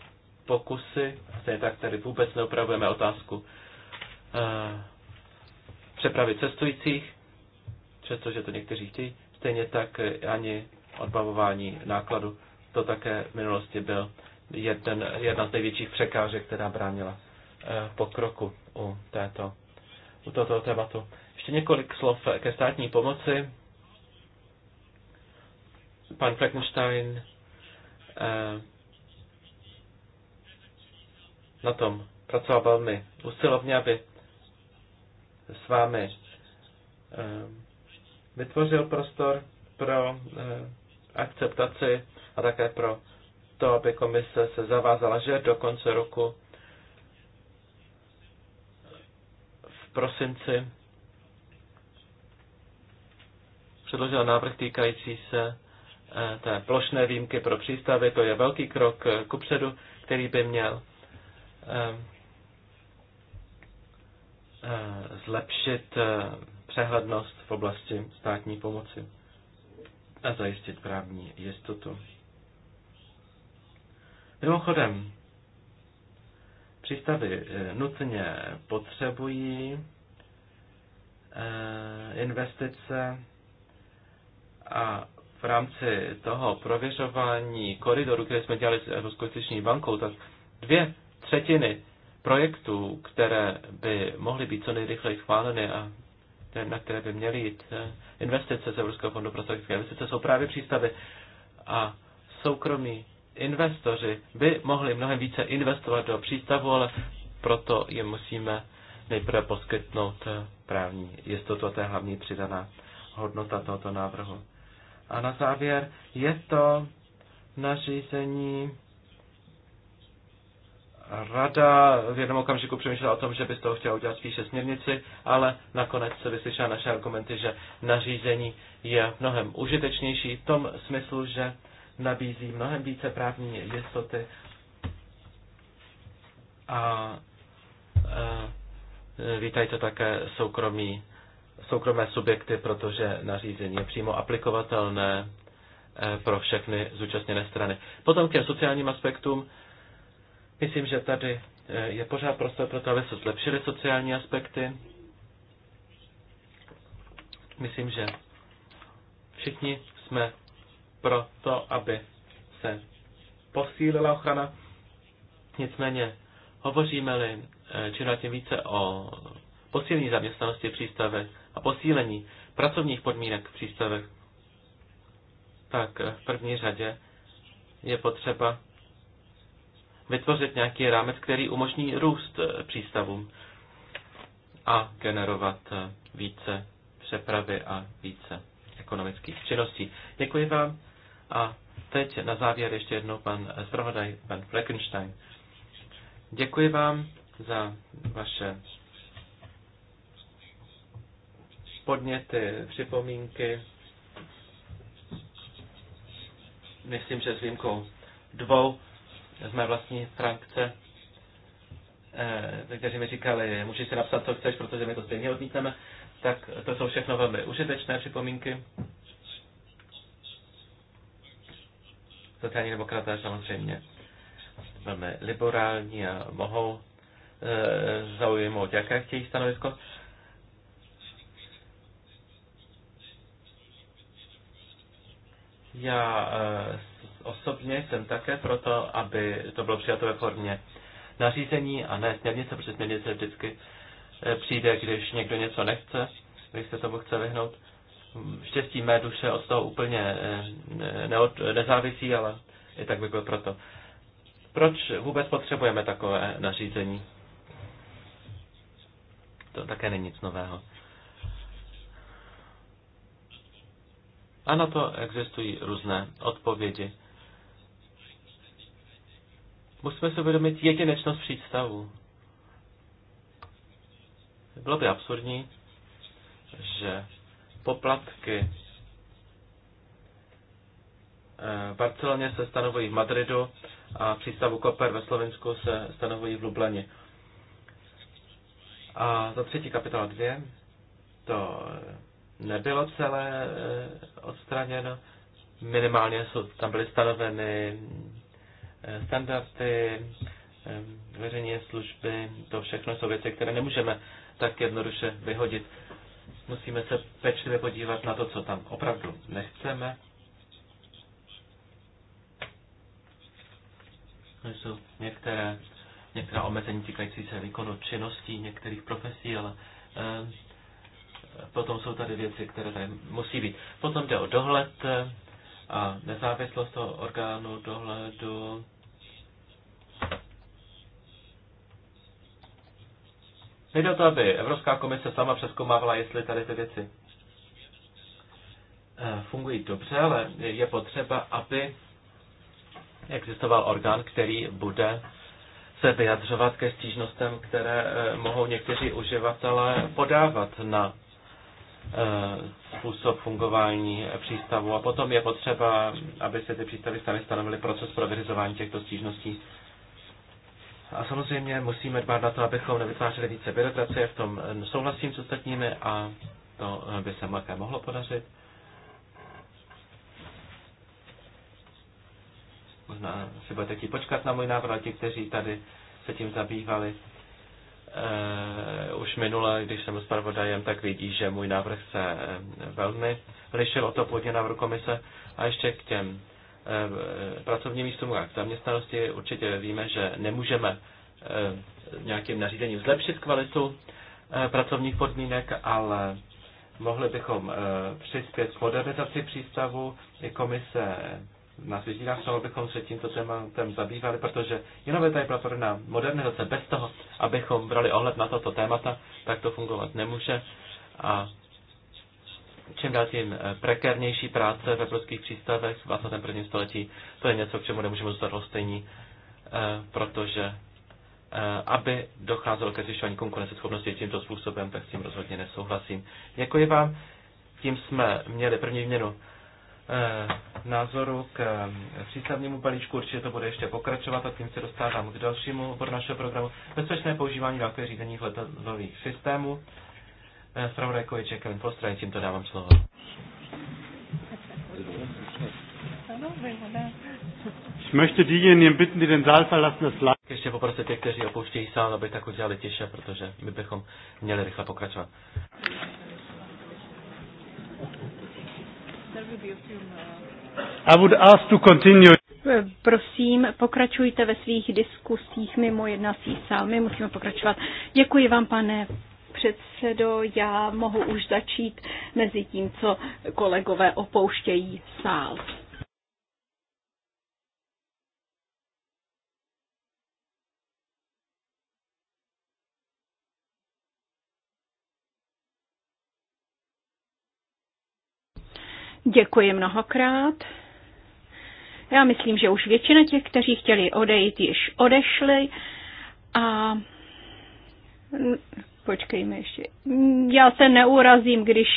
Speaker 3: pokusy. Stejně tak tady vůbec neupravujeme otázku eh, přepravy cestujících, přestože to někteří chtějí. Stejně tak ani odbavování nákladu. To také v minulosti byl jeden, jedna z největších překážek, která bránila Eh, pokroku u, této, u tohoto tématu. Ještě několik slov ke státní pomoci. Pan Frankenstein eh, na tom pracoval velmi usilovně, aby s vámi eh, vytvořil prostor pro akceptaci a také pro to, aby komise se zavázala, že do konce roku prosinci předložila návrh týkající se eh, té plošné výjimky pro přístavy. To je velký krok eh, kupředu, který by měl eh, zlepšit přehlednost v oblasti státní pomoci a zajistit právní jistotu. Mimochodem, Přístavy eh, nutně potřebují eh, investice a v rámci toho prověřování koridoru, které jsme dělali s Evropskou investiční bankou, tak dvě třetiny projektů, které by mohly být co nejrychleji schváleny a na které by měly jít eh, investice z Evropského fondu pro strategické investice, jsou právě přístavy a soukromí investoři by mohli mnohem více investovat do přístavu, ale proto je musíme nejprve poskytnout eh, právní jistotu a to je hlavní přidaná hodnota tohoto návrhu. A na závěr je to nařízení Rada v jednom okamžiku přemýšlela o tom, že by z toho chtěla udělat spíše směrnici, ale nakonec se vyslyšela naše argumenty, že nařízení je mnohem užitečnější v tom smyslu, že nabízí mnohem více právní jistoty a e, vítají to také soukromí, soukromé subjekty, protože nařízení je přímo aplikovatelné e, pro všechny zúčastněné strany. Potom k těm sociálním aspektům, myslím, že tady e, je pořád prostor pro to, aby se zlepšily sociální aspekty. Myslím, že všichni jsme pro to, aby se posílila ochrana. Nicméně hovoříme-li eh, čím tím více o posílení zaměstnanosti v přístavech a posílení pracovních podmínek v přístavech, tak eh, v první řadě je potřeba vytvořit nějaký rámec, který umožní růst eh, přístavům a generovat více přepravy a více ekonomických činností. Děkuji vám. A teď na závěr ještě jednou pan zpravodaj, pan Fleckenstein. Děkuji vám za vaše podněty, připomínky. Myslím, že s výjimkou dvou z mé vlastní frakce, eh, kteří mi říkali, můžeš si napsat, co chceš, protože my to stejně odmítneme, tak to jsou všechno velmi užitečné připomínky. sociální demokraté samozřejmě velmi liberální a mohou e, zaujmout, jaké chtějí stanovisko. Já e, osobně jsem také proto, aby to bylo přijato ve formě nařízení a ne směrnice, protože směrnice vždycky e, přijde, když někdo něco nechce, když se tomu chce vyhnout štěstí mé duše od toho úplně eh, neod, nezávisí, ale i tak by byl proto. Proč vůbec potřebujeme takové nařízení? To také není nic nového. A na to existují různé odpovědi. Musíme si uvědomit jedinečnost přístavu. Bylo by absurdní, že poplatky eh, v Barceloně se stanovují v Madridu a přístavu Koper ve Slovensku se stanovují v Lublani. A za třetí kapitola 2 to eh, nebylo celé eh, odstraněno. Minimálně jsou, tam byly stanoveny standardy, veřejné služby, to všechno jsou věci, které nemůžeme tak jednoduše vyhodit. Musíme se pečlivě podívat na to, co tam opravdu nechceme. To jsou některé, některá omezení týkající se výkonu činností některých profesí, ale e, potom jsou tady věci, které tady musí být. Potom jde o dohled eh, a nezávislost toho orgánu dohledu Nejde o to, aby Evropská komise sama přeskoumávala, jestli tady ty věci eh, fungují dobře, ale je potřeba, aby existoval orgán, který bude se vyjadřovat ke stížnostem, které eh, mohou někteří uživatelé podávat na eh, způsob fungování přístavu. A potom je potřeba, aby se ty přístavy sami stanovily proces pro vyřizování těchto stížností a samozřejmě musíme dbát na to, abychom nevytvářeli více byrokracie, v tom eh, souhlasím s ostatními a to eh, by se také mohlo podařit. Možná si budete chtít počkat na můj návrh, ti, kteří tady se tím zabývali eh, už minule, když jsem s pravodajem, tak vidí, že můj návrh se eh, velmi lišil od toho původně návrhu komise. A ještě k těm Eh, pracovním místům a k zaměstnanosti. Určitě víme, že nemůžeme eh, nějakým nařízením zlepšit kvalitu eh, pracovních podmínek, ale mohli bychom přispět k modernizaci přístavu. I komise nás vyzývá k tomu, abychom se tímto tématem zabývali, protože jenom je tady platforma modernizace. Bez toho, abychom brali ohled na toto témata, tak to fungovat nemůže. A čím dál tím eh, prekérnější práce ve evropských přístavech v 21. století. To je něco, k čemu nemůžeme zůstat stejní, eh, protože eh, aby docházelo ke zvyšování konkurenceschopnosti tímto způsobem, tak s tím rozhodně nesouhlasím. Děkuji vám. Tím jsme měli první měnu názoru k přístavnímu balíčku. Určitě to bude ještě pokračovat a tím se dostávám k dalšímu oboru našeho programu. Bezpečné používání dálkově řízených letadlových systémů. Spravodajko eh, je Jacqueline Foster tímto dávám
Speaker 2: slovo. Ich möchte diejenigen bitten, die den Saal verlassen, das Land. Ještě poprosit ty, kteří opouštějí sál, aby tak
Speaker 3: udělali tiše, protože my bychom měli rychle pokračovat.
Speaker 2: I would ask to continue.
Speaker 4: Eh, prosím, pokračujte ve svých diskusích mimo jednací sál. My musíme pokračovat. Děkuji vám, pane předsedo, já mohu už začít mezi tím, co kolegové opouštějí sál. Děkuji mnohokrát. Já myslím, že už většina těch, kteří chtěli odejít, již odešli a Počkejme ještě. Já se neurazím, když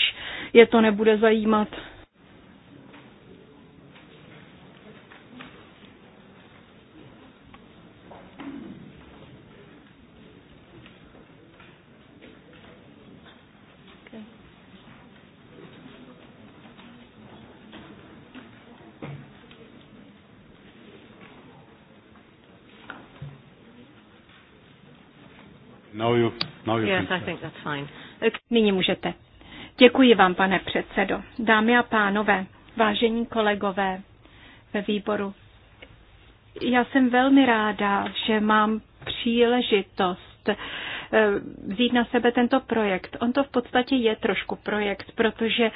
Speaker 4: je to nebude zajímat. now you Nyní můžete. Děkuji vám, pane předsedo. Dámy a pánové, vážení kolegové ve výboru, já jsem velmi ráda, že mám příležitost eh, vzít na sebe tento projekt. On to v podstatě je trošku projekt, protože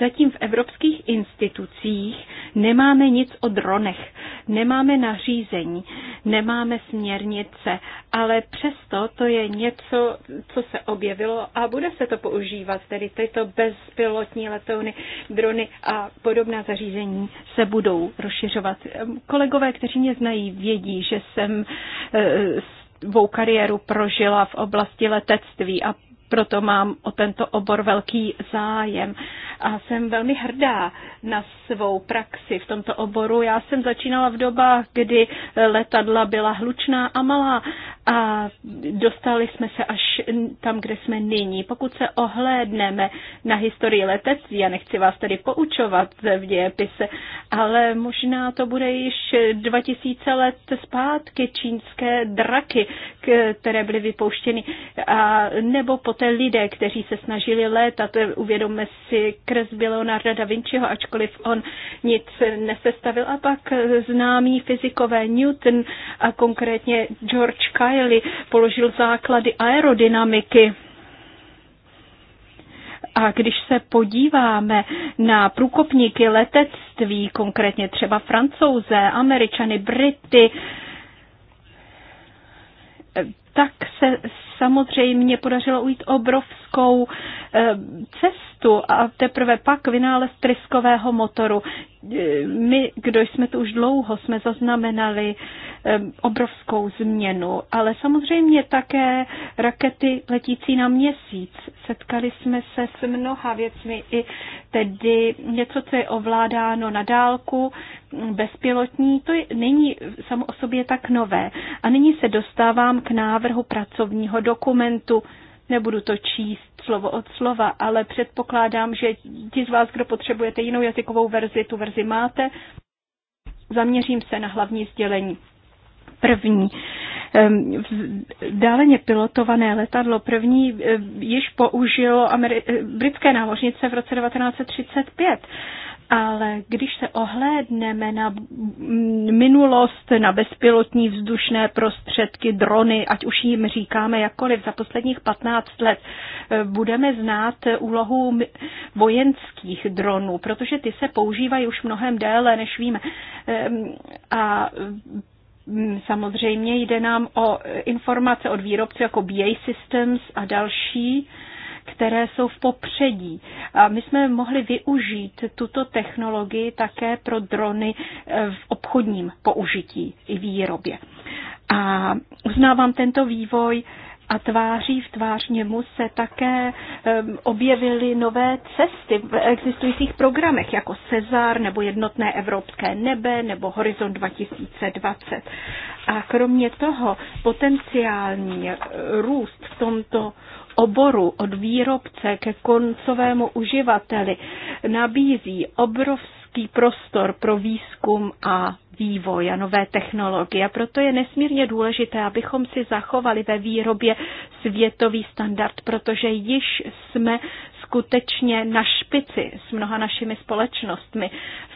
Speaker 4: Zatím v evropských institucích nemáme nic o dronech, nemáme nařízení, nemáme směrnice, ale přesto to je něco, co se objevilo a bude se to používat, tedy tyto bezpilotní letouny, drony a podobná zařízení se budou rozšiřovat. Kolegové, kteří mě znají, vědí, že jsem eh, svou kariéru prožila v oblasti letectví a proto mám o tento obor velký zájem. A jsem velmi hrdá na svou praxi v tomto oboru. Já jsem začínala v dobách, kdy letadla byla hlučná a malá a dostali jsme se až tam, kde jsme nyní. Pokud se ohlédneme na historii letectví, já nechci vás tady poučovat v dějepise, ale možná to bude již 2000 let zpátky čínské draky, které byly vypouštěny, a nebo pod poté lidé, kteří se snažili létat. Uvědomme si kresby Leonarda da Vinciho, ačkoliv on nic nesestavil. A pak známí fyzikové Newton a konkrétně George Kiley položil základy aerodynamiky. A když se podíváme na průkopníky letectví, konkrétně třeba francouze, američany, brity, tak se samozřejmě podařilo ujít obrovskou eh, cestu a teprve pak vynález tryskového motoru. Eh, my, kdo jsme tu už dlouho, jsme zaznamenali eh, obrovskou změnu, ale samozřejmě také rakety letící na měsíc. Setkali jsme se s mnoha věcmi, i tedy něco, co je ovládáno na dálku, bezpilotní, to je, není samo o sobě tak nové. A nyní se dostávám k návrhu pracovního dokumentu. Nebudu to číst slovo od slova, ale předpokládám, že ti z vás, kdo potřebujete jinou jazykovou verzi, tu verzi máte. Zaměřím se na hlavní sdělení. První vzdáleně pilotované letadlo první eh, již použilo Ameri- eh, britské námořnice v roce 1935. Ale když se ohlédneme na minulost, na bezpilotní vzdušné prostředky, drony, ať už jim říkáme jakkoliv, za posledních 15 let budeme znát úlohu vojenských dronů, protože ty se používají už mnohem déle, než víme. Ehm, a mm, samozřejmě jde nám o informace od výrobců jako BA Systems a další, které jsou v popředí. A my jsme mohli využít tuto technologii také pro drony eh, v obchodním použití i výrobě. A uznávám tento vývoj a tváří v tvář němu se také eh, objevily nové cesty v existujících programech, jako Cezar nebo Jednotné evropské nebe nebo Horizont 2020. A kromě toho potenciální eh, růst v tomto oboru, od výrobce ke koncovému uživateli nabízí obrovský prostor pro výzkum a vývoj a nové technologie. A proto je nesmírně důležité, abychom si zachovali ve výrobě světový standard, protože již jsme skutečně na špici s mnoha našimi společnostmi.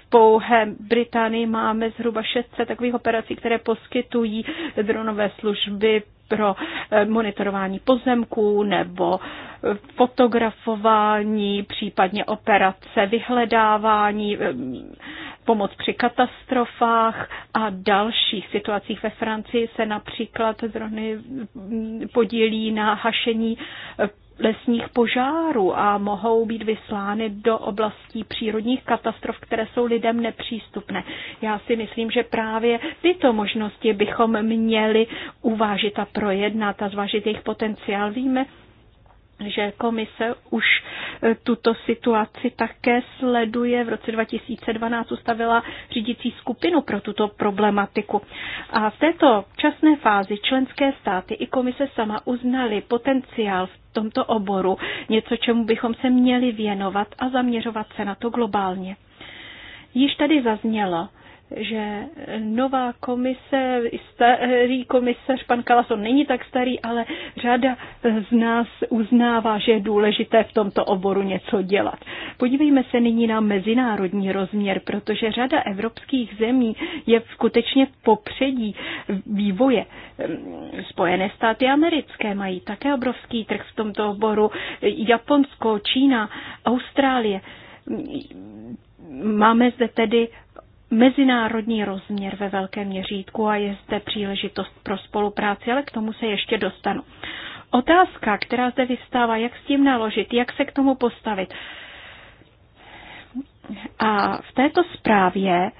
Speaker 4: V pouhé Británii máme zhruba 600 takových operací, které poskytují dronové služby pro eh, monitorování pozemků nebo eh, fotografování, případně operace vyhledávání, eh, pomoc při katastrofách a dalších situacích ve Francii se například drony mm, podílí na hašení lesních požárů a mohou být vyslány do oblastí přírodních katastrof, které jsou lidem nepřístupné. Já si myslím, že právě tyto možnosti bychom měli uvážit a projednat a zvážit jejich potenciál. Víme, že komise už e, tuto situaci také sleduje. V roce 2012 ustavila řídící skupinu pro tuto problematiku. A v této časné fázi členské státy i komise sama uznali potenciál v tomto oboru, něco, čemu bychom se měli věnovat a zaměřovat se na to globálně. Již tady zaznělo, že nová komise, starý komisař, pan Kalason není tak starý, ale řada z nás uznává, že je důležité v tomto oboru něco dělat. Podívejme se nyní na mezinárodní rozměr, protože řada evropských zemí je skutečně v popředí vývoje. Spojené státy americké mají také obrovský trh v tomto oboru, Japonsko, Čína, Austrálie. Máme zde tedy mezinárodní rozměr ve velkém měřítku a je zde příležitost pro spolupráci, ale k tomu se ještě dostanu. Otázka, která zde vystává, jak s tím naložit, jak se k tomu postavit. A v této zprávě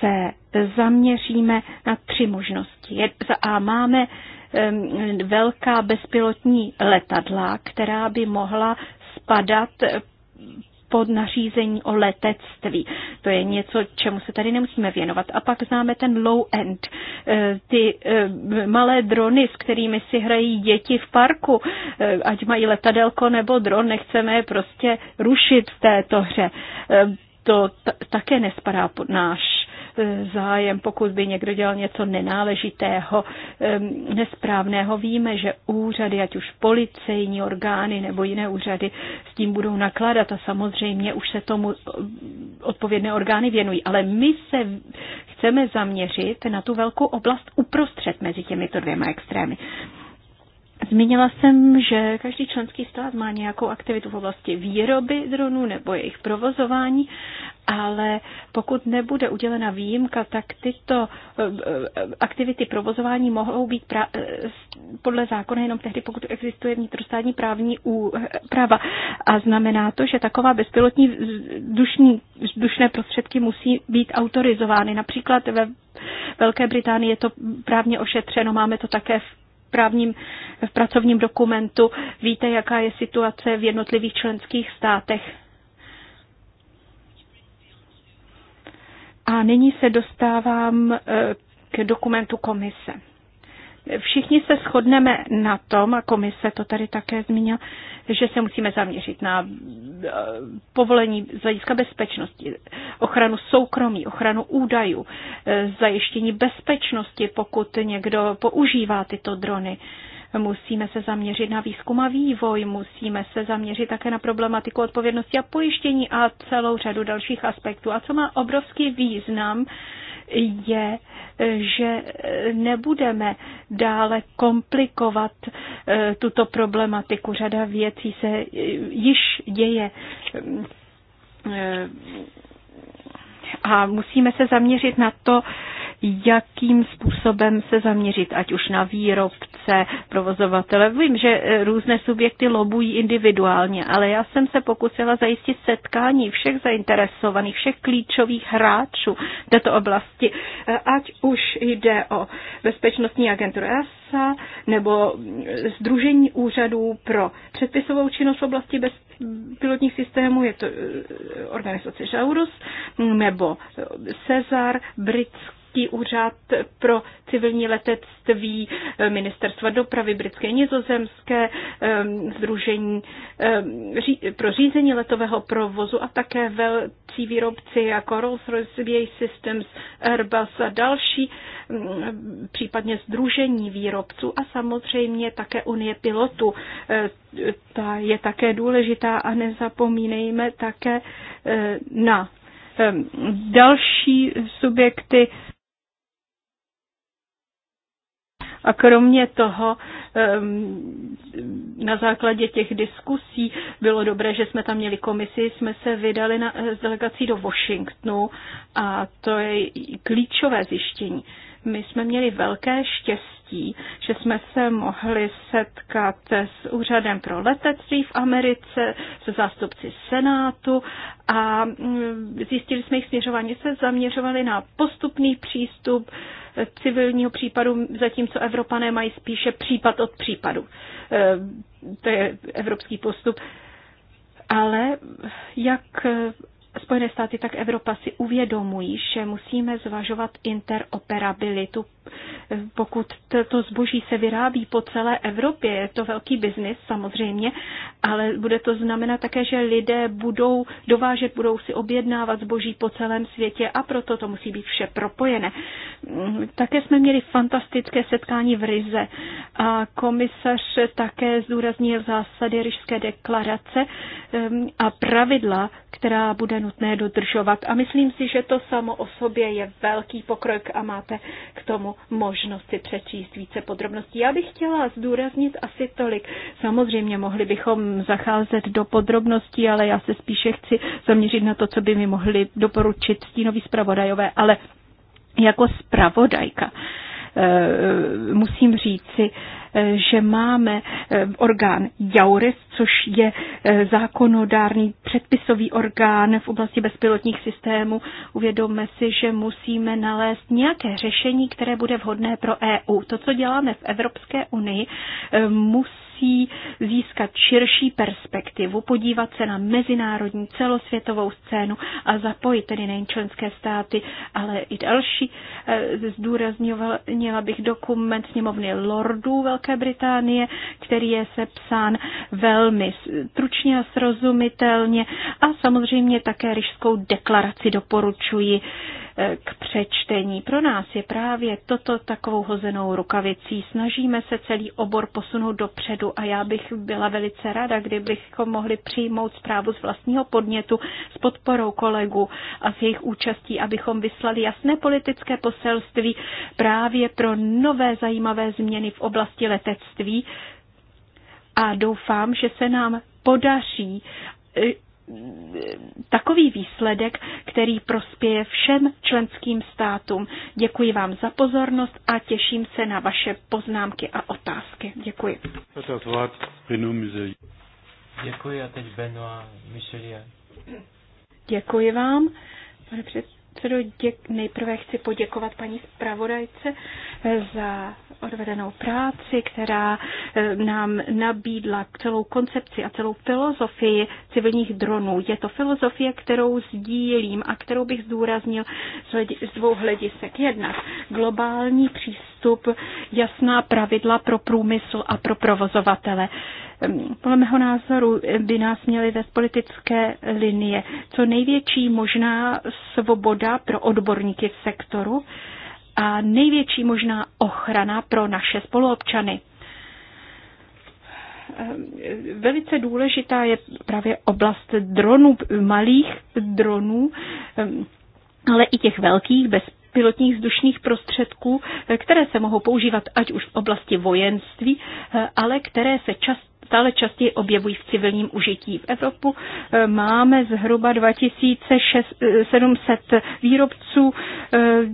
Speaker 4: se zaměříme na tři možnosti. A máme velká bezpilotní letadla, která by mohla spadat pod nařízení o letectví. To je něco, čemu se tady nemusíme věnovat. A pak známe ten low-end, e, ty e, malé drony, s kterými si hrají děti v parku, e, ať mají letadelko nebo dron, nechceme je prostě rušit v této hře. To také nespadá pod náš zájem, pokud by někdo dělal něco nenáležitého, nesprávného. Víme, že úřady, ať už policejní orgány nebo jiné úřady, s tím budou nakládat a samozřejmě už se tomu eh, odpovědné orgány věnují. Ale my se chceme zaměřit na tu velkou oblast uprostřed mezi těmito dvěma extrémy. Zmínila jsem, že každý členský stát má nějakou aktivitu v oblasti výroby dronů nebo jejich provozování ale pokud nebude udělena výjimka, tak tyto eh, eh, aktivity provozování mohou být pra- eh, podle zákona jenom tehdy, pokud existuje vnitrostátní právní úprava. A znamená to, že taková bezpilotní dušní, dušné prostředky musí být autorizovány. Například ve Velké Británii je to právně ošetřeno, máme to také v právním, v pracovním dokumentu. Víte, jaká je situace v jednotlivých členských státech A nyní se dostávám eh, k dokumentu komise. Všichni se shodneme na tom, a komise to tady také zmínila, že se musíme zaměřit na eh, povolení z hlediska bezpečnosti, ochranu soukromí, ochranu údajů, eh, zajištění bezpečnosti, pokud někdo používá tyto drony. Musíme se zaměřit na výzkum a vývoj, musíme se zaměřit také na problematiku odpovědnosti a pojištění a celou řadu dalších aspektů. A co má obrovský význam, je, že nebudeme dále komplikovat eh, tuto problematiku. Řada věcí se eh, již děje eh, a musíme se zaměřit na to, jakým způsobem se zaměřit, ať už na výrobce, provozovatele. Vím, že eh, různé subjekty lobují individuálně, ale já jsem se pokusila zajistit setkání všech zainteresovaných, všech klíčových hráčů této oblasti, eh, ať už jde o bezpečnostní agenturu ESA nebo Združení eh, úřadů pro předpisovou činnost v oblasti bez pilotních systémů, je to organizace Žaurus, nebo Cezar, britská letecký úřad pro civilní letectví, eh, Ministerstva dopravy britské nizozemské, ehm, Združení ehm, pro řízení letového provozu a také velcí výrobci jako Rolls-Royce BA Systems, Airbus a další, mm, případně Združení výrobců a samozřejmě také Unie pilotů. Eh, ta je také důležitá a nezapomínejme také eh, na ehm, další subjekty A kromě toho ehm, na základě těch diskusí bylo dobré, že jsme tam měli komisi, jsme se vydali na, eh, s delegací do Washingtonu a to je klíčové zjištění. My jsme měli velké štěstí, že jsme se mohli setkat s úřadem pro letectví v Americe, se zástupci Senátu a mm, zjistili jsme jejich směřování. Se zaměřovali na postupný přístup civilního případu, zatímco Evropané mají spíše případ od případu. E, to je evropský postup. Ale jak Spojené státy, tak Evropa si uvědomují, že musíme zvažovat interoperabilitu pokud to zboží se vyrábí po celé Evropě, je to velký biznis samozřejmě, ale bude to znamenat také, že lidé budou dovážet, budou si objednávat zboží po celém světě a proto to musí být vše propojené. Mm, také jsme měli fantastické setkání v Rize a komisař také zdůraznil zásady Ryžské deklarace mm, a pravidla, která bude nutné dodržovat. A myslím si, že to samo o sobě je velký pokrok a máte k tomu možnost si přečíst více podrobností. Já bych chtěla zdůraznit asi tolik. Samozřejmě mohli bychom zacházet do podrobností, ale já se spíše chci zaměřit na to, co by mi mohli doporučit stínoví zpravodajové. Ale jako zpravodajka Eh, musím říci, eh, že máme eh, orgán JAURES, což je zákonodárný předpisový orgán v oblasti bezpilotních systémů. Uvědomme si, že musíme nalézt nějaké řešení, které bude vhodné pro EU. To, co děláme v Evropské unii, musí musí získat širší perspektivu, podívat se na mezinárodní celosvětovou scénu a zapojit tedy nejen členské státy, ale i další. Eh, Zdůraznila bych dokument sněmovny Lordů Velké Británie, který je sepsán velmi stručně a srozumitelně a samozřejmě také Ryšskou deklaraci doporučuji. Eh, k přečtení. Pro nás je právě toto takovou hozenou rukavicí. Snažíme se celý obor posunout dopředu a já bych byla velice ráda, kdybychom mohli přijmout zprávu z vlastního podnětu s podporou kolegu a s jejich účastí, abychom vyslali jasné politické poselství právě pro nové zajímavé změny v oblasti letectví. A doufám, že se nám podaří eh, takový výsledek, který prospěje všem členským státům. Děkuji vám za pozornost a těším se na vaše poznámky a otázky. Děkuji.
Speaker 3: Děkuji a teď Benoit Michelia.
Speaker 4: Děkuji vám, pane předsedo předsedo, děk, nejprve chci poděkovat paní zpravodajce eh, za odvedenou práci, která eh, nám nabídla celou koncepci a celou filozofii civilních dronů. Je to filozofie, kterou sdílím a kterou bych zdůraznil z dvou hledisek. Jednak globální přístup přístup, jasná pravidla pro průmysl a pro provozovatele. Ehm, podle mého názoru eh, by nás měly vést politické linie co největší možná svoboda pro odborníky v sektoru a největší možná ochrana pro naše spoluobčany ehm, velice důležitá je právě oblast dronů, malých dronů, ehm, ale i těch velkých bez pilotních vzdušných prostředků, eh, které se mohou používat ať už v oblasti vojenství, eh, ale které se často stále častěji objevují v civilním užití. V Evropu eh, máme zhruba 2700 výrobců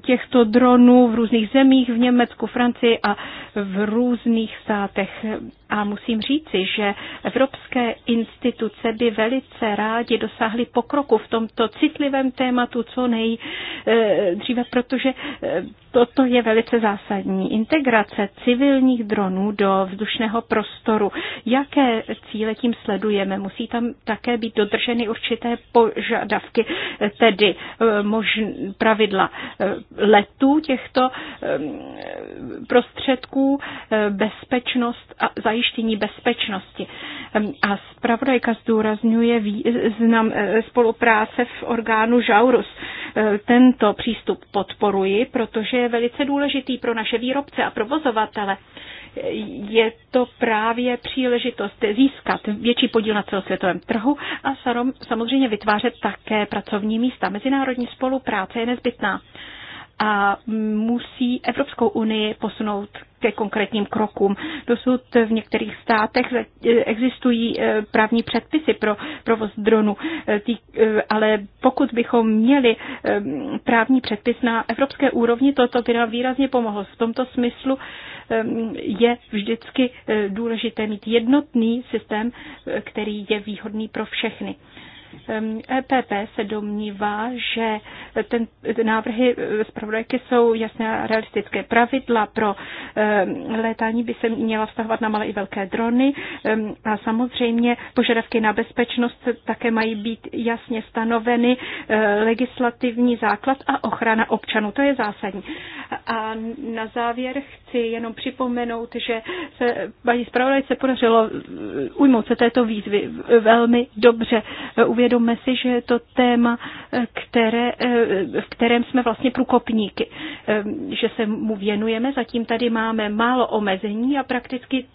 Speaker 4: těchto dronů v různých zemích, v Německu, Francii a v různých státech. A musím říci, že evropské instituce by velice rádi dosáhly pokroku v tomto citlivém tématu co nejdříve, eh, protože eh, toto je velice zásadní. Integrace civilních dronů do vzdušného prostoru. Jaké cíle tím sledujeme? Musí tam také být dodrženy určité požadavky, eh, tedy možn, pravidla letů těchto prostředků, bezpečnost a zajištění zajištění bezpečnosti. A zpravodajka zdůrazňuje význam e, spolupráce v orgánu Žaurus. E, tento přístup podporuji, protože je velice důležitý pro naše výrobce a provozovatele je to právě příležitost získat větší podíl na celosvětovém trhu a samozřejmě vytvářet také pracovní místa. Mezinárodní spolupráce je nezbytná a musí Evropskou unii posunout ke konkrétním krokům. Dosud v některých státech existují e, právní předpisy pro provoz dronu, e, e, ale pokud bychom měli právní předpis na evropské úrovni, toto by nám výrazně pomohlo. V tomto smyslu je vždycky důležité mít jednotný systém, který je výhodný pro všechny. EPP e se domnívá, že ten, ty návrhy e, zpravodajky jsou jasné a realistické. Pravidla pro létání by se měla vztahovat na malé i velké drony a samozřejmě požadavky na bezpečnost také mají být jasně stanoveny, e, legislativní základ a ochrana občanů. To je zásadní. A na závěr chci chci jenom připomenout, že se paní zpravodajce podařilo eh, ujmout se této výzvy eh, velmi dobře. Eh, uvědomme si, že je to téma, které, v kterém jsme vlastně průkopníky, že se mu věnujeme. Zatím tady máme málo omezení a prakticky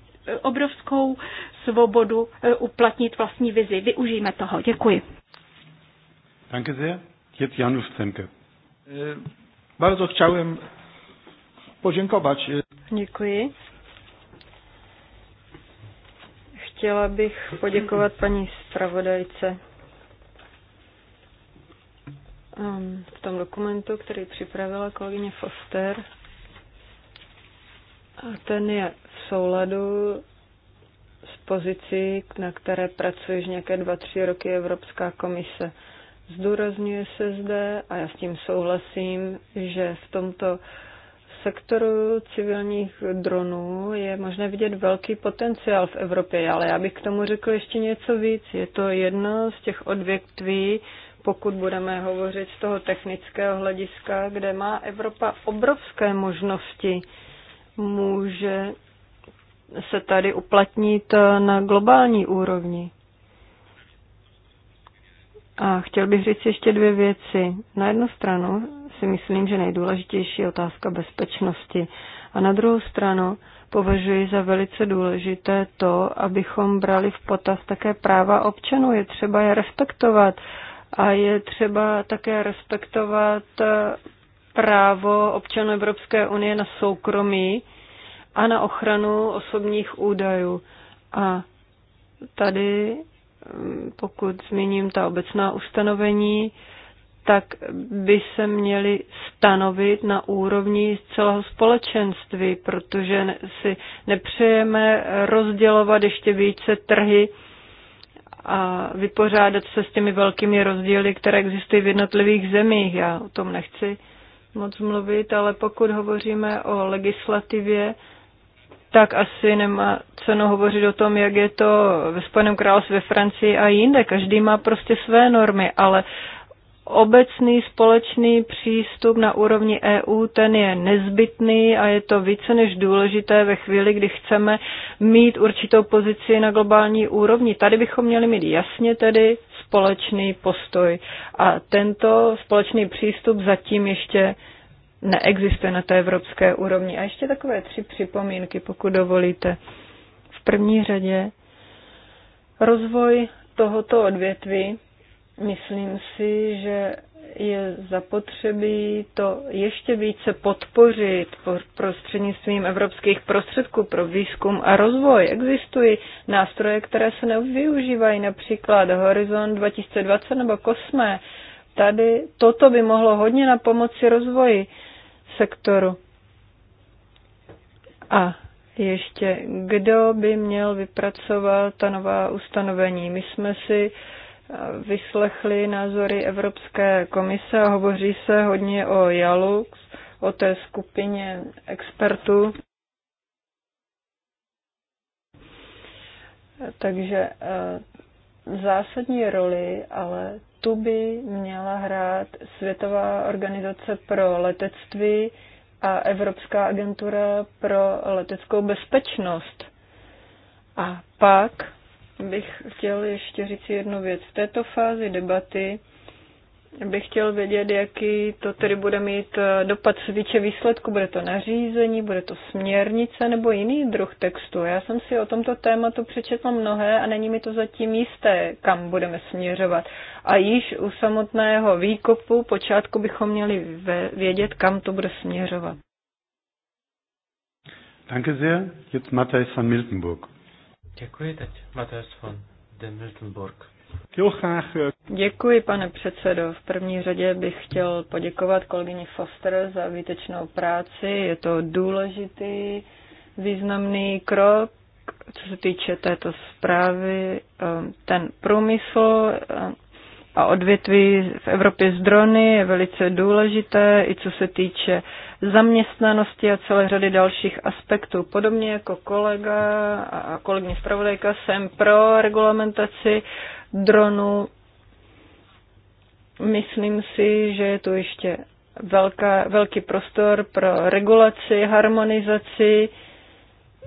Speaker 4: obrovskou svobodu uplatnit vlastní vizi. Využijme toho. Děkuji.
Speaker 2: Danke sehr. Jetzt Janusz Zemke. Äh, bardzo chciałem poděkovat. Děkuji.
Speaker 5: Chtěla bych poděkovat paní zpravodajce um, v tom dokumentu, který připravila kolegyně Foster. A ten je v souladu s pozicí, na které pracuje už nějaké dva, tři roky Evropská komise. Zdůrazňuje se zde, a já s tím souhlasím, že v tomto uh, sektoru civilních dronů je možné vidět velký potenciál v Evropě, ale já bych k tomu řekl ještě něco víc. Je to jedno z těch odvětví, pokud budeme hovořit z toho technického hlediska, kde má Evropa obrovské možnosti, může se tady uplatnit na globální úrovni. A chtěl bych říct ještě dvě věci. Na jednu stranu si myslím, že nejdůležitější je otázka bezpečnosti. A na druhou stranu považuji za velice důležité to, abychom brali v potaz také práva občanů. Je třeba je respektovat. A je třeba také respektovat eh, právo občanů Evropské unie na soukromí a na ochranu osobních údajů. A tady pokud zmíním ta obecná ustanovení, tak by se měly stanovit na úrovni celého společenství, protože si nepřejeme rozdělovat ještě více trhy a vypořádat se s těmi velkými rozdíly, které existují v jednotlivých zemích. Já o tom nechci moc mluvit, ale pokud hovoříme o legislativě, tak asi nemá cenu hovořit o tom, jak je to ve Spojeném království, ve Francii a jinde. Každý má prostě své normy, ale obecný společný přístup na úrovni EU, ten je nezbytný a je to více než důležité ve chvíli, kdy chceme mít určitou pozici na globální úrovni. Tady bychom měli mít jasně tedy společný postoj a tento společný přístup zatím ještě neexistuje na té evropské úrovni. A ještě takové tři připomínky, pokud dovolíte. V první řadě rozvoj tohoto odvětví, myslím si, že je zapotřebí to ještě více podpořit prostřednictvím evropských prostředků pro výzkum a rozvoj. Existují nástroje, které se nevyužívají, například Horizon 2020 nebo Kosme. Tady toto by mohlo hodně na pomoci rozvoji sektoru. A ještě, kdo by měl vypracovat ta nová ustanovení? My jsme si eh, vyslechli názory Evropské komise a hovoří se hodně o JALUX, o té skupině expertů. Takže eh, zásadní roli ale tu by měla hrát Světová organizace pro letectví a Evropská agentura pro leteckou bezpečnost. A pak bych chtěl ještě říct jednu věc. V této fázi debaty bych chtěl vědět, jaký to tedy bude mít eh, dopad svíče výsledku. Bude to nařízení, bude to směrnice nebo jiný druh textu. Já jsem si o tomto tématu přečetla mnohé a není mi to zatím jisté, kam budeme směřovat. A již u samotného výkopu počátku bychom měli vědět, kam to bude směřovat.
Speaker 2: Danke sehr. Jetzt Matthäus von Miltenburg.
Speaker 3: Děkuji teď. Matthäus von de Miltenburg.
Speaker 2: Eh, Děkuji, pane předsedo.
Speaker 5: V první řadě bych chtěl poděkovat kolegyni Foster za výtečnou práci. Je to důležitý, významný krok, co se týče této zprávy. Ehm, ten průmysl ehm, a odvětví v Evropě z drony je velice důležité, i co se týče zaměstnanosti a celé řady dalších aspektů. Podobně jako kolega a kolegyně zpravodajka jsem pro regulamentaci Dronu Myslím si, že je tu ještě velká, velký prostor pro regulaci, harmonizaci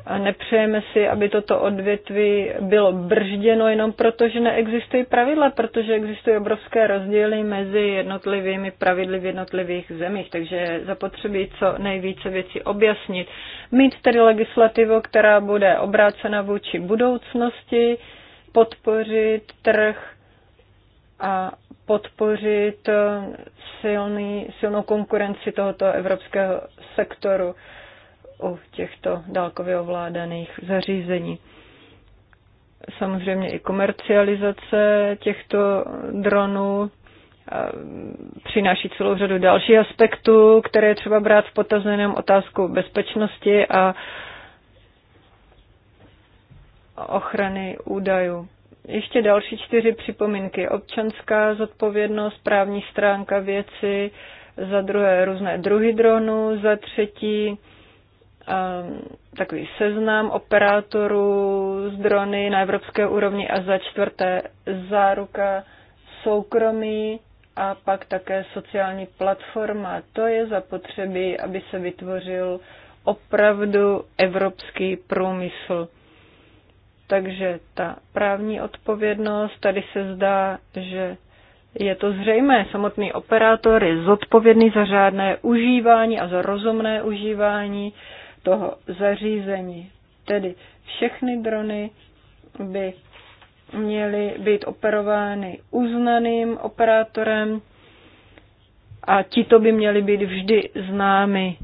Speaker 5: a nepřejeme si, aby toto odvětví bylo bržděno jenom proto, že neexistují pravidla, protože existují obrovské rozdíly mezi jednotlivými pravidly v jednotlivých zemích, takže zapotřebí co nejvíce věcí objasnit. Mít tedy legislativu, která bude obrácena vůči budoucnosti, podpořit trh a podpořit eh, silný, silnou konkurenci tohoto evropského sektoru u těchto dálkově ovládaných zařízení. Samozřejmě i komercializace těchto dronů eh, přináší celou řadu dalších aspektů, které je třeba brát v potaz otázku bezpečnosti a ochrany údajů. Ještě další čtyři připomínky. Občanská zodpovědnost, právní stránka věci, za druhé různé druhy dronů, za třetí ehm, takový seznam operátorů z drony na evropské úrovni a za čtvrté záruka soukromí a pak také sociální platforma. To je zapotřebí, aby se vytvořil opravdu evropský průmysl. Takže ta právní odpovědnost, tady se zdá, že je to zřejmé, samotný operátor je zodpovědný za řádné užívání a za rozumné užívání toho zařízení. Tedy všechny drony by měly být operovány uznaným operátorem a tito by měli být vždy známy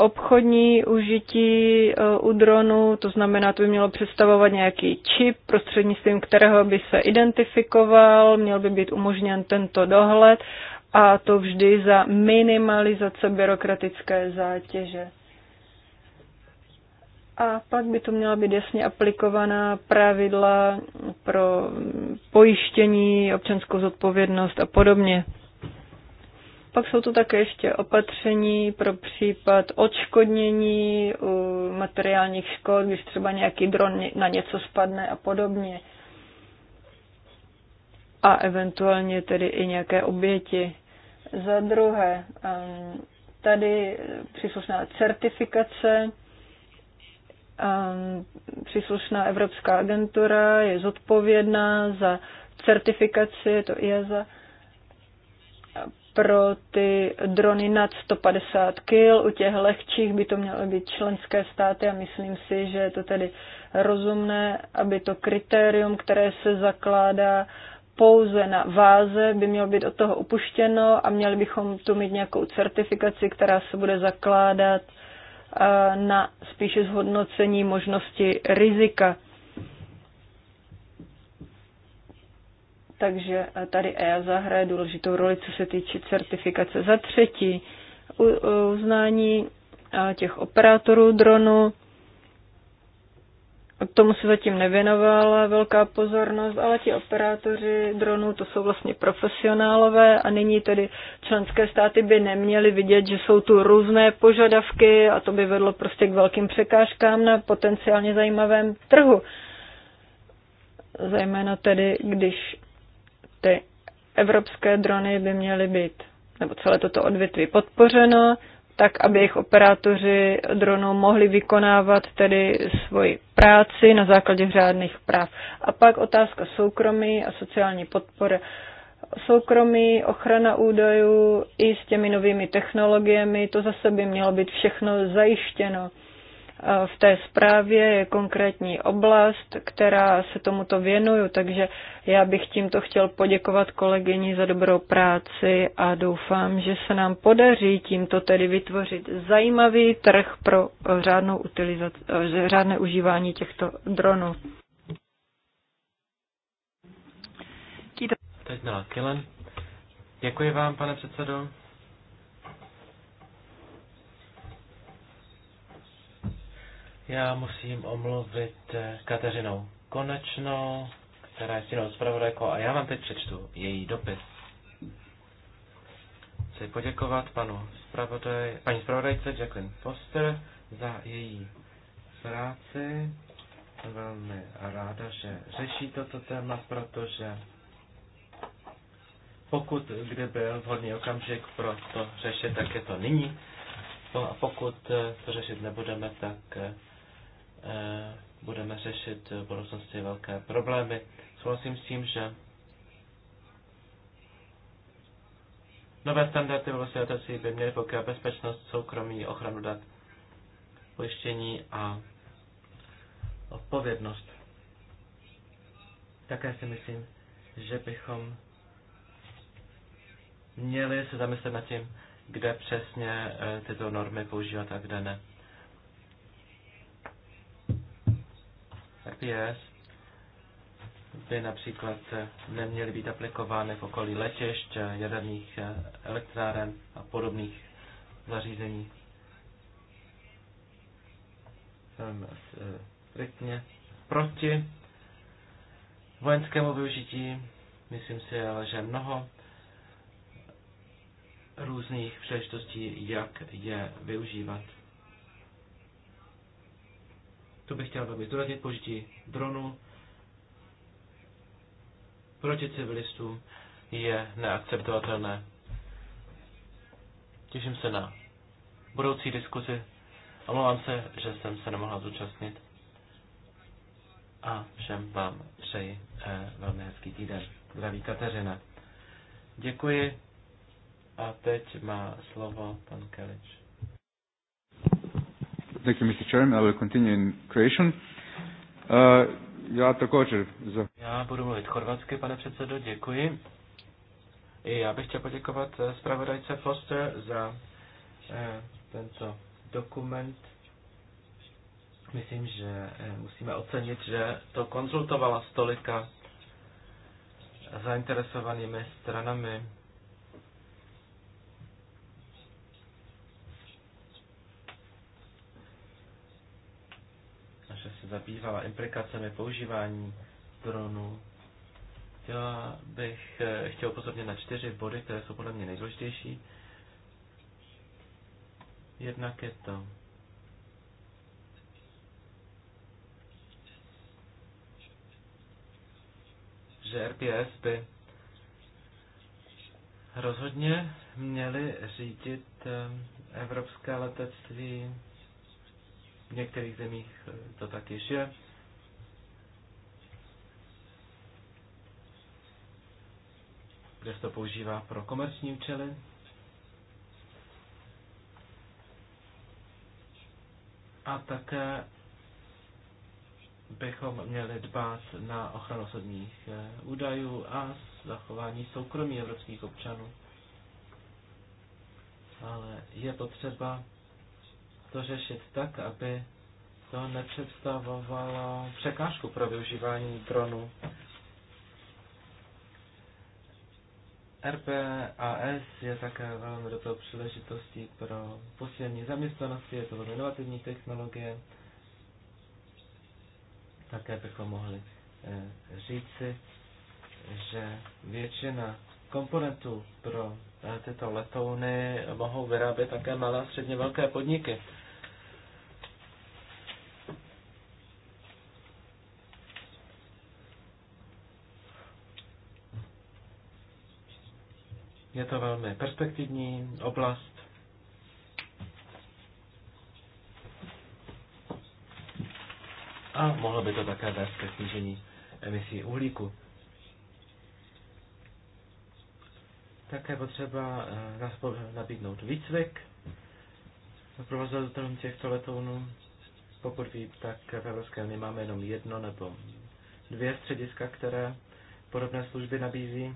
Speaker 5: obchodní užití e, u dronu, to znamená, to by mělo představovat nějaký čip, prostřednictvím kterého by se identifikoval, měl by být umožněn tento dohled a to vždy za minimalizace byrokratické zátěže. A pak by to měla být jasně aplikovaná pravidla pro pojištění, občanskou zodpovědnost a podobně. Pak jsou tu také ještě opatření pro případ odškodnění u materiálních škod, když třeba nějaký dron na něco spadne a podobně. A eventuálně tedy i nějaké oběti. Za druhé, tady příslušná certifikace, příslušná Evropská agentura je zodpovědná za certifikaci, je to IESA, pro ty drony nad 150 kg. U těch lehčích by to mělo být členské státy a myslím si, že je to tedy rozumné, aby to kritérium, které se zakládá pouze na váze, by mělo být od toho upuštěno a měli bychom tu mít nějakou certifikaci, která se bude zakládat na spíše zhodnocení možnosti rizika. Takže tady EASA hraje důležitou roli, co se týče certifikace. Za třetí, uznání těch operátorů dronu. Tomu se zatím nevěnovala velká pozornost, ale ti operátoři dronů to jsou vlastně profesionálové a nyní tedy členské státy by neměly vidět, že jsou tu různé požadavky a to by vedlo prostě k velkým překážkám na potenciálně zajímavém trhu. Zejména tedy, když ty evropské drony by měly být, nebo celé toto odvětví podpořeno, tak aby jejich operátoři dronů mohli vykonávat tedy svoji práci na základě řádných práv. A pak otázka soukromí a sociální podpory. Soukromí, ochrana údajů i s těmi novými technologiemi, to zase by mělo být všechno zajištěno. V té zprávě je konkrétní oblast, která se tomuto věnuju, takže já bych tímto chtěl poděkovat kolegyni za dobrou práci a doufám, že se nám podaří tímto tedy vytvořit zajímavý trh pro řádnou eh, řádné užívání těchto dronů.
Speaker 3: Teď Děkuji vám, pane předsedo. Já musím omluvit eh, Kateřinou Konečnou, která je stínou zpravodajkou a já vám teď přečtu její dopis. Chci poděkovat panu zpravodaj, paní zpravodajce Jacqueline Foster za její práci. Jsem velmi ráda, že řeší toto téma, protože pokud kdy byl vhodný okamžik pro to řešit, tak je to nyní. No a pokud eh, to řešit nebudeme, tak eh, Eh, budeme řešit v budoucnosti velké problémy. Souhlasím s tím, že nové standardy vlastně oblasti by měly pokrývat bezpečnost, soukromí, ochranu dat, pojištění a odpovědnost. Také si myslím, že bychom měli se zamyslet nad tím, kde přesně eh, tyto normy používat a kde ne. RPS by například neměly být aplikovány v okolí letišť, jaderných elektráren a podobných zařízení. Jsem proti vojenskému využití. Myslím si ale, že mnoho různých příležitostí, jak je využívat to bych chtěl velmi zdůraznit, požití dronu proti civilistům je neakceptovatelné. Těším se na budoucí diskuzi. Omlouvám se, že jsem se nemohla zúčastnit. A všem vám přeji eh, velmi hezký týden. Zdraví Kateřina. Děkuji. A teď má slovo pan Kelič.
Speaker 2: Thank you, Mr. Chairman. I will continue in Croatian. Uh, já također. Za...
Speaker 3: Já budu mluvit chorvatsky, pane předsedo, děkuji. I já bych chtěl poděkovat eh, zpravodajce Foster za eh, tento dokument. Myslím, že eh, musíme ocenit, že to konzultovala s tolika zainteresovanými stranami zabývala implikacemi používání dronu. chtěla bych, eh, chtěl upozornit na čtyři body, které jsou podle mě nejdůležitější. Jednak je to že RPS by rozhodně měly řídit eh, evropské letectví v některých zemích eh, to tak již je. kde se to používá pro komerční účely. A také bychom měli dbát na ochranu osobních eh, údajů a zachování soukromí evropských občanů. Ale je potřeba to řešit tak, aby to nepředstavovalo překážku pro využívání dronu. RPAS je také velmi dobrou příležitostí pro posílení zaměstnanosti, je to velmi inovativní technologie. Také bychom mohli e, říci, že většina komponentů pro eh, tyto letouny mohou vyrábět také malé a středně velké podniky. Je to velmi perspektivní oblast. A mohlo by to také vést ke snížení emisí uhlíku. Také potřeba eh, nabídnout výcvik provozovatelům těchto letounů. Pokud vím, tak v Evropské unii máme jenom jedno nebo dvě střediska, které podobné služby nabízí.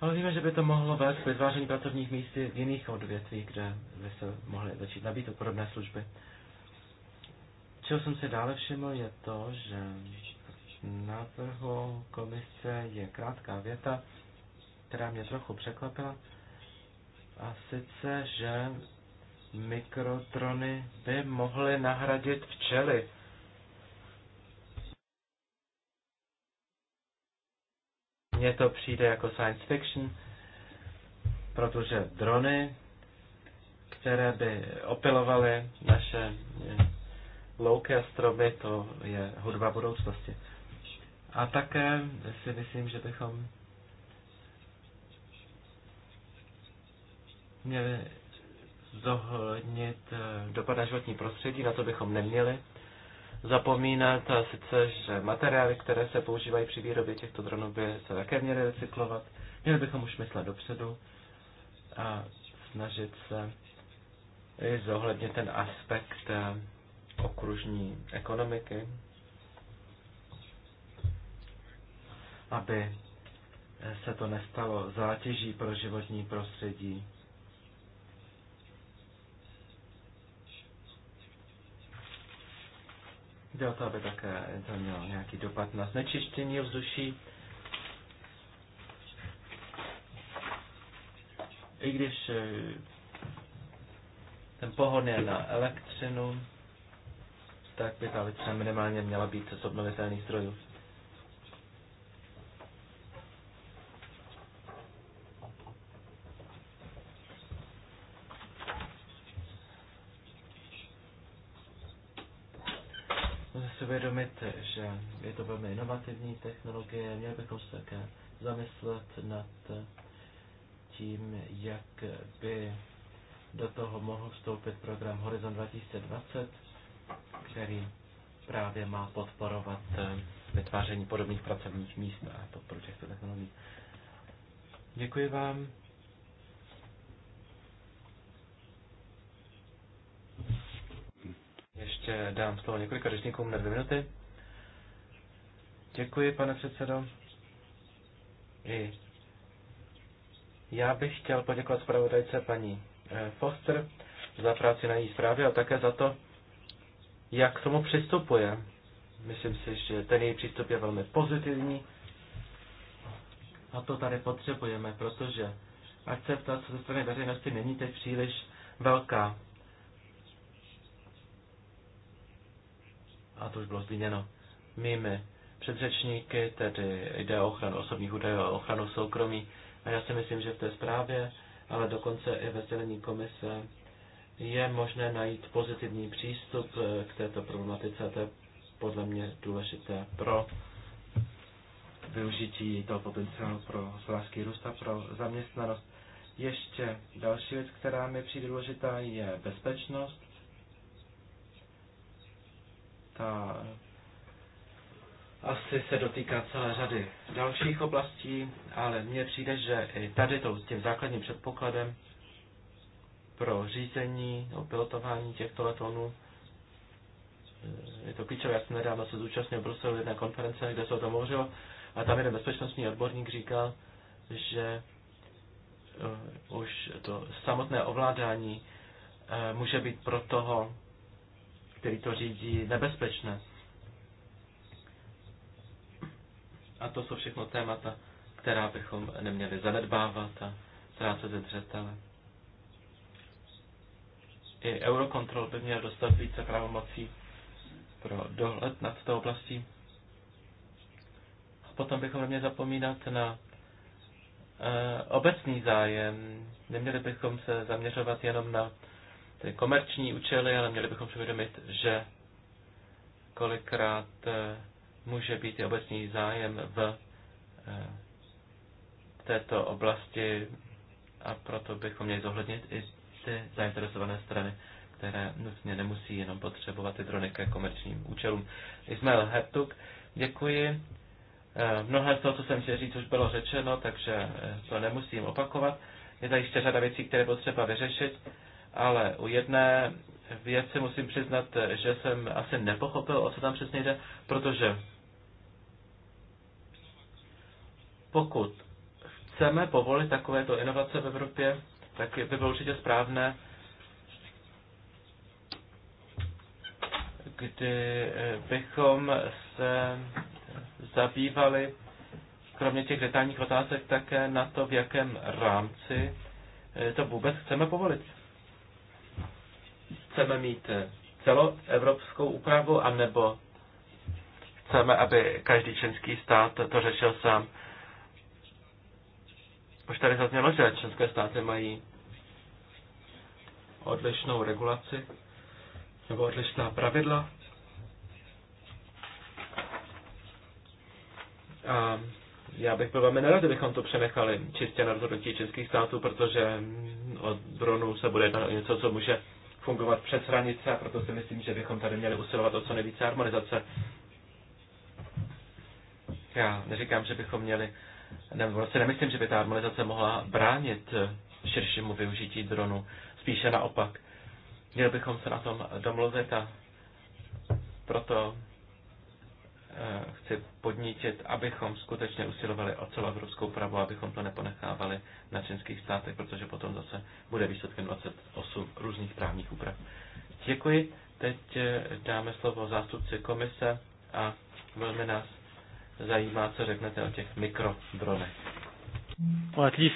Speaker 3: Ale víme, že by to mohlo vést k vytváření pracovních míst v jiných odvětví, kde by se mohly začít nabídnout podobné služby. Čeho jsem si dále všiml, je to, že návrhu komise je krátká věta, která mě trochu překvapila. A sice, že mikrotrony by mohly nahradit včely. Mně to přijde jako science fiction, protože drony, které by opilovaly naše eh, louky a stromy, to je hudba budoucnosti. A také si myslím, že bychom měli zohlednit eh, dopad životní prostředí, na to bychom neměli zapomínat, a sice, že materiály, které se používají při výrobě těchto dronů, by se také měly recyklovat. Měli bychom už myslet dopředu a snažit se i zohlednit ten aspekt eh, okružní ekonomiky, aby se to nestalo zátěží pro životní prostředí Jde o to, aby také to mělo nějaký dopad na znečištění vzduší. I když eh, ten pohon je na elektřinu, tak by ta elektřina minimálně měla být z obnovitelných zdrojů. uvědomit, že je to velmi inovativní technologie, měli bychom se také zamyslet nad tím, jak by do toho mohl vstoupit program Horizon 2020, který právě má podporovat vytváření podobných pracovních míst a podporu těchto technologií. Děkuji vám. Ještě dám slovo několika řečníkům na dvě minuty. Děkuji, pane předsedo. I já bych chtěl poděkovat zpravodajce paní eh, Foster za práci na její zprávě a také za to, jak k tomu přistupuje. Myslím si, že ten její přístup je velmi pozitivní a to tady potřebujeme, protože akceptace ze strany veřejnosti není teď příliš velká. a to už bylo zmíněno mými předřečníky, tedy jde o ochranu osobních údajů a ochranu soukromí. A já si myslím, že v té zprávě, ale dokonce i ve sdělení komise, je možné najít pozitivní přístup eh, k této problematice. to je podle mě důležité pro využití toho potenciálu pro hospodářský růst a pro zaměstnanost. Ještě další věc, která mi přijde důležitá, je bezpečnost ta asi se dotýká celé řady dalších oblastí, ale mně přijde, že i tady to s tím základním předpokladem pro řízení nebo pilotování těchto letounů je to klíčové. Já jsem nedávno se zúčastnil v Bruselu jedné konference, kde se o tom hovořilo, a tam jeden bezpečnostní odborník říkal, že eh, už to samotné ovládání eh, může být pro toho který to řídí, nebezpečné. A to jsou všechno témata, která bychom neměli zanedbávat a ztrácet ze dřetele. I Eurocontrol by měl dostat více pravomocí pro dohled nad tou oblastí. A potom bychom neměli zapomínat na e, obecný zájem. Neměli bychom se zaměřovat jenom na ty komerční účely, ale měli bychom si uvědomit, že kolikrát eh, může být i obecný zájem v eh, této oblasti a proto bychom měli zohlednit i ty zainteresované strany, které nutně nemusí jenom potřebovat ty drony ke komerčním účelům. Ismail Hertuk, děkuji. Eh, mnohé z toho, co jsem chtěl říct, už bylo řečeno, takže to nemusím opakovat. Je tady ještě řada věcí, které potřeba vyřešit ale u jedné věci musím přiznat, že jsem asi nepochopil, o co tam přesně jde, protože pokud chceme povolit takovéto inovace v Evropě, tak by bylo určitě správné, kdy eh, bychom se zabývali kromě těch detailních otázek také na to, v jakém rámci eh, to vůbec chceme povolit chceme mít celoevropskou úpravu, anebo chceme, aby každý členský stát to řešil sám. Už tady zaznělo, že členské státy mají odlišnou regulaci nebo odlišná pravidla. A já bych byl velmi nerad, kdybychom to přenechali čistě na rozhodnutí českých států, protože od dronů se bude jednat o něco, co může fungovat přes hranice a proto si myslím, že bychom tady měli usilovat o co nejvíce harmonizace. Já neříkám, že bychom měli, nebo si nemyslím, že by ta harmonizace mohla bránit širšímu využití dronu. Spíše naopak. Měli bychom se na tom domluvit a proto Eh, chci podnítit, abychom skutečně usilovali o celoevropskou pravu, abychom to neponechávali na členských státech, protože potom zase bude výsledkem 28 různých právních úprav. Děkuji. Teď eh, dáme slovo zástupci komise a velmi nás zajímá, co řeknete o těch mikrodronech.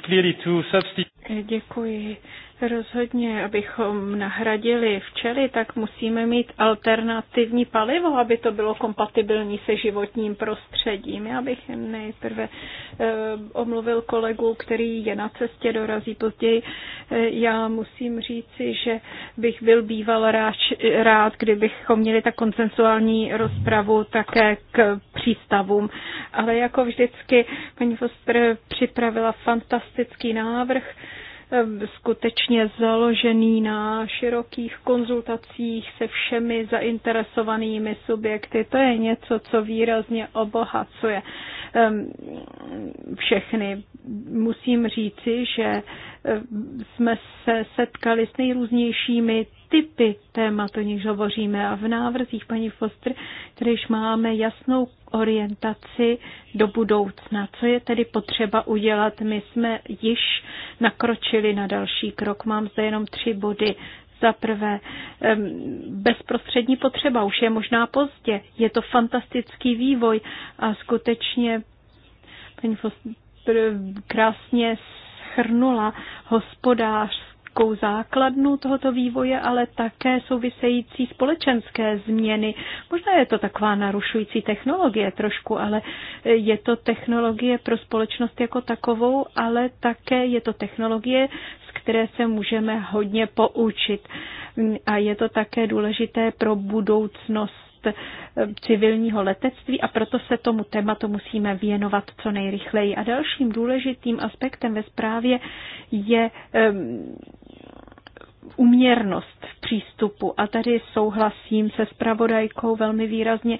Speaker 2: Eh,
Speaker 4: děkuji. Rozhodně, abychom nahradili včely, tak musíme mít alternativní palivo, aby to bylo kompatibilní se životním prostředím. Já bych nejprve eh, omluvil kolegu, který je na cestě, dorazí později. Eh, já musím říci, že bych byl býval rád, rád kdybychom měli tak koncensuální rozpravu také k přístavům. Ale jako vždycky, paní Foster připravila fantastický návrh Eh, skutečně založený na širokých konzultacích se všemi zainteresovanými subjekty. To je něco, co výrazně obohacuje Ehm, všechny. Musím říci, že ehm, jsme se setkali s nejrůznějšími typy témat, o nichž hovoříme a v návrzích paní Foster, kterýž máme jasnou orientaci do budoucna. Co je tedy potřeba udělat? My jsme již nakročili na další krok. Mám zde jenom tři body. Za prvé, bezprostřední potřeba už je možná pozdě. Je to fantastický vývoj a skutečně paní Foster krásně schrnula hospodářskou základnu tohoto vývoje, ale také související společenské změny. Možná je to taková narušující technologie trošku, ale je to technologie pro společnost jako takovou, ale také je to technologie které se můžeme hodně poučit. A je to také důležité pro budoucnost civilního letectví a proto se tomu tématu musíme věnovat co nejrychleji. A dalším důležitým aspektem ve zprávě je uměrnost v přístupu. A tady souhlasím se spravodajkou velmi výrazně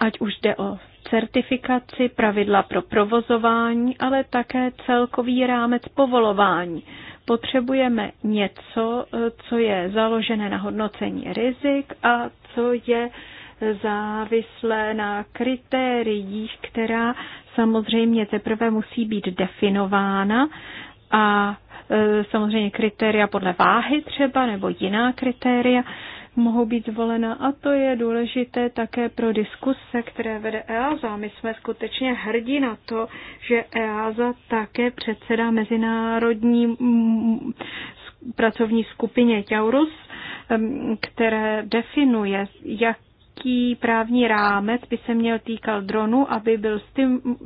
Speaker 4: ať už jde o certifikaci, pravidla pro provozování, ale také celkový rámec povolování. Potřebujeme něco, co je založené na hodnocení rizik a co je závislé na kritériích, která samozřejmě teprve musí být definována a e, samozřejmě kritéria podle váhy třeba nebo jiná kritéria mohou být zvolena a to je důležité také pro diskuse, které vede EASA. My jsme skutečně hrdí na to, že EASA také předseda mezinárodní mm, pracovní skupině Taurus, které definuje, jak jaký právní rámec by se měl týkal dronu, aby byl stim,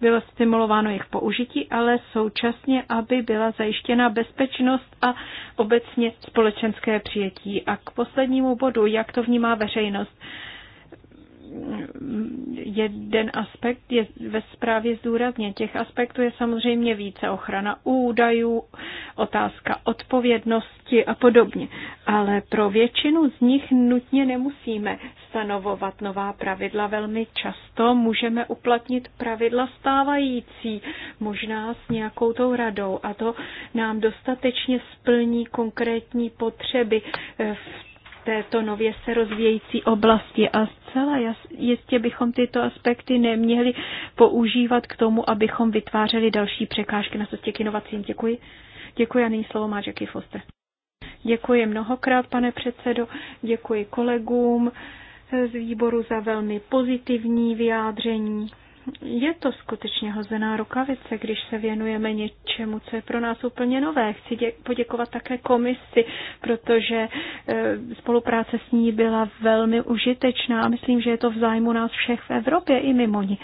Speaker 4: bylo stimulováno jejich použití, ale současně, aby byla zajištěna bezpečnost a obecně společenské přijetí. A k poslednímu bodu, jak to vnímá veřejnost jeden aspekt je ve zprávě zdůrazně. Těch aspektů je samozřejmě více. Ochrana údajů, otázka odpovědnosti a podobně. Ale pro většinu z nich nutně nemusíme stanovovat nová pravidla. Velmi často můžeme uplatnit pravidla stávající, možná s nějakou tou radou. A to nám dostatečně splní konkrétní potřeby v této nově se rozvějící oblasti a zcela jistě bychom tyto aspekty neměli používat k tomu, abychom vytvářeli další překážky na cestě k inovacím. Děkuji. Děkuji a nyní slovo má Jackie Foster. Děkuji mnohokrát, pane předsedo, děkuji kolegům z výboru za velmi pozitivní vyjádření je to skutečně hozená rukavice, když se věnujeme něčemu, co je pro nás úplně nové. Chci dě- poděkovat také komisi, protože e, spolupráce s ní byla velmi užitečná a myslím, že je to v zájmu nás všech v Evropě i mimo ní.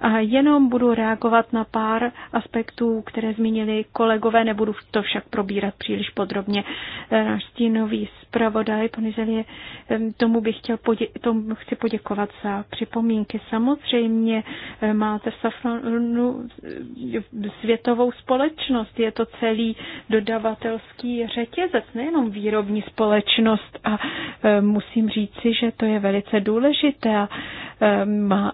Speaker 4: A jenom budu reagovat na pár aspektů, které zmínili kolegové, nebudu to však probírat příliš podrobně. E, náš stínový zpravodaj, pan Izelie, e, tomu bych chtěl podě- tomu chci poděkovat za připomínky. Samozřejmě máte v Safranu světovou společnost. Je to celý dodavatelský řetězec, nejenom výrobní společnost. A e, musím říci, že to je velice důležité. a e, má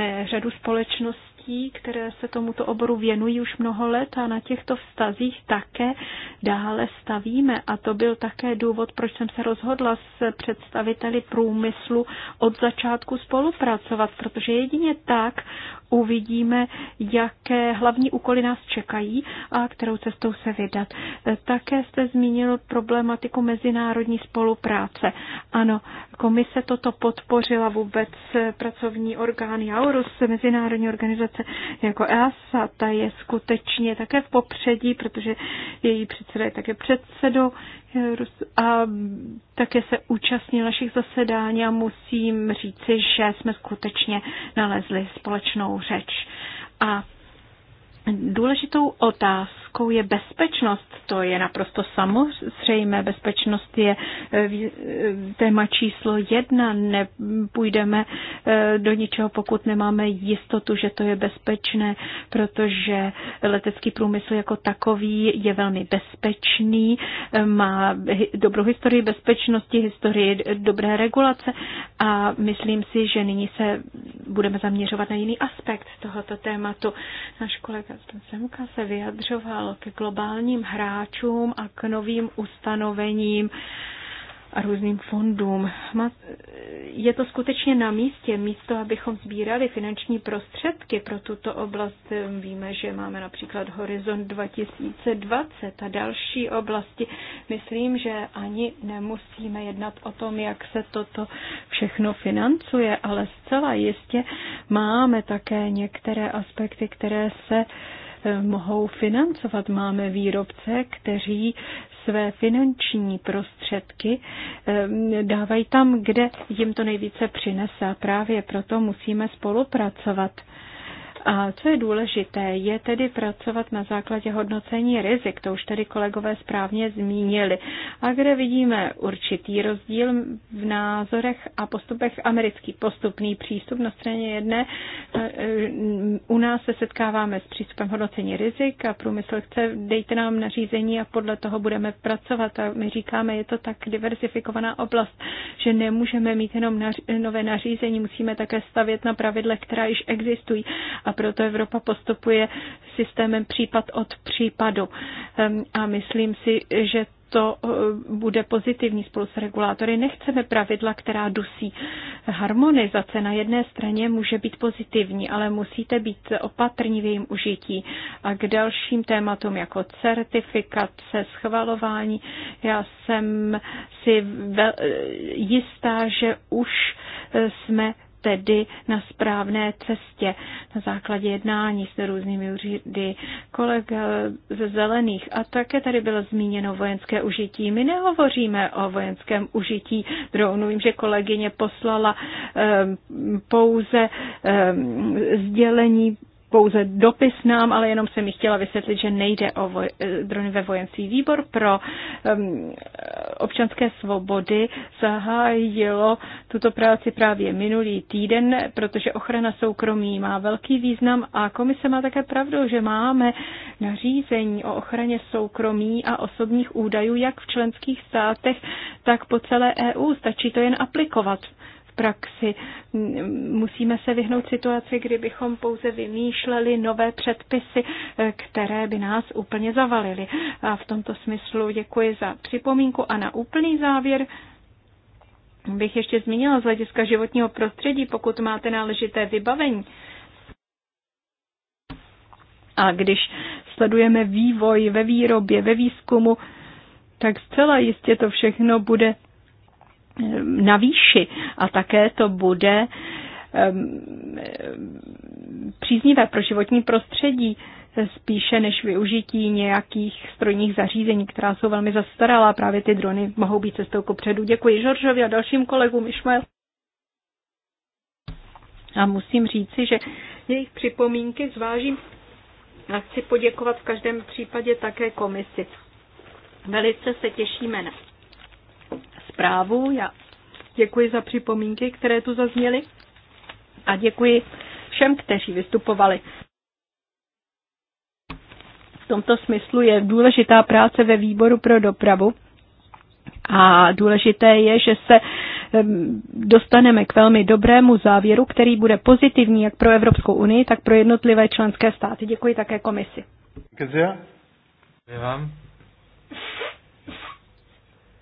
Speaker 4: e, řadu společností, sítí, které se tomuto oboru věnují už mnoho let a na těchto vztazích také dále stavíme. A to byl také důvod, proč jsem se rozhodla s představiteli průmyslu od začátku spolupracovat, protože jedině tak uvidíme, jaké hlavní úkoly nás čekají a kterou cestou se vydat. Také jste zmínil problematiku mezinárodní spolupráce. Ano, komise toto podpořila vůbec pracovní orgány AURUS, Mezinárodní organizace organizace jako EASA, ta je skutečně také v popředí, protože její předseda je také předsedou a také se účastní našich zasedání a musím říci, že jsme skutečně nalezli společnou řeč. A Důležitou otázkou je bezpečnost. To je naprosto samozřejmé. Bezpečnost je eh, eh, téma číslo jedna. Nepůjdeme eh, do ničeho, pokud nemáme jistotu, že to je bezpečné, protože letecký průmysl jako takový je velmi bezpečný, má dobrou historii bezpečnosti, historii dobré regulace a myslím si, že nyní se budeme zaměřovat na jiný aspekt tohoto tématu. Náš kolega Semka se vyjadřoval k globálním hráčům a k novým ustanovením a různým fondům. Je to skutečně na místě, místo abychom sbírali finanční prostředky pro tuto oblast. Víme, že máme například Horizont 2020 a další oblasti. Myslím, že ani nemusíme jednat o tom, jak se toto všechno financuje, ale zcela jistě máme také některé aspekty, které se uh, mohou financovat. Máme výrobce, kteří své finanční prostředky eh, dávají tam, kde jim to nejvíce přinese. A právě proto musíme spolupracovat a co je důležité, je tedy pracovat na základě hodnocení rizik, to už tedy kolegové správně zmínili, a kde vidíme určitý rozdíl v názorech a postupech americký postupný přístup na straně jedné. E, e, u nás se setkáváme s přístupem hodnocení rizik a průmysl chce, dejte nám nařízení a podle toho budeme pracovat. A my říkáme, je to tak diversifikovaná oblast, že nemůžeme mít jenom nař- nové nařízení, musíme také stavět na pravidle, která již existují. A proto Evropa postupuje systémem případ od případu. A myslím si, že to eh, bude pozitivní spolu s regulátory. Nechceme pravidla, která dusí. Harmonizace na jedné straně může být pozitivní, ale musíte být opatrní v jejím užití. A k dalším tématům jako certifikace, schvalování, já jsem si eh, jistá, že už eh, jsme tedy na správné cestě na základě jednání s různými úřady kolega ze zelených. A také tady bylo zmíněno vojenské užití. My nehovoříme o vojenském užití dronů. Vím, že kolegyně poslala eh, pouze eh, sdělení pouze dopis nám, ale jenom jsem mi chtěla vysvětlit, že nejde o voj, eh, drony ve vojenský Výbor pro um, občanské svobody zahájilo tuto práci právě minulý týden, protože ochrana soukromí má velký význam a komise má také pravdu, že máme nařízení o ochraně soukromí a osobních údajů jak v členských státech, tak po celé EU. Stačí to jen aplikovat praxi. Musíme se vyhnout situaci, kdybychom pouze vymýšleli nové předpisy, které by nás úplně zavalily. A v tomto smyslu děkuji za připomínku a na úplný závěr bych ještě zmínila z hlediska životního prostředí, pokud máte náležité vybavení. A když sledujeme vývoj ve výrobě, ve výzkumu, tak zcela jistě to všechno bude na výši a také to bude příznivé pro životní prostředí spíše než využití nějakých strojních zařízení, která jsou velmi zastaralá. Právě ty drony mohou být cestou kopředu. Děkuji Žoržovi a dalším kolegům Išmael. A musím říci, že jejich připomínky zvážím a chci poděkovat v každém případě také komisi. Velice se těšíme na zprávu. Já děkuji za připomínky, které tu zazněly a děkuji všem, kteří vystupovali. V tomto smyslu je důležitá práce ve výboru pro dopravu a důležité je, že se dostaneme k velmi dobrému závěru, který bude pozitivní jak pro Evropskou unii, tak pro jednotlivé členské státy. Děkuji také komisi.
Speaker 2: Děkuji vám.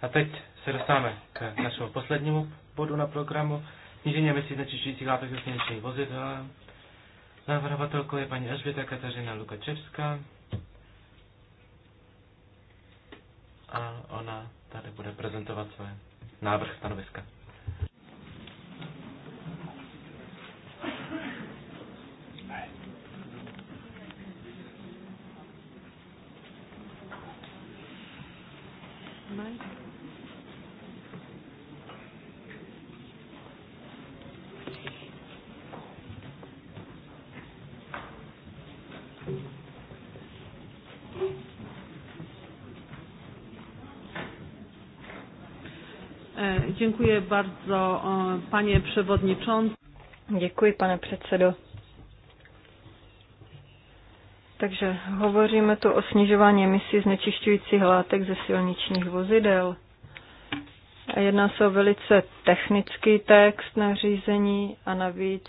Speaker 2: A
Speaker 3: teď se dostáváme k našemu poslednímu bodu na programu. Snížení emisí znečišťujících látek ze silničních vozidel. Navrhovatelkou je paní Elžběta Kateřina Lukačevská. A ona tady bude prezentovat své návrh stanoviska.
Speaker 1: you.
Speaker 5: Dziękuję bardzo, panie przewodniczący. Děkuji, pane předsedo. Takže hovoříme tu o snižování emisí znečišťujících látek ze silničních vozidel. A jedná se o velice technický text na řízení a navíc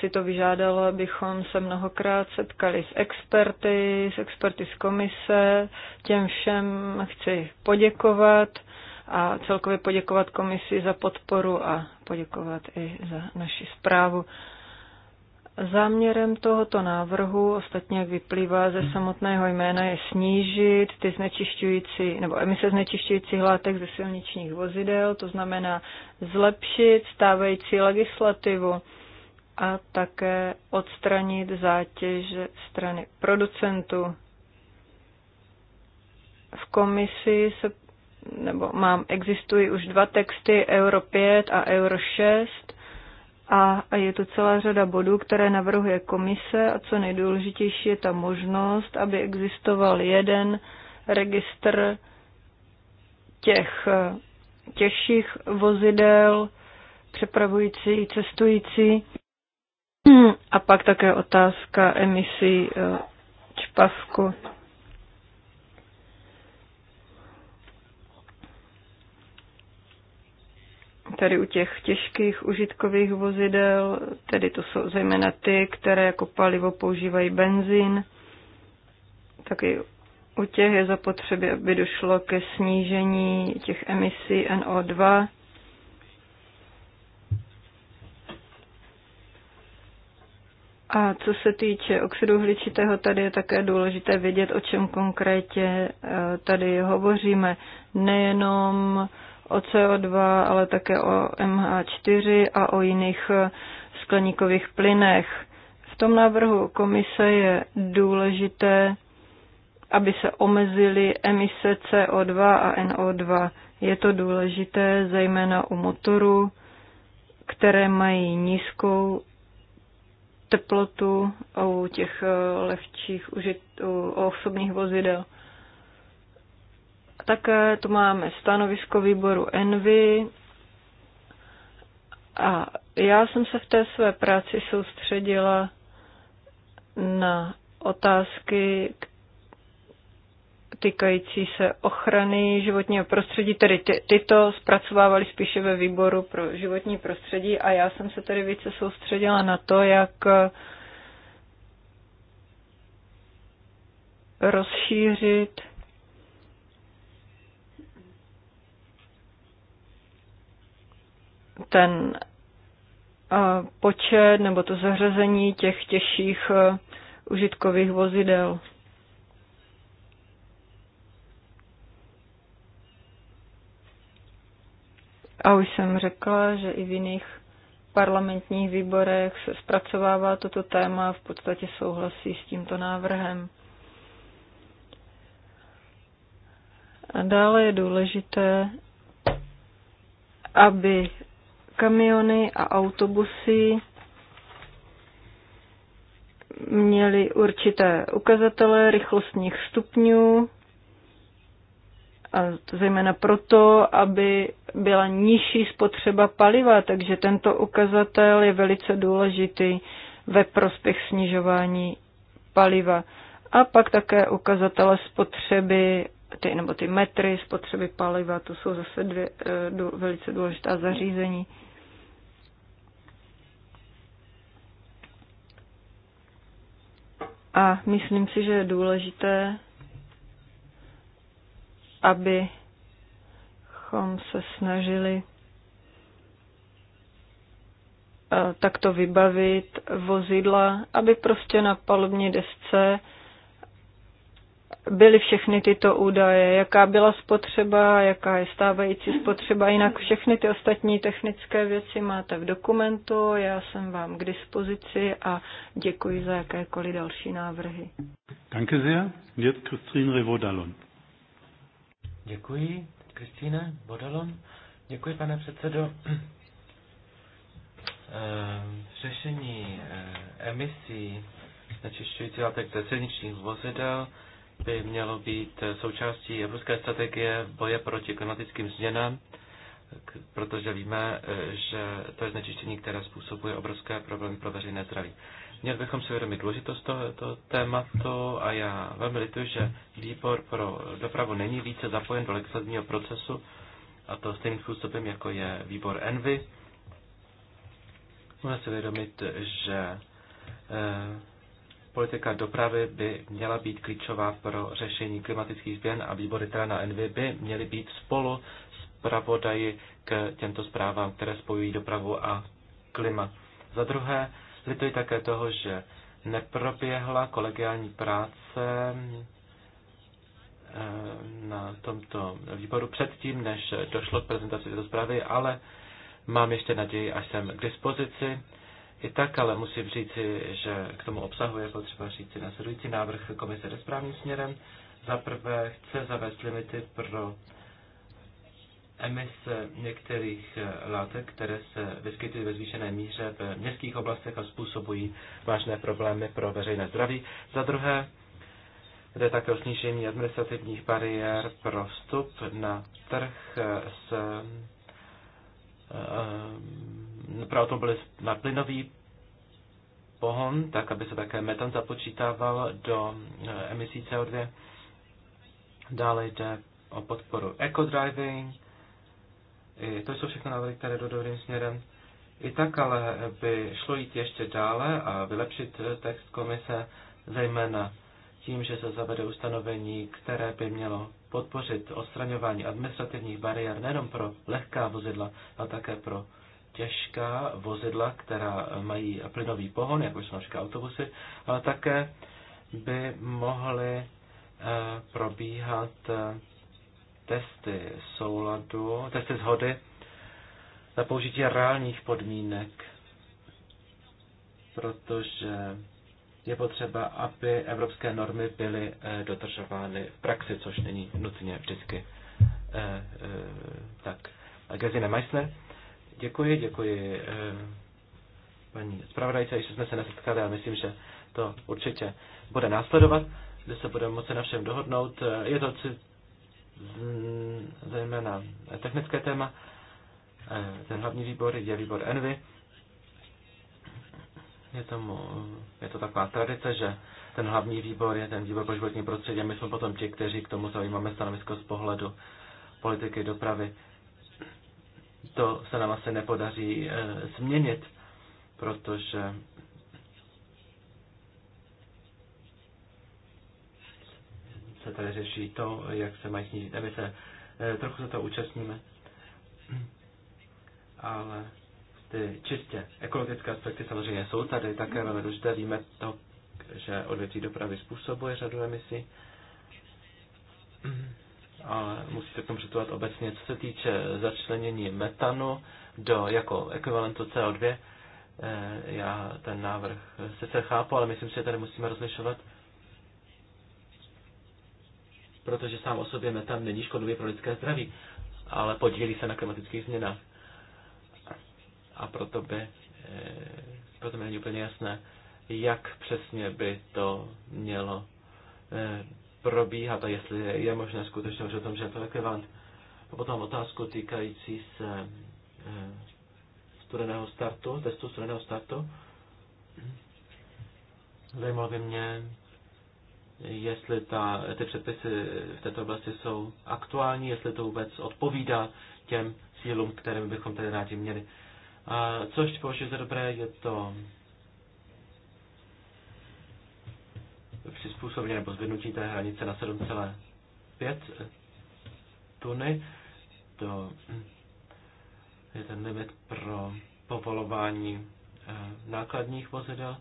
Speaker 5: si to vyžádalo, abychom se mnohokrát setkali s experty, s experty z komise. Těm všem chci poděkovat a celkově poděkovat komisi za podporu a poděkovat i za naši zprávu. Záměrem tohoto návrhu, ostatně jak vyplývá ze samotného jména, je snížit ty znečišťující, nebo emise znečišťujících látek ze silničních vozidel, to znamená zlepšit stávající legislativu a také odstranit zátěž strany producentů. V komisi se nebo mám, existují už dva texty, Euro 5 a Euro 6, a je tu celá řada bodů, které navrhuje komise a co nejdůležitější je ta možnost, aby existoval jeden registr těch těžších vozidel, přepravující cestující a pak také otázka emisí eh, čpavku. tedy u těch těžkých užitkových vozidel, tedy to jsou zejména ty, které jako palivo používají benzín, tak i u těch je zapotřebí, aby došlo ke snížení těch emisí NO2. A co se týče oxidu uhličitého, tady je také důležité vědět, o čem konkrétně eh, tady hovoříme. Nejenom o CO2, ale také o MH4 a o jiných eh, skleníkových plynech. V tom návrhu komise je důležité, aby se omezily emise CO2 a NO2. Je to důležité zejména u motorů, které mají nízkou teplotu a u těch eh, lehčích u osobních vozidel. Také eh, tu máme stanovisko výboru Envy. A já jsem se v té své práci soustředila na otázky týkající se ochrany životního prostředí, tedy ty, tyto zpracovávali spíše ve výboru pro životní prostředí a já jsem se tedy více soustředila na to, jak eh, rozšířit ten eh, počet nebo to zařazení těch těžších eh, užitkových vozidel. A už jsem řekla, že i v jiných parlamentních výborech se zpracovává toto téma a v podstatě souhlasí s tímto návrhem. A dále je důležité, aby kamiony a autobusy měly určité ukazatele rychlostních stupňů, a zejména proto, aby byla nižší spotřeba paliva, takže tento ukazatel je velice důležitý ve prospěch snižování paliva. A pak také ukazatele spotřeby, ty, nebo ty metry spotřeby paliva, to jsou zase dvě e, dů, velice důležitá zařízení. A myslím si, že je důležité, abychom se snažili eh, takto vybavit vozidla, aby prostě na palubní desce byly všechny tyto údaje, jaká byla spotřeba, jaká je stávající spotřeba, jinak všechny ty ostatní technické věci máte v dokumentu, já jsem vám k dispozici a děkuji za jakékoliv další návrhy.
Speaker 2: Danke sehr. Jetzt Christine Revodalon.
Speaker 3: Děkuji, Kristýne Bodalon. Děkuji, pane předsedo. Eh, řešení eh, emisí znečišťující látek ze silničních vozidel by mělo být součástí evropské strategie boje proti klimatickým změnám, protože víme, eh, že to je znečištění, které způsobuje obrovské problémy pro veřejné zdraví. Měli bychom si vědomit důležitost tohoto tématu a já velmi lituji, že výbor pro dopravu není více zapojen do legislativního procesu a to stejným způsobem, jako je výbor Envy. Můžeme si vědomit, že eh, Politika dopravy by měla být klíčová pro řešení klimatických změn a výbory teda na NV by měly být spolu zpravodaji k těmto zprávám, které spojují dopravu a klima. Za druhé, lituji také toho, že neproběhla kolegiální práce eh, na tomto výboru předtím, než došlo k prezentaci této zprávy, ale mám ještě naději, až jsem k dispozici i tak ale musím říci, že k tomu obsahu je potřeba říci následující návrh komise jde správným směrem. Za prvé chce zavést limity pro emise některých eh, látek, které se vyskytují ve zvýšené míře v městských oblastech a způsobují vážné problémy pro veřejné zdraví. Za druhé, jde také o snížení administrativních bariér pro vstup na trh eh, s um, pro automobily na plynový pohon, tak aby se také metan započítával do eh, emisí CO2. Dále jde o podporu eco-driving. to jsou všechno návrhy, které jdou dobrým směrem. I tak ale by šlo jít ještě dále a vylepšit eh, text komise, zejména tím, že se zavede ustanovení, které by mělo podpořit odstraňování administrativních bariér nejenom pro lehká vozidla, ale také pro těžká vozidla, která mají plynový pohon, jako jsou například autobusy, ale také by mohly eh, probíhat eh, testy souladu, testy zhody za použití reálních podmínek, protože je potřeba, aby evropské normy byly eh, dodržovány v praxi, což není nutně vždycky tak. Gesine Meissner. Děkuji, děkuji eh, paní zpravodajce, že jsme se nesetkali a myslím, že to určitě bude následovat, kde se budeme moci na všem dohodnout. Eh, je to zejména technické téma. Eh, ten hlavní výbor je výbor Envy. Je, tomu, je to taková tradice, že ten hlavní výbor je ten výbor pro životní prostředí a my jsme potom ti, kteří k tomu zajímáme stanovisko z pohledu politiky dopravy to se nám asi nepodaří eh, změnit, protože se tady řeší to, jak se mají snížit emise. Eh, trochu se to účastníme, ale ty čistě ekologické aspekty samozřejmě jsou tady také velmi důležité. Víme to, že odvětví dopravy způsobuje řadu emisí. Mm-hmm ale musíte k tomu přistupovat obecně. Co se týče začlenění metanu do, jako ekvivalentu CO2, eh, já ten návrh sice chápu, ale myslím si, že tady musíme rozlišovat, protože sám o sobě metan není škodlivý pro lidské zdraví, ale podílí se na klimatických změnách. A proto by, eh, proto mi není úplně jasné, jak přesně by to mělo eh, probíhat a jestli je možné skutečně o tom, že je to ekvivalent. A potom otázku týkající se eh, studeného startu, testu studeného startu. Zajímalo by mě, jestli ta, ty předpisy v této oblasti jsou aktuální, jestli to vůbec odpovídá těm cílům, kterými bychom tady rádi měli. A což považuji za dobré, je to přizpůsobení nebo zvednutí té hranice na 7,5 tuny. To je ten limit pro povolování eh, nákladních vozidel.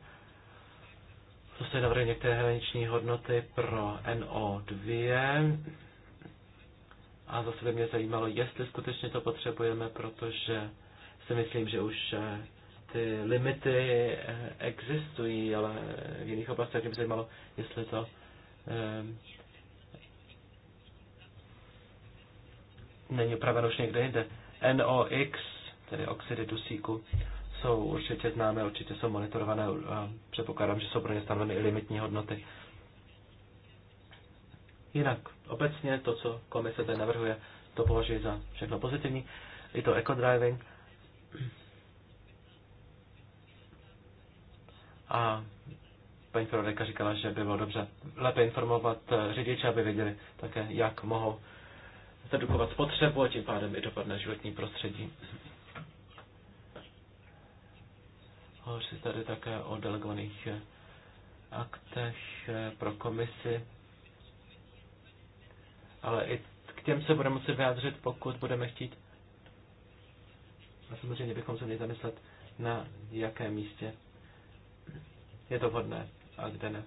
Speaker 3: To se navrhují některé hraniční hodnoty pro NO2. A zase by mě zajímalo, jestli skutečně to potřebujeme, protože si myslím, že už eh, ty limity eh, existují, ale v jiných oblastech by zajímalo, jestli to um, není upraveno už někde jinde. NOx, tedy oxidy dusíku, jsou určitě známé, určitě jsou monitorované a předpokládám, že jsou pro ně stanoveny i limitní hodnoty. Jinak, obecně to, co komise tady navrhuje, to považuji za všechno pozitivní. I to eco-driving A paní Frodeka říkala, že by bylo dobře lépe informovat eh, řidiče, aby věděli také, jak mohou zredukovat spotřebu a tím pádem i dopad na životní prostředí. Hovoří tady také o delegovaných eh, aktech eh, pro komisi, ale i k těm se budeme muset vyjádřit, pokud budeme chtít. A samozřejmě bychom se měli zamyslet, na jakém místě je to vhodné a kde ne.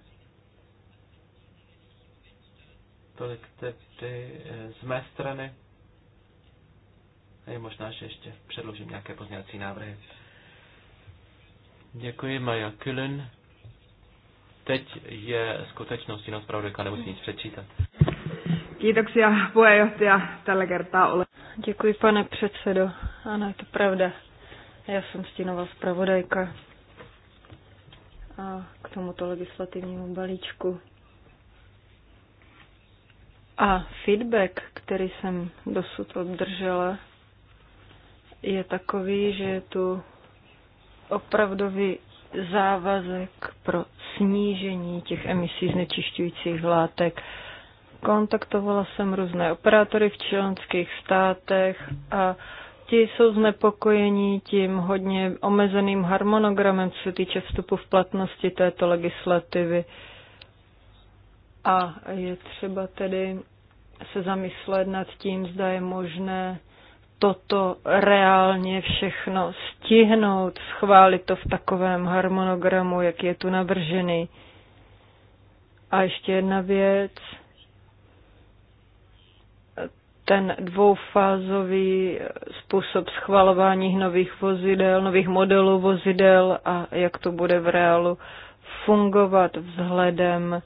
Speaker 3: Tolik tedy eh, z mé strany. A je možná, že ještě předložím nějaké pozměňovací návrhy. Děkuji, Maja Kulin. Teď je skutečností na no, spravodajka, nemusí nic přečítat.
Speaker 5: Kiitoksia puheenjohtaja. Tällä kertaa olen. Děkuji, pane předsedo. Ano, je to pravda. Já jsem stínová zpravodajka tomuto legislativnímu balíčku. A feedback, který jsem dosud obdržela, je takový, že je tu opravdový závazek pro snížení těch emisí znečišťujících látek. Kontaktovala jsem různé operátory v členských státech a Ti jsou znepokojeni tím hodně omezeným harmonogramem, co se týče vstupu v platnosti této legislativy. A je třeba tedy se zamyslet nad tím, zda je možné toto reálně všechno stihnout, schválit to v takovém harmonogramu, jak je tu navržený. A ještě jedna věc ten dvoufázový způsob schvalování nových vozidel, nových modelů vozidel a jak to bude v reálu fungovat vzhledem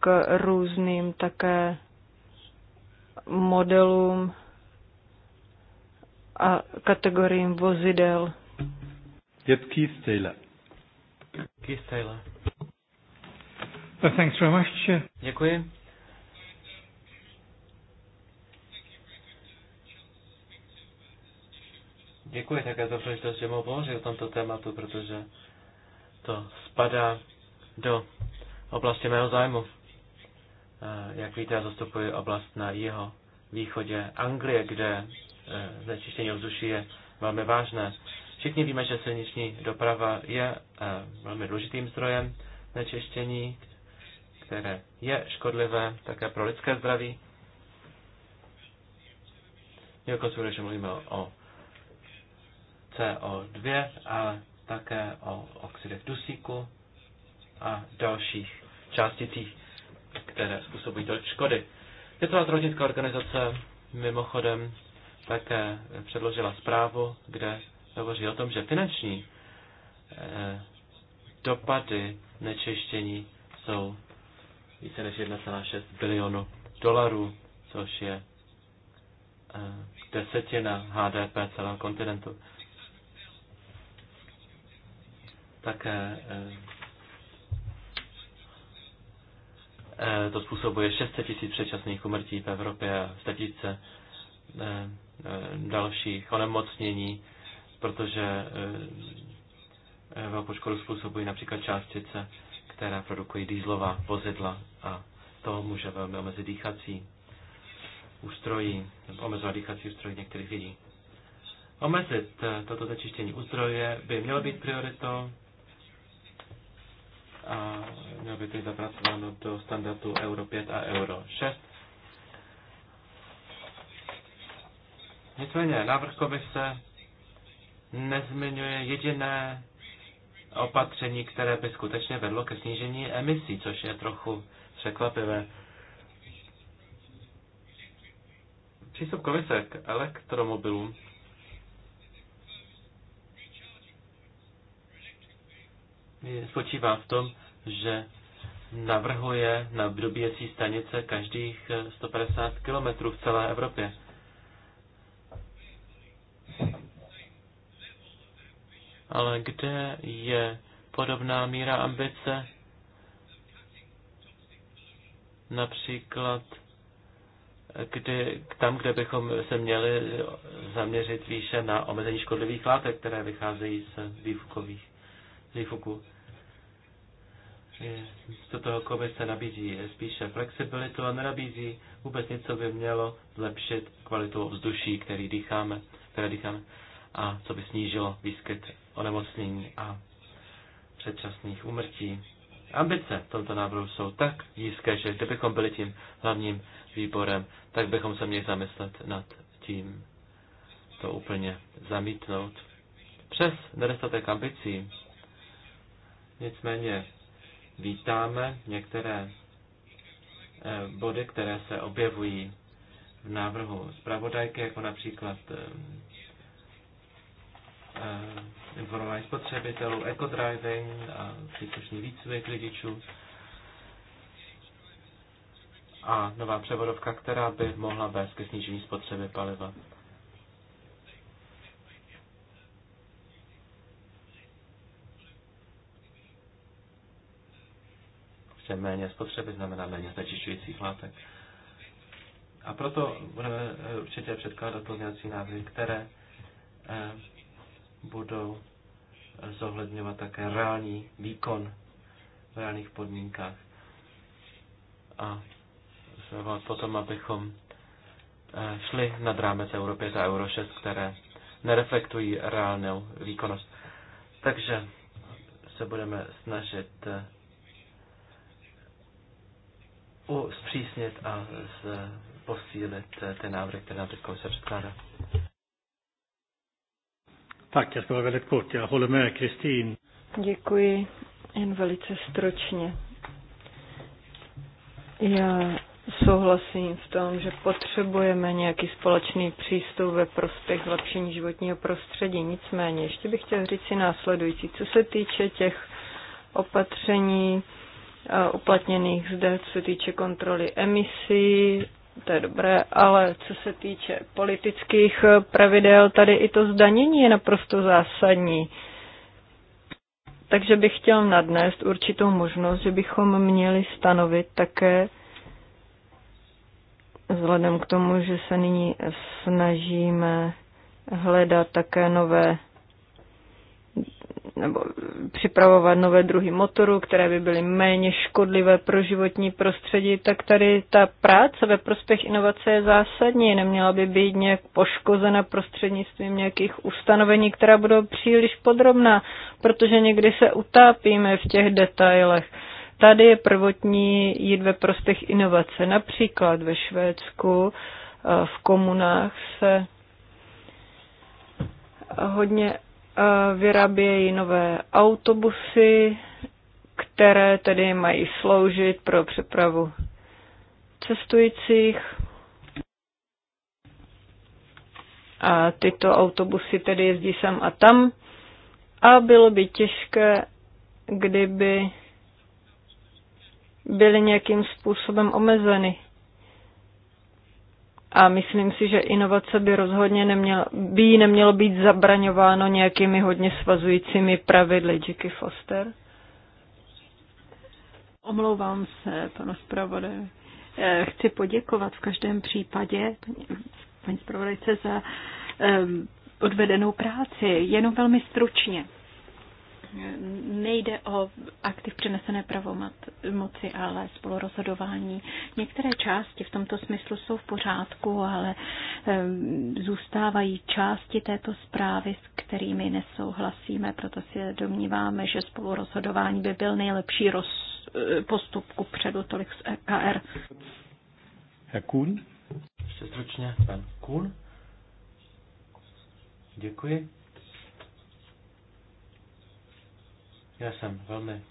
Speaker 5: k různým také modelům a kategoriím vozidel.
Speaker 2: Yep, Keith Taylor.
Speaker 3: Keith Taylor. Well, thanks very much. Děkuji. Děkuji také za příležitost, že mohu pohořit o tomto tématu, protože to spadá do oblasti mého zájmu. Eh, jak víte, já zastupuji oblast na jeho východě Anglie, kde eh, znečištění ovzduší je velmi vážné. Všichni víme, že silniční doprava je eh, velmi důležitým zdrojem znečištění, které je škodlivé také pro lidské zdraví. Jelikož že mluvíme o CO2, ale také o oxidech dusíku a dalších částicích, které způsobují tolik škody. Světová zdravotnická organizace mimochodem také předložila zprávu, kde hovoří o tom, že finanční eh, dopady nečištění jsou více než 1,6 bilionu dolarů, což je eh, desetina HDP celého kontinentu. Také eh, eh, to způsobuje 600 tisíc předčasných umrtí v Evropě a statisíce eh, dalších onemocnění, protože velkou škodu způsobují například částice, která produkují dýzlová vozidla a to může velmi omezit dýchací ústrojí, nebo omezovat dýchací ústrojí některých lidí. Omezit toto znečištění ústroje by mělo být prioritou a měl by být zapracováno do standardu Euro 5 a Euro 6. Nicméně návrh komise nezmiňuje jediné opatření, které by skutečně vedlo ke snížení emisí, což je trochu překvapivé. Přístup komise k elektromobilům spočívá v tom, že navrhuje na dobíjecí stanice každých 150 eh, kilometrů v celé Evropě. Ale kde je podobná míra ambice? Například eh, kdy, tam, kde bychom se měli zaměřit výše na omezení škodlivých látek, které vycházejí z výfukových výfuků. Toto komise nabízí spíše flexibilitu a nenabízí vůbec nic, co by mělo zlepšit kvalitu ovzduší, který dýcháme, které dýcháme a co by snížilo výskyt onemocnění a předčasných úmrtí. Ambice v tomto návrhu jsou tak nízké, že kdybychom byli tím hlavním výborem, tak bychom se měli zamyslet nad tím to úplně zamítnout. Přes nedostatek ambicí nicméně vítáme některé eh, body, které se objevují v návrhu zpravodajky, jako například eh, eh, informování spotřebitelů, ecodriving a příslušný výcvik lidičů a nová převodovka, která by mohla vést ke snížení spotřeby paliva. chce méně spotřeby, znamená méně znečišťujících látek. A proto budeme eh, určitě předkládat pozměňovací návrhy, které eh, budou zohledňovat také reální výkon v reálných podmínkách. A potom, abychom eh, šli nad rámec Evropy za Euro 6, které nereflektují reálnou výkonnost. Takže se budeme snažit zpřísnit a posílit ty návrhy, které nám teď
Speaker 2: předkládá. Tak, já jsem velmi kort. Já håller med
Speaker 5: Děkuji, jen velice stročně. Já souhlasím v tom, že potřebujeme nějaký společný přístup ve prospěch zlepšení životního prostředí. Nicméně, ještě bych chtěl říct si následující. Co se týče těch opatření, Eh, uplatněných zde, co se týče kontroly emisí, to je dobré, ale co se týče politických pravidel, tady i to zdanění je naprosto zásadní. Takže bych chtěl nadnést určitou možnost, že bychom měli stanovit také, vzhledem k tomu, že se nyní snažíme hledat také nové nebo připravovat nové druhy motorů, které by byly méně škodlivé pro životní prostředí, tak tady ta práce ve prospěch inovace je zásadní. Neměla by být nějak poškozena prostřednictvím nějakých ustanovení, která budou příliš podrobná, protože někdy se utápíme v těch detailech. Tady je prvotní jít ve prospěch inovace. Například ve Švédsku eh, v komunách se hodně vyrábějí nové autobusy, které tedy mají sloužit pro přepravu cestujících. A tyto autobusy tedy jezdí sem a tam. A bylo by těžké, kdyby byly nějakým způsobem omezeny. A myslím si, že inovace by rozhodně neměla by jí nemělo být zabraňováno nějakými hodně svazujícími pravidly. Jicky Foster.
Speaker 4: Omlouvám se, panu zpravodaj. Eh, chci poděkovat v každém případě paní zpravodajce za ehm, odvedenou práci, jenom velmi stručně nejde o aktiv přenesené pravomoci, ale spolurozhodování. Některé části v tomto smyslu jsou v pořádku, ale ehm, zůstávají části této zprávy, s kterými nesouhlasíme, proto si domníváme, že spolurozhodování by byl nejlepší roz, eh, postup ku předu tolik z EKR.
Speaker 2: Herr Kuhn? Ještě stručně, pan Kuhn. Děkuji.
Speaker 3: Já jsem velmi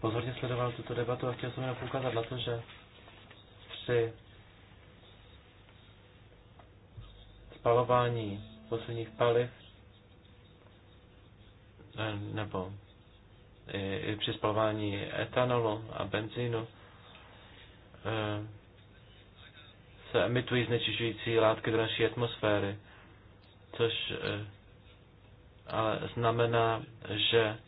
Speaker 3: pozorně sledoval tuto debatu a chtěl jsem jenom poukázat na to, že při spalování posledních paliv eh, nebo i, i při spalování etanolu a benzínu eh, se emitují znečišťující látky do naší atmosféry, což eh, ale znamená, že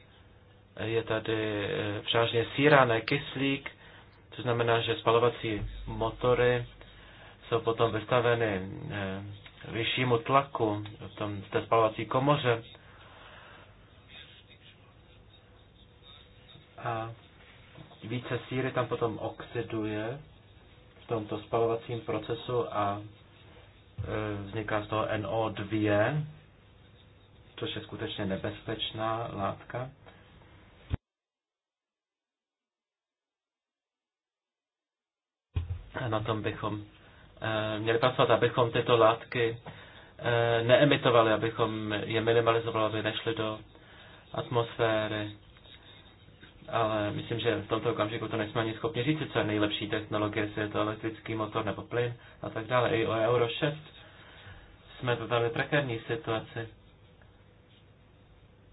Speaker 3: je tady eh, převážně síra, ne kyslík, což znamená, že spalovací motory jsou potom vystaveny eh, vyššímu tlaku v tom, v té spalovací komoře. A více síry tam potom oxiduje v tomto spalovacím procesu a eh, vzniká z toho NO2, což je skutečně nebezpečná látka. na tom bychom eh, měli pracovat, abychom tyto látky eh, neemitovali, abychom je minimalizovali, aby nešly do atmosféry. Ale myslím, že v tomto okamžiku to nejsme ani schopni říct, co je nejlepší technologie, jestli je to elektrický motor nebo plyn a tak dále. I o Euro 6 jsme ve velmi prekérní situaci,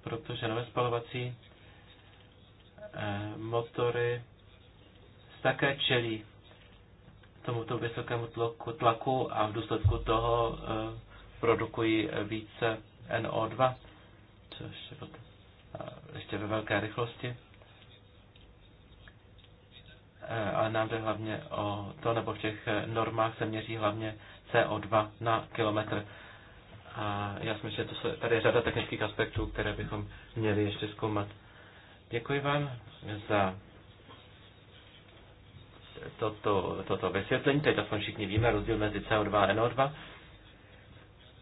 Speaker 3: protože nové spalovací eh, motory také čelí tomuto vysokému tlaku, tlaku a v důsledku toho eh, produkují více NO2, což je potom eh, ještě ve velké rychlosti. Eh, ale nám jde hlavně o to, nebo v těch normách se měří hlavně CO2 na kilometr. A já si myslím, že to se, tady je řada technických aspektů, které bychom měli ještě zkoumat. Děkuji vám za toto, toto vysvětlení, teď aspoň všichni víme, rozdíl mezi CO2 a NO2.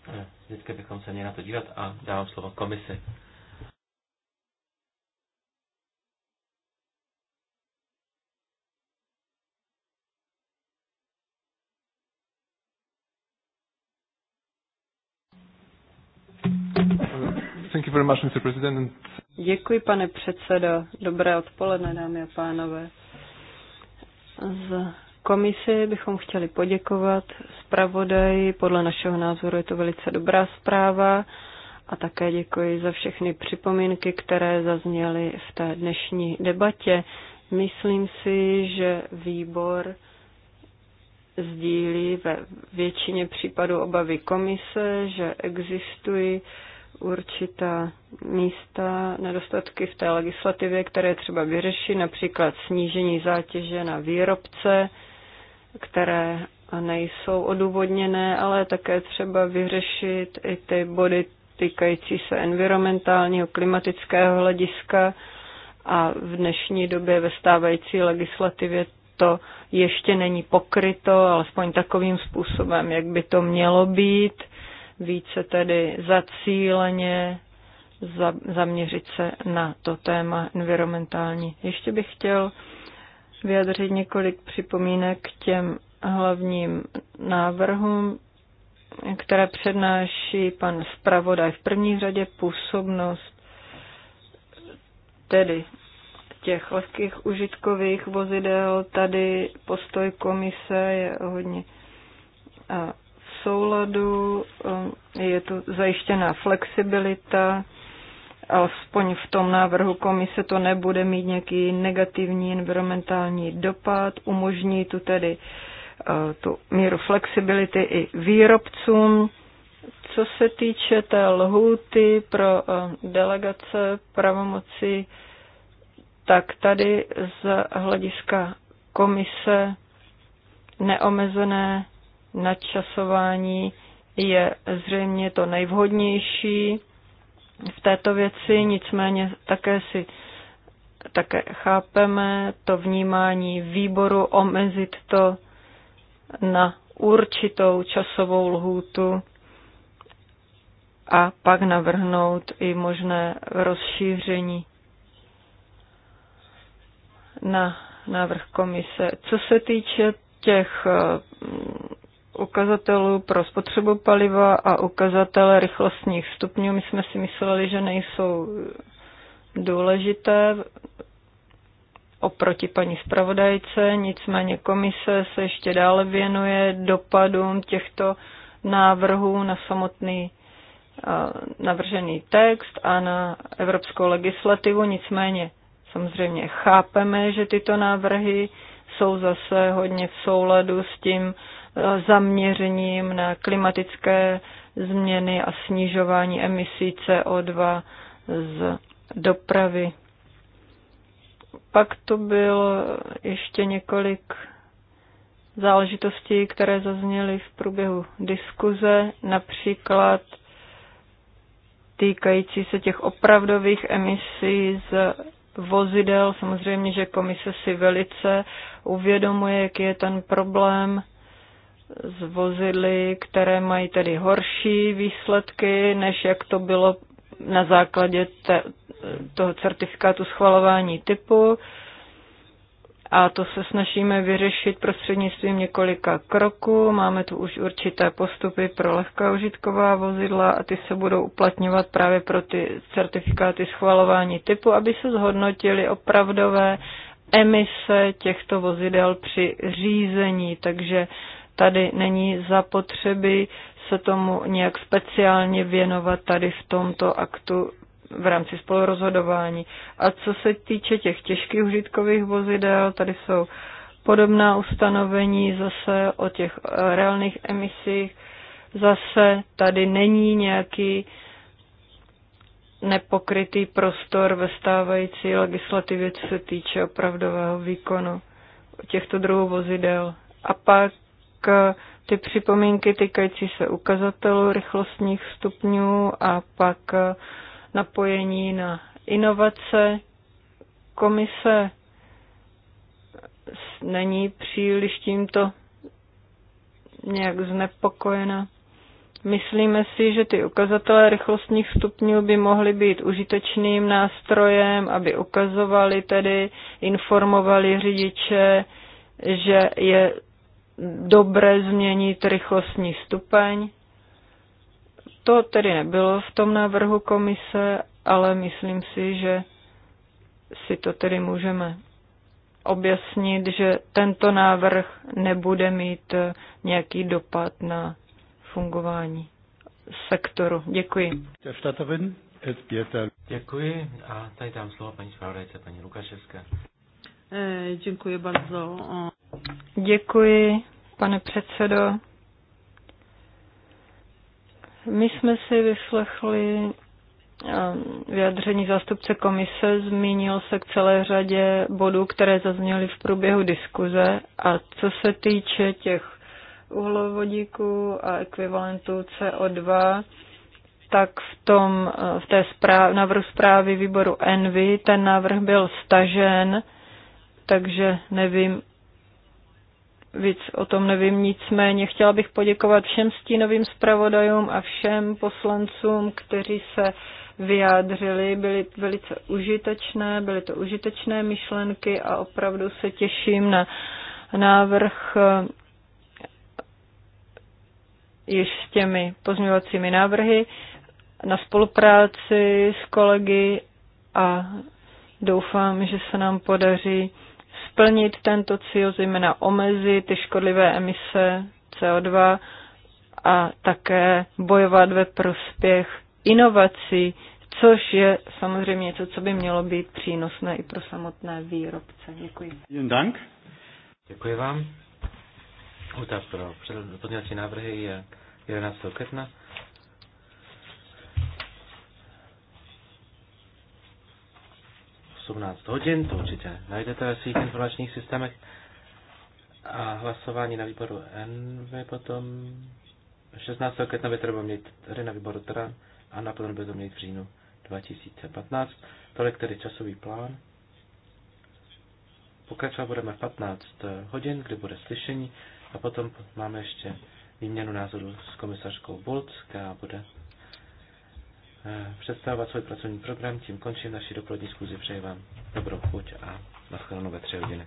Speaker 3: Eh, vždycky bychom se měli na to dívat a dávám slovo komisi. Děkuji,
Speaker 5: pane předsedo. Dobré odpoledne, dámy a pánové z komisi bychom chtěli poděkovat zpravodaji. Podle našeho názoru je to velice dobrá zpráva a také děkuji za všechny připomínky, které zazněly v té dnešní debatě. Myslím si, že výbor sdílí ve většině případů obavy komise, že existují určitá místa, nedostatky v té legislativě, které třeba vyřešit, například snížení zátěže na výrobce, které nejsou odůvodněné, ale také třeba vyřešit i ty body týkající se environmentálního, klimatického hlediska a v dnešní době ve stávající legislativě to ještě není pokryto, alespoň takovým způsobem, jak by to mělo být více tedy zacíleně zaměřit se na to téma environmentální. Ještě bych chtěl vyjadřit několik připomínek k těm hlavním návrhům, které přednáší pan zpravodaj. V první řadě působnost, tedy těch lehkých užitkových vozidel, tady postoj komise je hodně souladu, eh, je tu zajištěná flexibilita, alespoň v tom návrhu komise to nebude mít nějaký negativní environmentální dopad, umožní tu tedy eh, tu míru flexibility i výrobcům. Co se týče té lhůty pro eh, delegace pravomoci, tak tady z hlediska komise neomezené nadčasování je zřejmě to nejvhodnější v této věci, nicméně také si také chápeme to vnímání výboru, omezit to na určitou časovou lhůtu a pak navrhnout i možné rozšíření na návrh komise. Co se týče těch ukazatelů pro spotřebu paliva a ukazatele rychlostních stupňů. My jsme si mysleli, že nejsou důležité oproti paní zpravodajce, nicméně komise se ještě dále věnuje dopadům těchto návrhů na samotný navržený text a na evropskou legislativu, nicméně samozřejmě chápeme, že tyto návrhy jsou zase hodně v souladu s tím, zaměřením na klimatické změny a snižování emisí CO2 z dopravy. Pak to bylo ještě několik záležitostí, které zazněly v průběhu diskuze, například týkající se těch opravdových emisí z vozidel. Samozřejmě, že komise si velice uvědomuje, jaký je ten problém s vozidly, které mají tedy horší výsledky, než jak to bylo na základě te, toho certifikátu schvalování typu. A to se snažíme vyřešit prostřednictvím několika kroků. Máme tu už určité postupy pro lehká užitková vozidla a ty se budou uplatňovat právě pro ty certifikáty schvalování typu, aby se zhodnotily opravdové emise těchto vozidel při řízení. Takže tady není zapotřeby se tomu nějak speciálně věnovat tady v tomto aktu v rámci spolurozhodování. A co se týče těch těžkých užitkových vozidel, tady jsou podobná ustanovení zase o těch eh, reálných emisích. Zase tady není nějaký nepokrytý prostor ve stávající legislativě, co se týče opravdového výkonu těchto druhů vozidel. A pak ty připomínky týkající se ukazatelů rychlostních stupňů a pak eh, napojení na inovace. Komise není příliš tímto nějak znepokojena. Myslíme si, že ty ukazatele rychlostních stupňů by mohly být užitečným nástrojem, aby ukazovali tedy, informovali řidiče, že je dobré změnit rychlostní stupeň. To tedy nebylo v tom návrhu komise, ale myslím si, že si to tedy můžeme objasnit, že tento návrh nebude mít nějaký dopad na fungování sektoru. Děkuji.
Speaker 3: Děkuji a tady dám slovo paní zpravodajce, paní Lukaševské.
Speaker 5: Eh, děkuji bardzo Děkuji, pane předsedo. My jsme si vyslechli ehm, vyjadření zástupce komise, zmínil se k celé řadě bodů, které zazněly v průběhu diskuze a co se týče těch uhlovodíků a ekvivalentu CO2, tak v, tom, eh, v té zpráv, návrhu zprávy výboru Envy ten návrh byl stažen, takže nevím, víc o tom nevím, nicméně chtěla bych poděkovat všem stínovým zpravodajům a všem poslancům, kteří se vyjádřili, byly velice užitečné, byly to užitečné myšlenky a opravdu se těším na návrh eh, již s těmi pozměňovacími návrhy, na spolupráci s kolegy a doufám, že se nám podaří splnit tento cíl, zejména omezit ty škodlivé emise CO2 a také bojovat ve prospěch inovací, což je samozřejmě něco, co by mělo být přínosné i pro samotné výrobce. Děkuji.
Speaker 2: Děkuji vám.
Speaker 3: Lhuta pro pozměňovací návrhy je 11. května. 18 hodin, to určitě najdete ve svých informačních systémech. A hlasování na výboru NV potom 16. května by to mít tady na výboru TRAN a na potom by to mít v říjnu 2015. Tolik tedy časový plán. Pokračovat budeme v 15 hodin, kdy bude slyšení a potom máme ještě výměnu názoru s komisařkou Bolc, která bude Eh, představovat svůj pracovní program. Tím končím naši dopolední zkuzi. Přeji vám dobrou chuť a na ve tři hodiny.